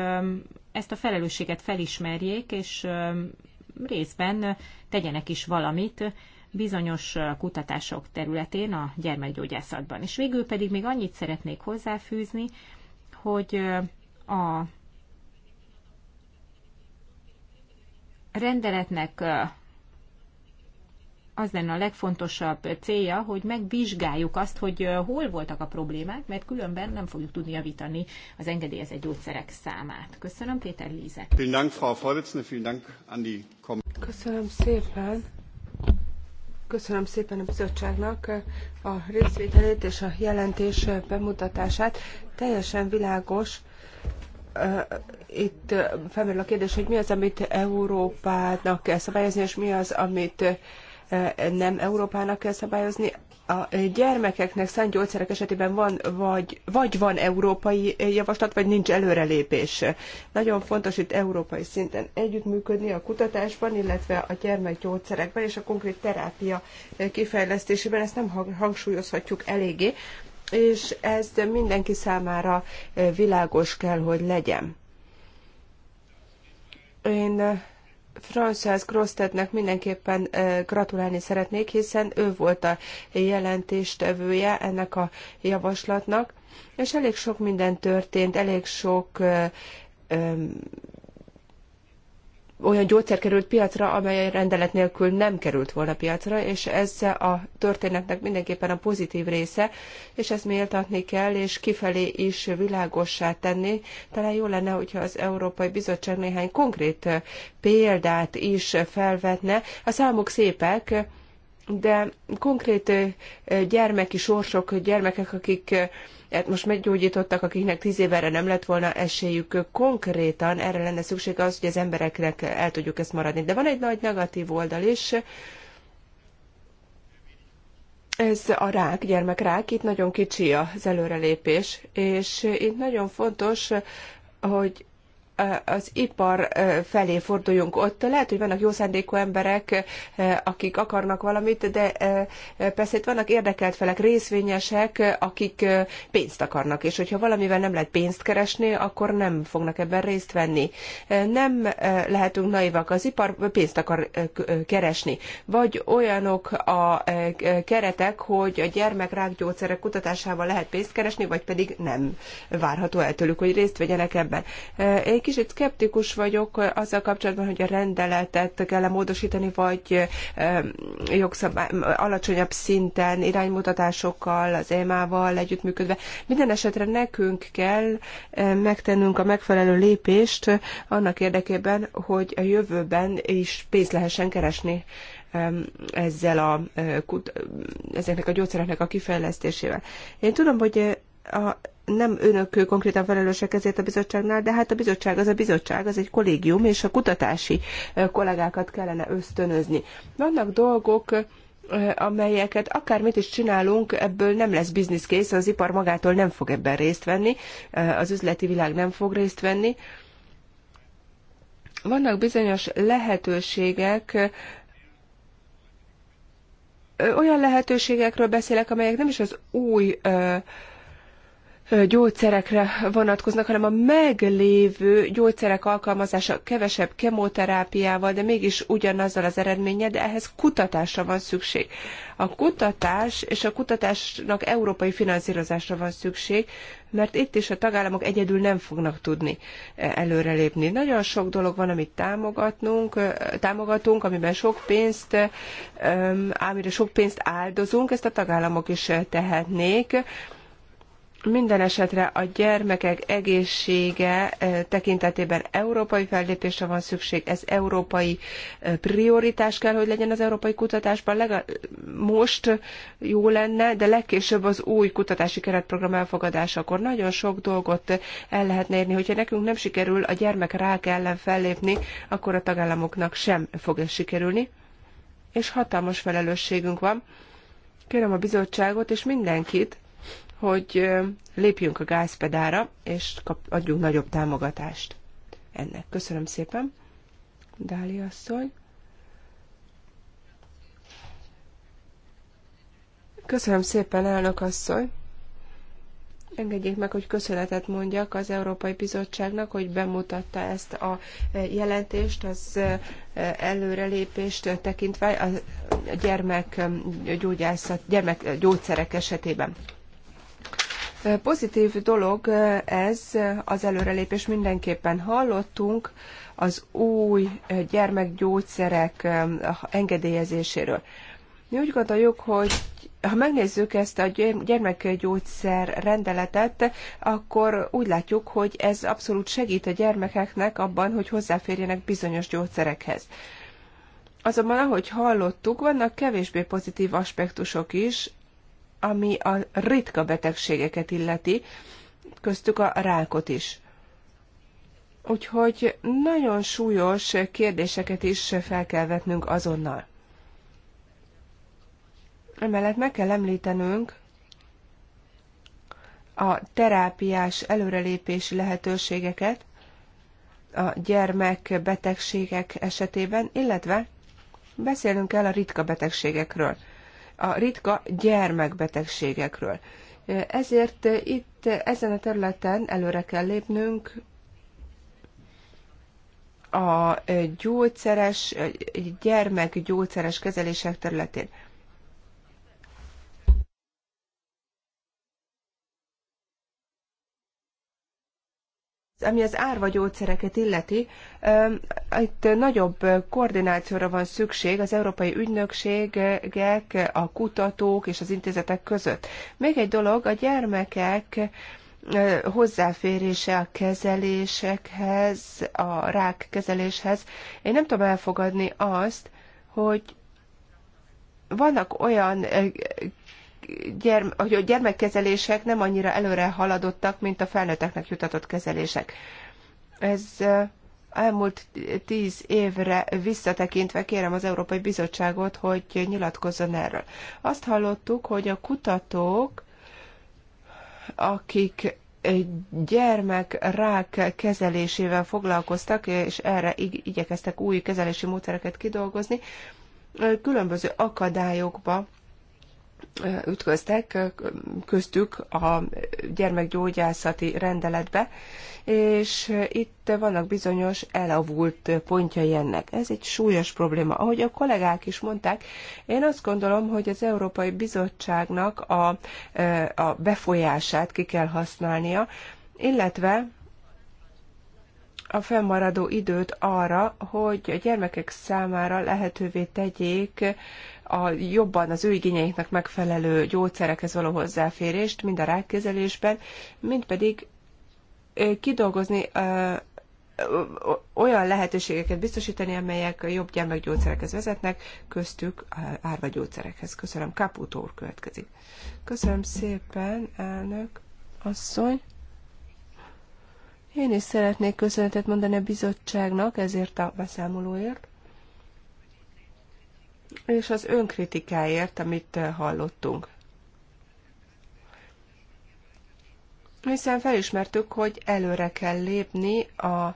ezt a felelősséget felismerjék, és részben tegyenek is valamit bizonyos kutatások területén a gyermekgyógyászatban. És végül pedig még annyit szeretnék hozzáfűzni, hogy a rendeletnek az lenne a legfontosabb célja, hogy megvizsgáljuk azt, hogy hol voltak a problémák, mert különben nem fogjuk tudni javítani az engedélyezett gyógyszerek számát. Köszönöm, Péter Líze. Köszönöm szépen. Köszönöm szépen a bizottságnak a részvételét és a jelentés bemutatását. Teljesen világos, itt felmerül a kérdés, hogy mi az, amit Európának kell szabályozni, és mi az, amit nem Európának kell szabályozni. A gyermekeknek szánt gyógyszerek esetében van, vagy, vagy van európai javaslat, vagy nincs előrelépés. Nagyon fontos itt európai szinten együttműködni a kutatásban, illetve a gyermekgyógyszerekben és a konkrét terápia kifejlesztésében. Ezt nem hangsúlyozhatjuk eléggé, és ez mindenki számára világos kell, hogy legyen. Én Frances Grosztetnek mindenképpen gratulálni szeretnék, hiszen ő volt a jelentéstevője ennek a javaslatnak, és elég sok minden történt, elég sok olyan gyógyszer került piacra, amely rendelet nélkül nem került volna piacra, és ez a történetnek mindenképpen a pozitív része, és ezt méltatni kell, és kifelé is világossá tenni. Talán jó lenne, hogyha az Európai Bizottság néhány konkrét példát is felvetne. A számok szépek, de konkrét gyermeki sorsok, gyermekek, akik akiket most meggyógyítottak, akiknek tíz évre nem lett volna esélyük. Konkrétan erre lenne szükség az, hogy az embereknek el tudjuk ezt maradni. De van egy nagy negatív oldal is, ez a rák, gyermekrák, itt nagyon kicsi az előrelépés, és itt nagyon fontos, hogy az ipar felé forduljunk. Ott lehet, hogy vannak jó szándékú emberek, akik akarnak valamit, de persze itt vannak érdekelt felek, részvényesek, akik pénzt akarnak, és hogyha valamivel nem lehet pénzt keresni, akkor nem fognak ebben részt venni. Nem lehetünk naivak, az ipar pénzt akar keresni. Vagy olyanok a keretek, hogy a rákgyógyszerek kutatásával lehet pénzt keresni, vagy pedig nem várható el tőlük, hogy részt vegyenek ebben kicsit skeptikus vagyok eh, azzal kapcsolatban, hogy a rendeletet kell-e módosítani, vagy jogszabály, alacsonyabb szinten iránymutatásokkal, az EMA-val együttműködve. Minden esetre nekünk kell eh, megtennünk a megfelelő lépést eh, annak érdekében, hogy a jövőben is pénzt lehessen keresni ezzel a, ezeknek a gyógyszereknek a kifejlesztésével. Én tudom, hogy a, nem önök konkrétan felelősek ezért a bizottságnál, de hát a bizottság az a bizottság, az egy kollégium, és a kutatási kollégákat kellene ösztönözni. Vannak dolgok, amelyeket akármit is csinálunk, ebből nem lesz business case, az ipar magától nem fog ebben részt venni, az üzleti világ nem fog részt venni. Vannak bizonyos lehetőségek, olyan lehetőségekről beszélek, amelyek nem is az új gyógyszerekre vonatkoznak, hanem a meglévő gyógyszerek alkalmazása kevesebb kemoterápiával, de mégis ugyanazzal az eredménye, de ehhez kutatásra van szükség. A kutatás és a kutatásnak európai finanszírozásra van szükség, mert itt is a tagállamok egyedül nem fognak tudni előrelépni. Nagyon sok dolog van, amit támogatnunk, támogatunk, amiben sok pénzt, amire sok pénzt áldozunk, ezt a tagállamok is tehetnék minden esetre a gyermekek egészsége eh, tekintetében európai fellépésre van szükség, ez európai eh, prioritás kell, hogy legyen az európai kutatásban. Legal- most jó lenne, de legkésőbb az új kutatási keretprogram elfogadásakor nagyon sok dolgot el lehetne érni. Hogyha nekünk nem sikerül a gyermek rák ellen fellépni, akkor a tagállamoknak sem fog ez sikerülni, és hatalmas felelősségünk van. Kérem a bizottságot és mindenkit, hogy lépjünk a gázpedára, és adjunk nagyobb támogatást ennek. Köszönöm szépen, Dália asszony. Köszönöm szépen, elnök asszony. Engedjék meg, hogy köszönetet mondjak az Európai Bizottságnak, hogy bemutatta ezt a jelentést, az előrelépést tekintve a gyermekgyógyászat, gyermekgyógyszerek esetében. Pozitív dolog ez az előrelépés mindenképpen hallottunk az új gyermekgyógyszerek engedélyezéséről. Mi úgy gondoljuk, hogy ha megnézzük ezt a gyermekgyógyszer rendeletet, akkor úgy látjuk, hogy ez abszolút segít a gyermekeknek abban, hogy hozzáférjenek bizonyos gyógyszerekhez. Azonban, ahogy hallottuk, vannak kevésbé pozitív aspektusok is ami a ritka betegségeket illeti, köztük a rákot is. Úgyhogy nagyon súlyos kérdéseket is fel kell vetnünk azonnal. Emellett meg kell említenünk a terápiás előrelépési lehetőségeket a betegségek esetében, illetve beszélünk el a ritka betegségekről a ritka gyermekbetegségekről. Ezért itt ezen a területen előre kell lépnünk, a gyógyszeres, gyermekgyógyszeres kezelések területén. ami az árva gyógyszereket illeti, itt nagyobb koordinációra van szükség az európai ügynökségek, a kutatók és az intézetek között. Még egy dolog, a gyermekek hozzáférése a kezelésekhez, a rák kezeléshez. Én nem tudom elfogadni azt, hogy vannak olyan hogy a gyermekkezelések nem annyira előre haladottak, mint a felnőtteknek jutatott kezelések. Ez elmúlt tíz évre visszatekintve kérem az Európai Bizottságot, hogy nyilatkozzon erről. Azt hallottuk, hogy a kutatók, akik gyermekrák kezelésével foglalkoztak, és erre igyekeztek új kezelési módszereket kidolgozni, különböző akadályokba ütköztek köztük a gyermekgyógyászati rendeletbe, és itt vannak bizonyos elavult pontjai ennek. Ez egy súlyos probléma. Ahogy a kollégák is mondták, én azt gondolom, hogy az Európai Bizottságnak a, a befolyását ki kell használnia, illetve a fennmaradó időt arra, hogy a gyermekek számára lehetővé tegyék a jobban az ő igényeiknek megfelelő gyógyszerekhez való hozzáférést, mind a rákkezelésben, mind pedig kidolgozni olyan lehetőségeket biztosítani, amelyek a jobb gyermekgyógyszerekhez vezetnek, köztük árva gyógyszerekhez. Köszönöm. Kaputó úr következik. Köszönöm szépen, elnök asszony. Én is szeretnék köszönetet mondani a bizottságnak ezért a beszámolóért és az önkritikáért, amit eh, hallottunk. Hiszen felismertük, hogy előre kell lépni a,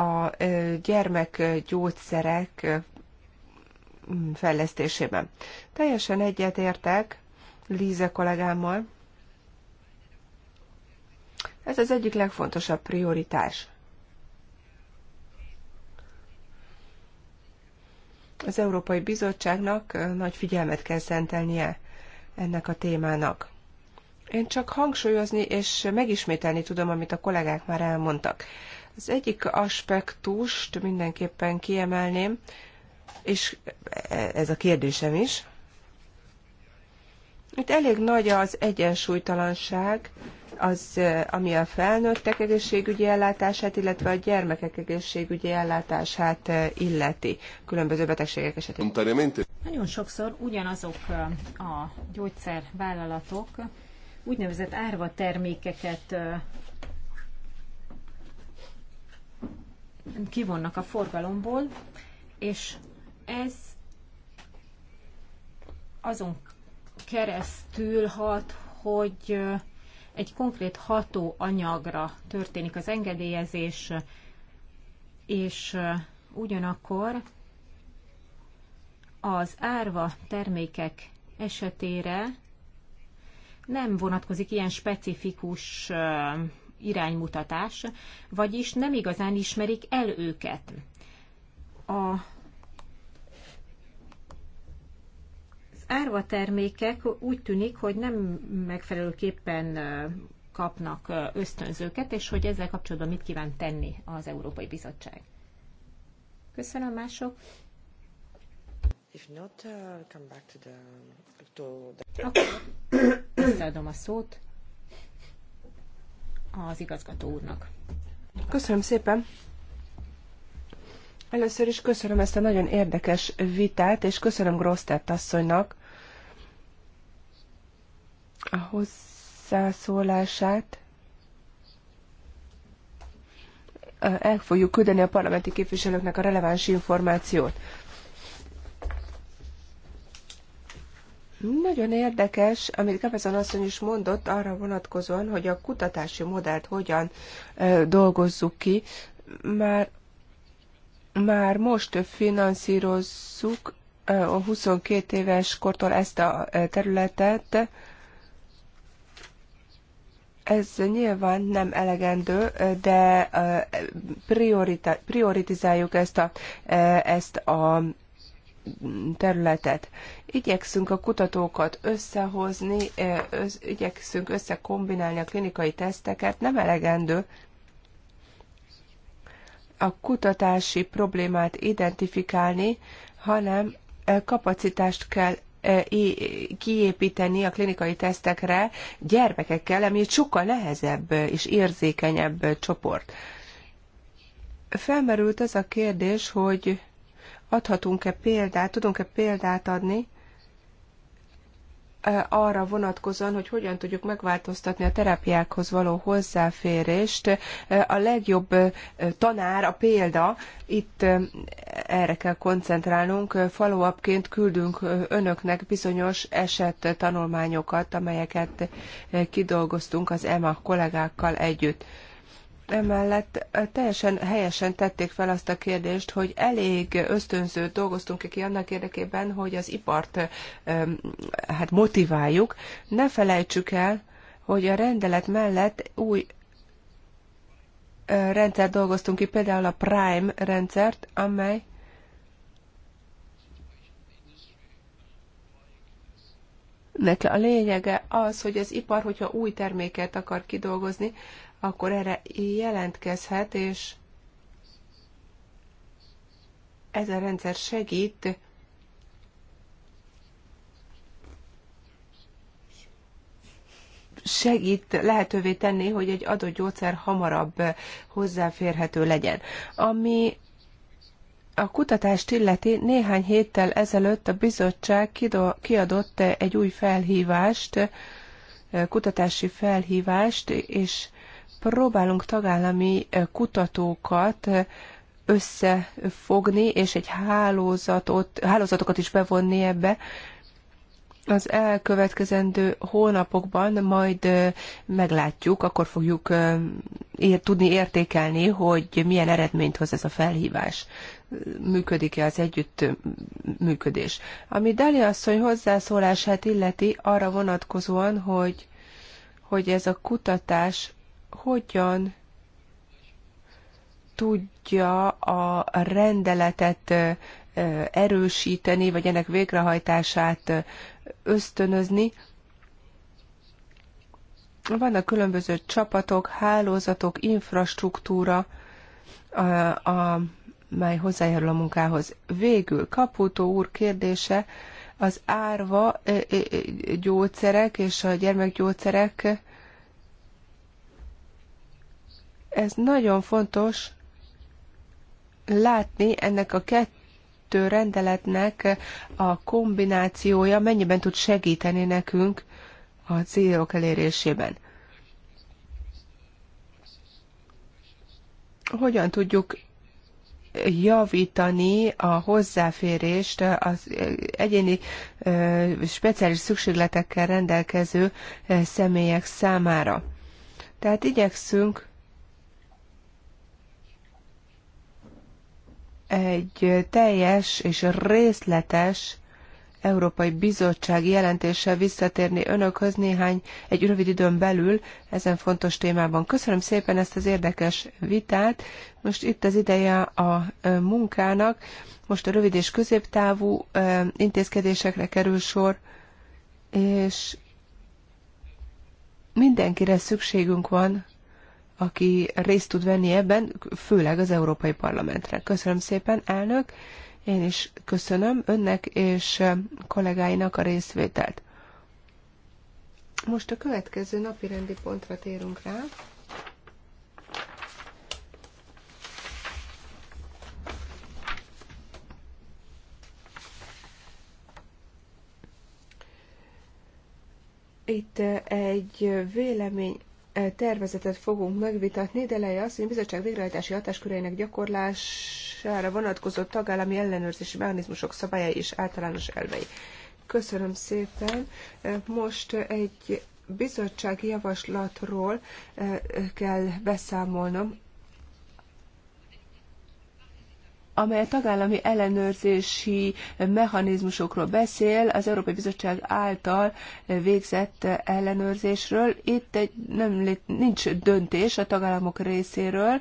a eh, gyermekgyógyszerek eh, mm, fejlesztésében. Teljesen egyetértek Líze kollégámmal. Ez az egyik legfontosabb prioritás. Az Európai Bizottságnak nagy figyelmet kell szentelnie ennek a témának. Én csak hangsúlyozni és megismételni tudom, amit a kollégák már elmondtak. Az egyik aspektust mindenképpen kiemelném, és e-, ez a kérdésem is. Itt elég nagy az egyensúlytalanság az, eh, ami a felnőttek egészségügyi ellátását, illetve a gyermekek egészségügyi ellátását eh, illeti különböző betegségek esetében. Nagyon sokszor ugyanazok eh, a gyógyszervállalatok úgynevezett árva termékeket kivonnak a forgalomból, és ez azon keresztül hat, hogy egy konkrét ható anyagra történik az engedélyezés, és ugyanakkor az árva termékek esetére nem vonatkozik ilyen specifikus iránymutatás, vagyis nem igazán ismerik el őket. A árva termékek úgy tűnik, hogy nem megfelelőképpen kapnak ösztönzőket, és hogy ezzel kapcsolatban mit kíván tenni az Európai Bizottság. Köszönöm mások. If not, uh, come back to the, to the... Akkor összeadom a szót az igazgató úrnak. Köszönöm szépen. Először is köszönöm ezt a nagyon érdekes vitát, és köszönöm Grosztett asszonynak a hozzászólását el fogjuk küldeni a parlamenti képviselőknek a releváns információt. Nagyon érdekes, amit Kapezon asszony is mondott arra vonatkozóan, hogy a kutatási modellt hogyan dolgozzuk ki. Már, már most finanszírozzuk a 22 éves kortól ezt a területet, ez nyilván nem elegendő, de prioritizáljuk ezt a, ezt a területet. Igyekszünk a kutatókat összehozni, össz, igyekszünk összekombinálni a klinikai teszteket, nem elegendő. A kutatási problémát identifikálni, hanem kapacitást kell kiépíteni a klinikai tesztekre gyermekekkel, ami egy sokkal nehezebb és érzékenyebb csoport. Felmerült az a kérdés, hogy adhatunk-e példát, tudunk-e példát adni arra vonatkozóan, hogy hogyan tudjuk megváltoztatni a terápiákhoz való hozzáférést. A legjobb tanár, a példa, itt erre kell koncentrálnunk. Faluapként küldünk önöknek bizonyos eset tanulmányokat, amelyeket kidolgoztunk az EMA kollégákkal együtt. Emellett teljesen helyesen tették fel azt a kérdést, hogy elég ösztönző dolgoztunk ki annak érdekében, hogy az ipart hát motiváljuk. Ne felejtsük el, hogy a rendelet mellett új rendszer dolgoztunk ki, például a Prime rendszert, amely a lényege az, hogy az ipar, hogyha új terméket akar kidolgozni, akkor erre jelentkezhet, és ez a rendszer segít segít lehetővé tenni, hogy egy adott gyógyszer hamarabb hozzáférhető legyen. Ami a kutatást illeti, néhány héttel ezelőtt a bizottság kiadott egy új felhívást, kutatási felhívást, és próbálunk tagállami kutatókat összefogni, és egy hálózatot, hálózatokat is bevonni ebbe, az elkövetkezendő hónapokban majd meglátjuk, akkor fogjuk ér, tudni értékelni, hogy milyen eredményt hoz ez a felhívás. Működik-e az együttműködés. Ami Dali asszony hozzászólását illeti arra vonatkozóan, hogy, hogy ez a kutatás hogyan tudja a rendeletet erősíteni, vagy ennek végrehajtását ösztönözni. Vannak különböző csapatok, hálózatok, infrastruktúra, a mely hozzájárul a munkához. Végül Kaputó úr kérdése, az árva gyógyszerek és a gyermekgyógyszerek ez nagyon fontos látni ennek a kettő rendeletnek a kombinációja mennyiben tud segíteni nekünk a célok elérésében. Hogyan tudjuk javítani a hozzáférést az egyéni speciális szükségletekkel rendelkező személyek számára. Tehát igyekszünk egy teljes és részletes Európai Bizottság jelentéssel visszatérni önökhöz néhány, egy rövid időn belül ezen fontos témában. Köszönöm szépen ezt az érdekes vitát. Most itt az ideje a munkának. Most a rövid és középtávú intézkedésekre kerül sor, és mindenkire szükségünk van aki részt tud venni ebben, főleg az Európai Parlamentre. Köszönöm szépen, elnök, én is köszönöm önnek és eh, kollégáinak a részvételt. Most a következő napi rendi pontra térünk rá. Itt eh, egy eh, vélemény tervezetet fogunk megvitatni, de leje az, hogy a bizottság végrehajtási hatáskörének gyakorlására vonatkozó tagállami ellenőrzési mechanizmusok szabályai és általános elvei. Köszönöm szépen. Most egy bizottsági javaslatról eh, kell beszámolnom, amely a tagállami ellenőrzési mechanizmusokról beszél, az Európai Bizottság által végzett ellenőrzésről. Itt egy, nem, nincs döntés a tagállamok részéről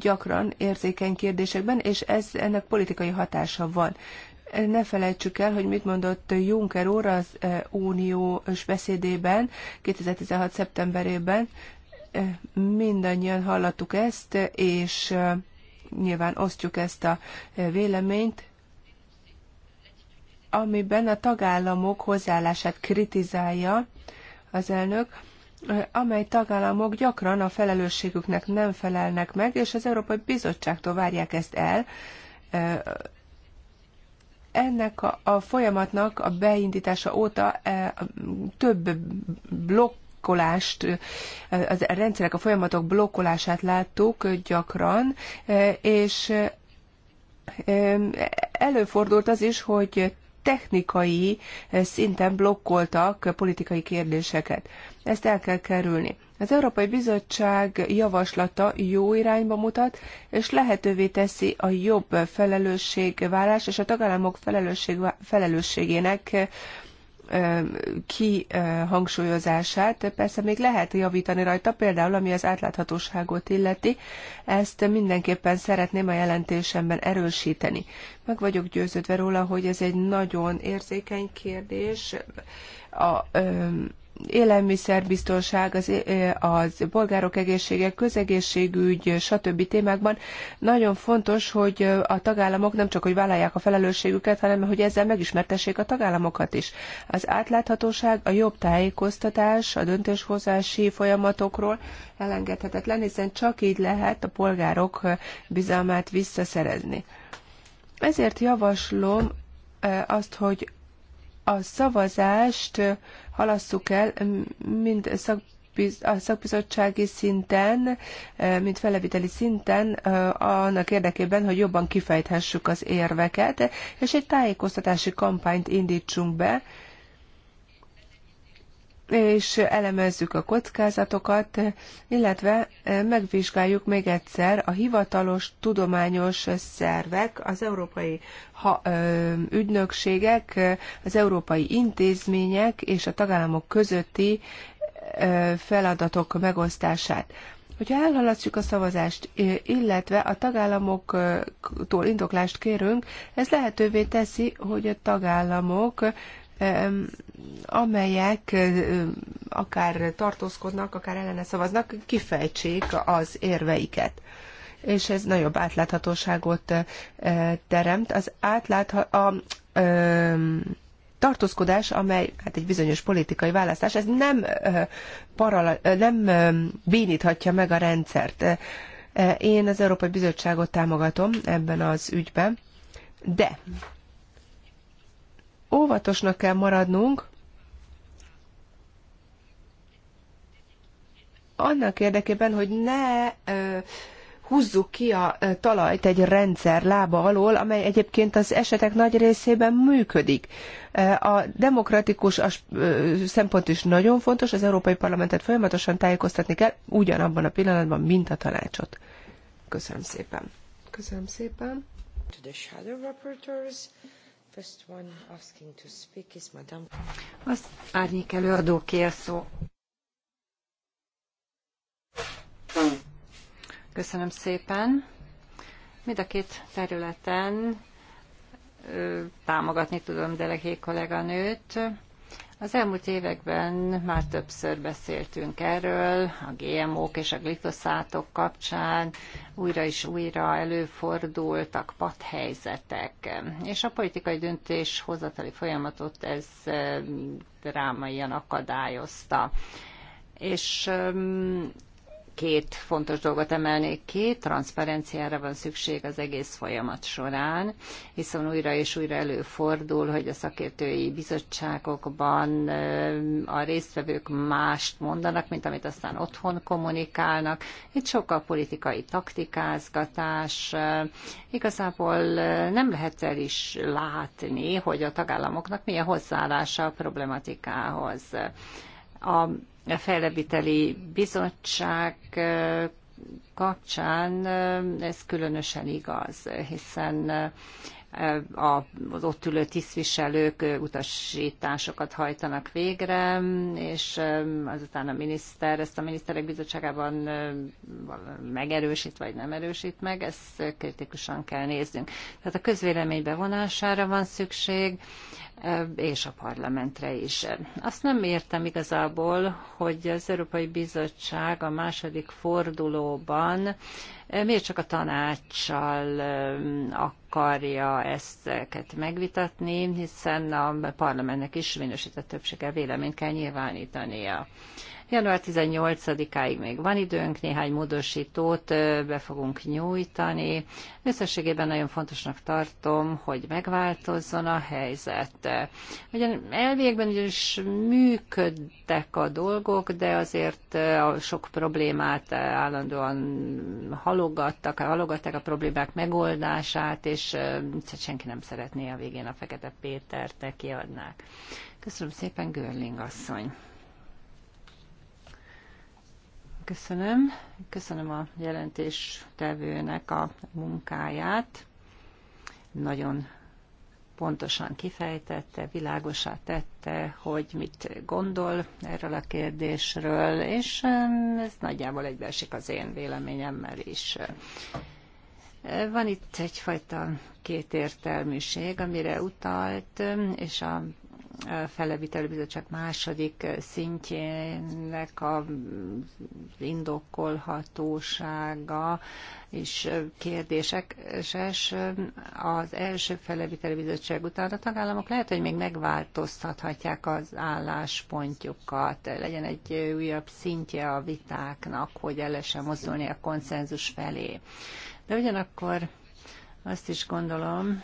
gyakran érzékeny kérdésekben, és ez ennek politikai hatása van ne felejtsük el, hogy mit mondott Juncker úr az e, uniós beszédében 2016. szeptemberében. E, mindannyian hallottuk ezt, és e, nyilván osztjuk ezt a e, véleményt, amiben a tagállamok hozzáállását kritizálja az elnök, e, amely tagállamok gyakran a felelősségüknek nem felelnek meg, és az Európai Bizottságtól várják ezt el. E, ennek a, folyamatnak a beindítása óta több blokk blokkolást, a rendszerek, a folyamatok blokkolását láttuk gyakran, és előfordult az is, hogy technikai szinten blokkoltak politikai kérdéseket. Ezt el kell kerülni. Az Európai Bizottság javaslata jó irányba mutat, és lehetővé teszi a jobb felelősségvállás és a tagállamok felelősség, felelősségének kihangsúlyozását. Persze még lehet javítani rajta, például ami az átláthatóságot illeti. Ezt mindenképpen szeretném a jelentésemben erősíteni. Meg vagyok győződve róla, hogy ez egy nagyon érzékeny kérdés. A, élelmiszerbiztonság, az, eh, az polgárok egészsége, közegészségügy, stb. témákban nagyon fontos, hogy eh, a tagállamok nem csak, hogy vállalják a felelősségüket, hanem hogy ezzel megismertessék a tagállamokat is. Az átláthatóság, a jobb tájékoztatás a döntéshozási folyamatokról elengedhetetlen, hiszen csak így lehet a polgárok eh, bizalmát visszaszerezni. Ezért javaslom azt, hogy a szavazást halasszuk el, mind a szakbizottsági szinten, e, mint feleviteli szinten, e, annak érdekében, hogy jobban kifejthessük az érveket, és egy tájékoztatási kampányt indítsunk be, és elemezzük a kockázatokat, illetve e, megvizsgáljuk még egyszer a hivatalos tudományos szervek, az európai e, ügynökségek, e, az európai intézmények és a tagállamok közötti feladatok megosztását. Hogyha elhaladjuk a szavazást, illetve a tagállamoktól indoklást kérünk, ez lehetővé teszi, hogy a tagállamok amelyek akár tartózkodnak, akár ellene szavaznak, kifejtsék az érveiket és ez nagyobb átláthatóságot teremt. Az átlátha- a, tartózkodás, amely hát egy bizonyos politikai választás, ez nem, parala, nem ö, béníthatja meg a rendszert. Én az Európai Bizottságot támogatom ebben az ügyben, de óvatosnak kell maradnunk, annak érdekében, hogy ne ö, húzzuk ki a talajt egy rendszer lába alól, amely egyébként az esetek nagy részében működik. A demokratikus szempont is nagyon fontos, az Európai Parlamentet folyamatosan tájékoztatni kell, ugyanabban a pillanatban, mint a tanácsot. Köszönöm szépen. Köszönöm szépen. First one asking to speak is Madame. Az árnyék előadó kér szó. Köszönöm szépen. Mind a két területen támogatni tudom Delehé kolléganőt az elmúlt években már többször beszéltünk erről, a GMO-k és a glikoszátok kapcsán újra és újra előfordultak padhelyzetek, és a politikai döntéshozatali folyamatot ez eh, drámaian akadályozta és ehm, két fontos dolgot emelnék ki. Transzparenciára van szükség az egész folyamat során, hiszen újra és újra előfordul, hogy a szakértői bizottságokban a résztvevők mást mondanak, mint amit aztán otthon kommunikálnak. Itt sokkal politikai taktikázgatás. Igazából nem lehet el is látni, hogy a tagállamoknak milyen hozzáállása a problematikához a a Fejlebiteli Bizottság kapcsán ez különösen igaz, hiszen az ott ülő tisztviselők utasításokat hajtanak végre, és azután a miniszter ezt a miniszterek bizottságában megerősít vagy nem erősít meg, ezt kritikusan kell néznünk. Tehát a közvélemény bevonására van szükség, és a parlamentre is. Azt nem értem igazából, hogy az Európai Bizottság a második fordulóban miért csak a tanácssal akarja ezteket megvitatni, hiszen a parlamentnek is minősített többséggel véleményt kell nyilvánítania. Január 18-áig még van időnk, néhány módosítót be fogunk nyújtani. Összességében nagyon fontosnak tartom, hogy megváltozzon a helyzet. Ugyan elvégben ugyanis működtek a dolgok, de azért a sok problémát állandóan halogattak, halogatták a problémák megoldását, és senki nem szeretné a végén a Fekete Pétert kiadnák. Köszönöm szépen, Görling asszony! Köszönöm. Köszönöm a jelentés a munkáját. Nagyon pontosan kifejtette, világosá tette, hogy mit gondol erről a kérdésről, és ez nagyjából egybeesik az én véleményemmel is. Van itt egyfajta kétértelműség, amire utalt, és a felevitelő bizottság második szintjének a indokolhatósága és kérdéses. Az első felevitelő bizottság után a tagállamok lehet, hogy még megváltoztathatják az álláspontjukat, legyen egy újabb szintje a vitáknak, hogy el lehessen mozdulni a konszenzus felé. De ugyanakkor azt is gondolom,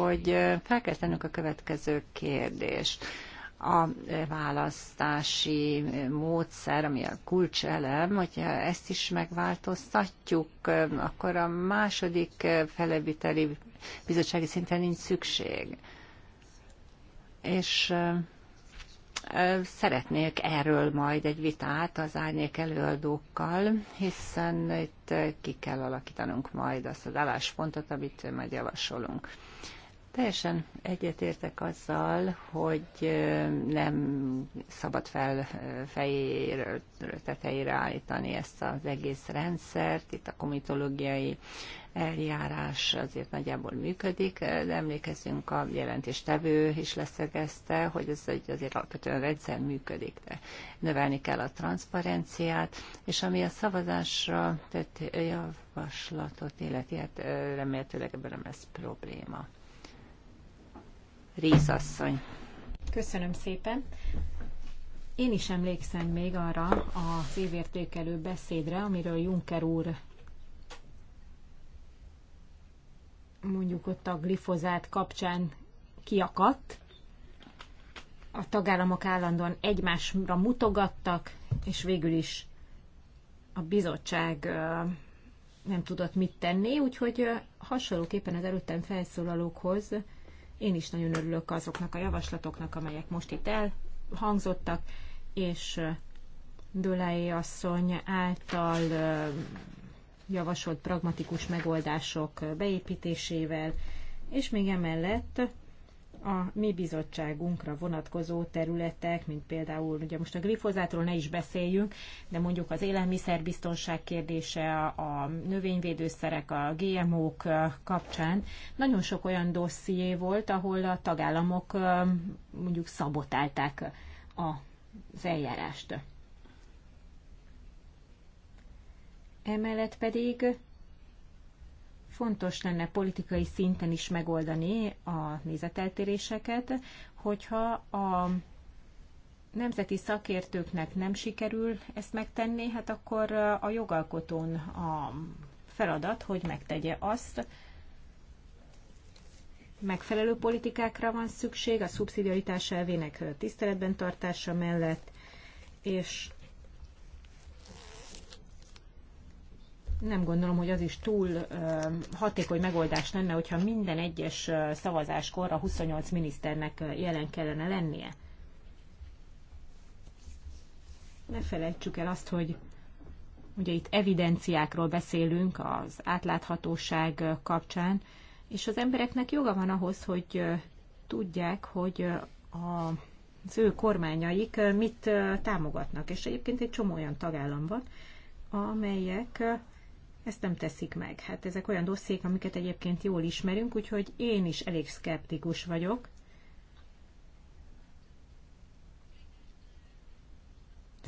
hogy fel kell tennünk a következő kérdést. A választási módszer, ami a kulcselem, hogyha ezt is megváltoztatjuk, akkor a második feleviteli bizottsági szinten nincs szükség. És Szeretnék erről majd egy vitát az árnyék előadókkal, hiszen itt ki kell alakítanunk majd azt az álláspontot, amit majd javasolunk. Teljesen egyetértek azzal, hogy nem szabad fel fejéről, tetejére állítani ezt az egész rendszert. Itt a komitológiai eljárás azért nagyjából működik, de emlékezzünk, a jelentéstevő is leszögezte, hogy ez egy azért alapvetően rendszer működik, de növelni kell a transzparenciát, és ami a szavazásra tett javaslatot illeti, hát remélhetőleg ebben nem lesz probléma. Köszönöm szépen. Én is emlékszem még arra az évértékelő beszédre, amiről Juncker úr mondjuk ott a glifozát kapcsán kiakadt. A tagállamok állandóan egymásra mutogattak, és végül is a bizottság nem tudott mit tenni, úgyhogy hasonlóképpen az előttem felszólalókhoz én is nagyon örülök azoknak a javaslatoknak, amelyek most itt elhangzottak, és Dölei asszony által javasolt pragmatikus megoldások beépítésével, és még emellett a mi bizottságunkra vonatkozó területek, mint például, ugye most a glifozátról ne is beszéljünk, de mondjuk az élelmiszerbiztonság kérdése, a növényvédőszerek, a GMO-k kapcsán nagyon sok olyan dosszié volt, ahol a tagállamok mondjuk szabotálták az eljárást. Emellett pedig fontos lenne politikai szinten is megoldani a nézeteltéréseket, hogyha a nemzeti szakértőknek nem sikerül ezt megtenni, hát akkor a jogalkotón a feladat, hogy megtegye azt, megfelelő politikákra van szükség, a szubszidiaritás elvének tiszteletben tartása mellett, és nem gondolom, hogy az is túl hatékony megoldás lenne, hogyha minden egyes szavazáskor a 28 miniszternek jelen kellene lennie. Ne felejtsük el azt, hogy ugye itt evidenciákról beszélünk az átláthatóság kapcsán, és az embereknek joga van ahhoz, hogy tudják, hogy a az ő kormányaik mit támogatnak. És egyébként egy csomó olyan tagállam van, amelyek ezt nem teszik meg. Hát ezek olyan dosszék, amiket egyébként jól ismerünk, úgyhogy én is elég szkeptikus vagyok.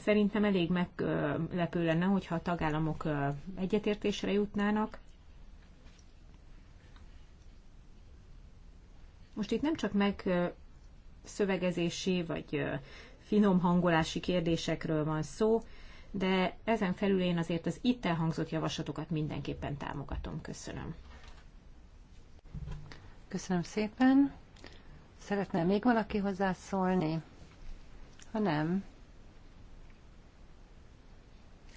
Szerintem elég meglepő lenne, hogyha a tagállamok egyetértésre jutnának. Most itt nem csak meg szövegezési vagy finom hangolási kérdésekről van szó, de ezen felül én azért az itt elhangzott javaslatokat mindenképpen támogatom. Köszönöm. Köszönöm szépen. Szeretne még valaki hozzászólni? Ha nem,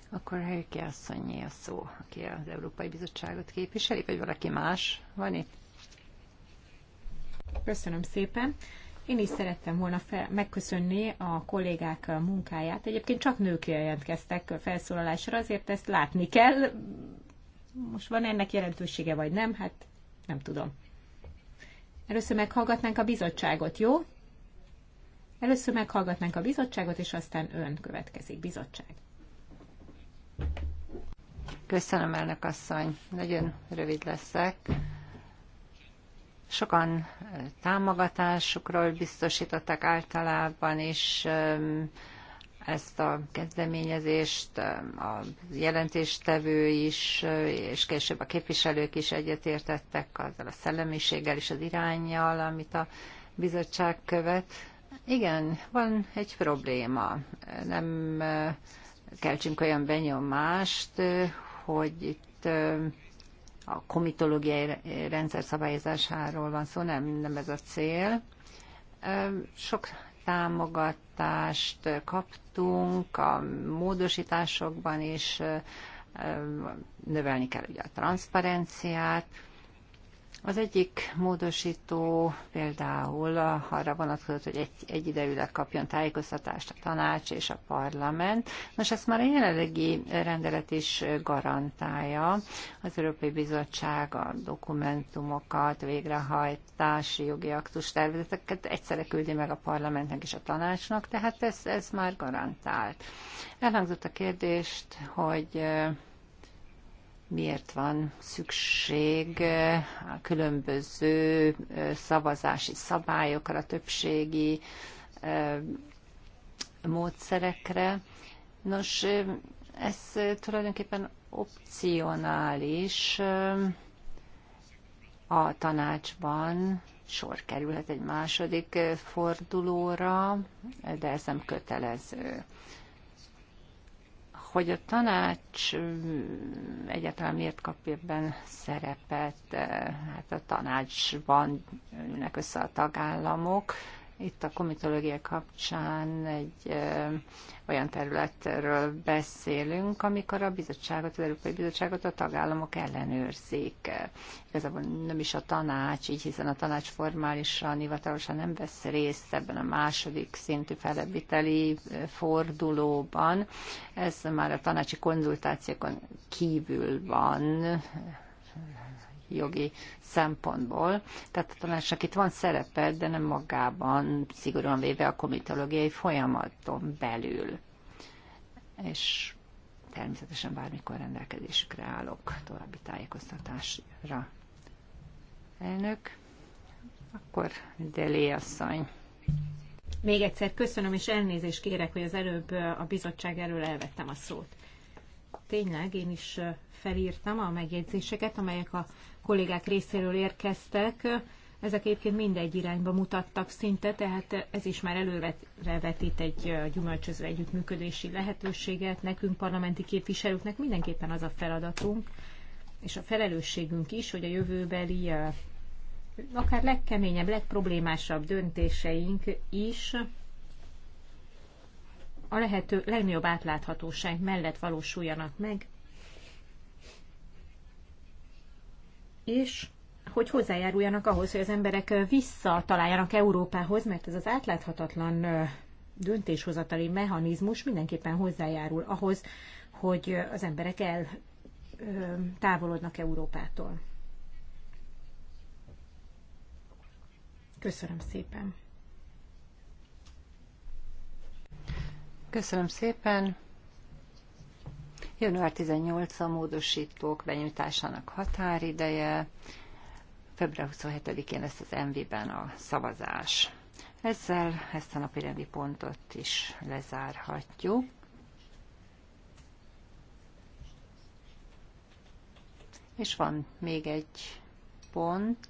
akkor Helyi Asszonyi a szó, aki az Európai Bizottságot képviseli, vagy valaki más van itt? Köszönöm szépen. Én is szerettem volna fel, megköszönni a kollégák uh, munkáját. Egyébként csak nők jelentkeztek uh, felszólalásra, azért ezt látni kell. Most van ennek jelentősége, vagy nem? Hát nem tudom. Először meghallgatnánk a bizottságot, jó? Először meghallgatnánk a bizottságot, és aztán ön következik, bizottság. Köszönöm, elnök asszony. Nagyon rövid leszek. Sokan támogatásukról biztosítottak általában, és ezt a kezdeményezést a jelentéstevő is, és később a képviselők is egyetértettek azzal a szellemiséggel és az irányjal, amit a bizottság követ. Igen, van egy probléma. Nem keltsünk olyan benyomást, hogy itt a komitológiai rendszer szabályozásáról van szó, nem, nem ez a cél. Sok támogatást kaptunk a módosításokban, is, növelni kell ugye a transzparenciát, az egyik módosító például arra vonatkozott, hogy egy, egyidejűleg kapjon tájékoztatást a tanács és a parlament. Nos, ezt már a jelenlegi rendelet is garantálja. Az Európai Bizottság a dokumentumokat, végrehajtási jogi aktus tervezeteket egyszerre küldi meg a parlamentnek és a tanácsnak, tehát ez, ez már garantált. Elhangzott a kérdést, hogy miért van szükség a különböző szavazási szabályokra, többségi módszerekre. Nos, ez tulajdonképpen opcionális a tanácsban sor kerülhet egy második fordulóra, de ez nem kötelező hogy a tanács egyáltalán miért kap ebben szerepet, hát a tanácsban ülnek össze a tagállamok, itt a komitológia kapcsán egy olyan területről beszélünk, amikor a bizottságot, az Európai Bizottságot a tagállamok ellenőrzik. Igazából nem is a tanács, így hiszen a tanács formálisan, hivatalosan nem vesz részt ebben a második szintű felebbiteli fordulóban. Ez már a tanácsi konzultációkon kívül van, jogi szempontból. Tehát a tanácsnak itt van szerepe, de nem magában, szigorúan véve a komitológiai folyamaton belül. És természetesen bármikor rendelkezésükre állok további tájékoztatásra. Elnök, akkor Delé asszony. Még egyszer köszönöm, és elnézést kérek, hogy az előbb a bizottság erről elvettem a szót. Tényleg, én is felírtam a megjegyzéseket, amelyek a kollégák részéről érkeztek. Ezek egyébként mindegy irányba mutattak szinte, tehát ez is már előre vetít egy gyümölcsöző együttműködési lehetőséget. Nekünk, parlamenti képviselőknek mindenképpen az a feladatunk, és a felelősségünk is, hogy a jövőbeli akár legkeményebb, legproblémásabb döntéseink is a lehető legnagyobb átláthatóság mellett valósuljanak meg, és hogy hozzájáruljanak ahhoz, hogy az emberek visszataláljanak Európához, mert ez az átláthatatlan döntéshozatali mechanizmus mindenképpen hozzájárul ahhoz, hogy az emberek el távolodnak Európától. Köszönöm szépen. Köszönöm szépen. Január 18 a módosítók benyújtásának határideje, február 27-én lesz az MV-ben a szavazás. Ezzel ezt a napi rendi pontot is lezárhatjuk. És van még egy pont,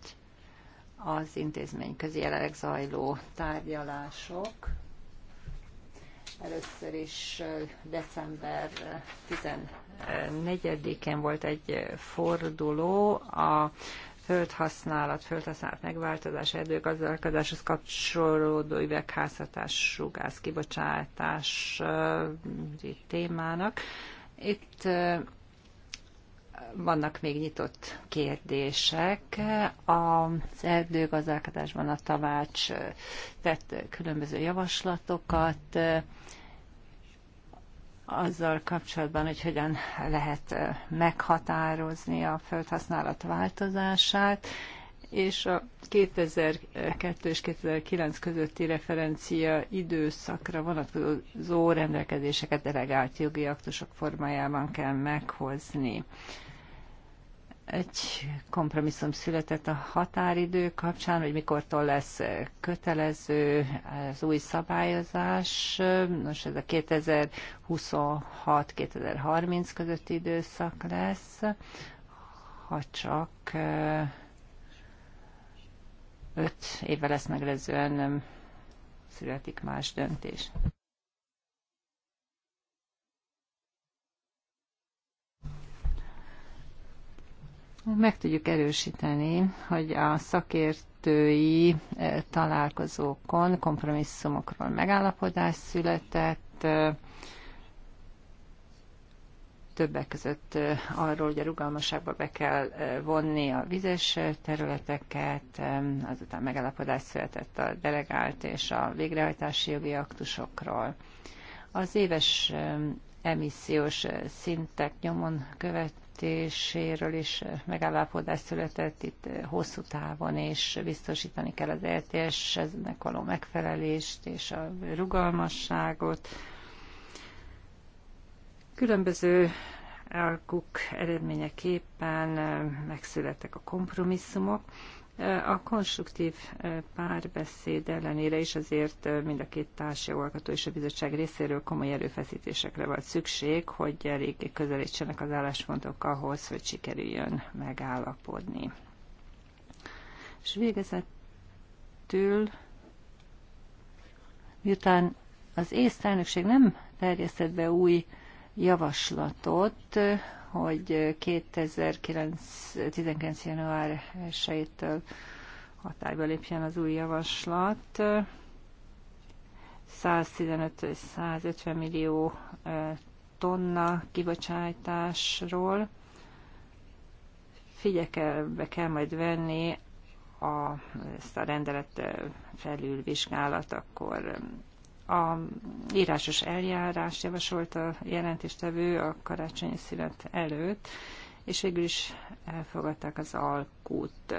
az intézmény közé jelenleg zajló tárgyalások. Először is december 14-én volt egy forduló a földhasználat, földhasználat megváltozás, erdőgazdálkodáshoz kapcsolódó üvegházhatás, sugász kibocsátás témának. Itt vannak még nyitott kérdések. Az erdőgazdálkodásban a tavács, tett különböző javaslatokat, azzal kapcsolatban, hogy hogyan lehet meghatározni a földhasználat változását, és a 2002 és 2009 közötti referencia időszakra vonatkozó rendelkezéseket delegált jogi aktusok formájában kell meghozni. Egy kompromisszum született a határidő kapcsán, hogy mikortól lesz kötelező az új szabályozás. Nos, ez a 2026-2030 közötti időszak lesz, ha csak eh, öt évvel lesz megelőzően nem születik más döntés. meg tudjuk erősíteni, hogy a szakértői eh, találkozókon kompromisszumokról megállapodás született, eh, többek között eh, arról, hogy a rugalmasságba be kell vonni a vizes területeket, azután megállapodás született a delegált és a végrehajtási jogi aktusokról. Az éves emissziós szintek nyomon követ költségvetéséről is eh, megállapodás született itt eh, hosszú távon, és biztosítani kell az ETS-nek való megfelelést és a rugalmasságot. Különböző elkuk eredményeképpen eh, megszülettek a kompromisszumok, a konstruktív párbeszéd ellenére is azért mind a két társjogalkató és a bizottság részéről komoly erőfeszítésekre volt szükség, hogy eléggé közelítsenek az álláspontok ahhoz, hogy sikerüljön megállapodni. És végezetül, miután az észtelnökség nem terjesztett be új javaslatot, hogy 2019. január 1-től hatályba lépjen az új javaslat. 115-150 millió tonna kibocsátásról Figyekelbe kell majd venni a, ezt a rendelet akkor. A írásos eljárás javasolt a jelentéstevő a karácsonyi szünet előtt, és végül is elfogadták az alkút.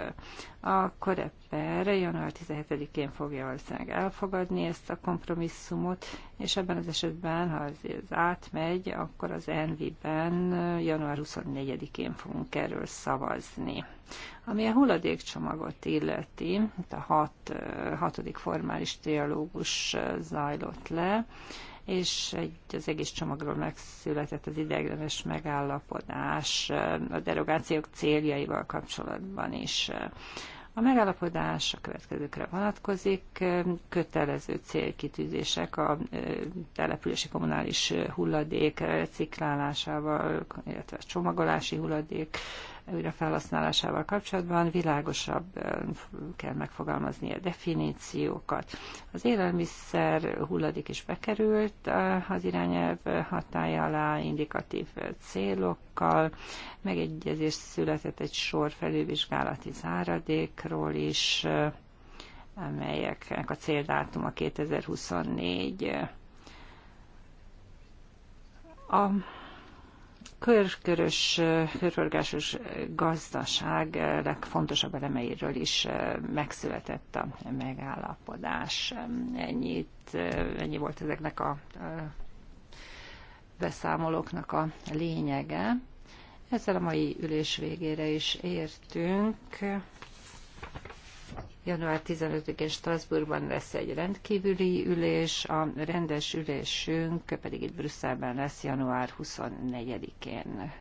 A Koreper január 17-én fogja valószínűleg elfogadni ezt a kompromisszumot, és ebben az esetben, ha ez átmegy, akkor az Envi-ben január 24-én fogunk erről szavazni. Ami a hulladékcsomagot illeti, itt a hat, hatodik formális dialógus zajlott le, és egy, az egész csomagról megszületett az ideiglenes megállapodás a derogációk céljaival kapcsolatban is. A megállapodás a következőkre vonatkozik, kötelező célkitűzések a települési kommunális hulladék reciklálásával, illetve a csomagolási hulladék felhasználásával kapcsolatban világosabb kell megfogalmazni a definíciókat. Az élelmiszer hulladék is bekerült az irányelv hatája alá indikatív célokkal, megegyezés született egy sor felülvizsgálati záradékról is, amelyeknek a céldátuma 2024. A körkörös, körforgásos gazdaság legfontosabb elemeiről is megszületett a megállapodás. Ennyit, ennyi volt ezeknek a beszámolóknak a lényege. Ezzel a mai ülés végére is értünk január 15-én Strasbourgban lesz egy rendkívüli ülés, a rendes ülésünk pedig itt Brüsszelben lesz január 24-én.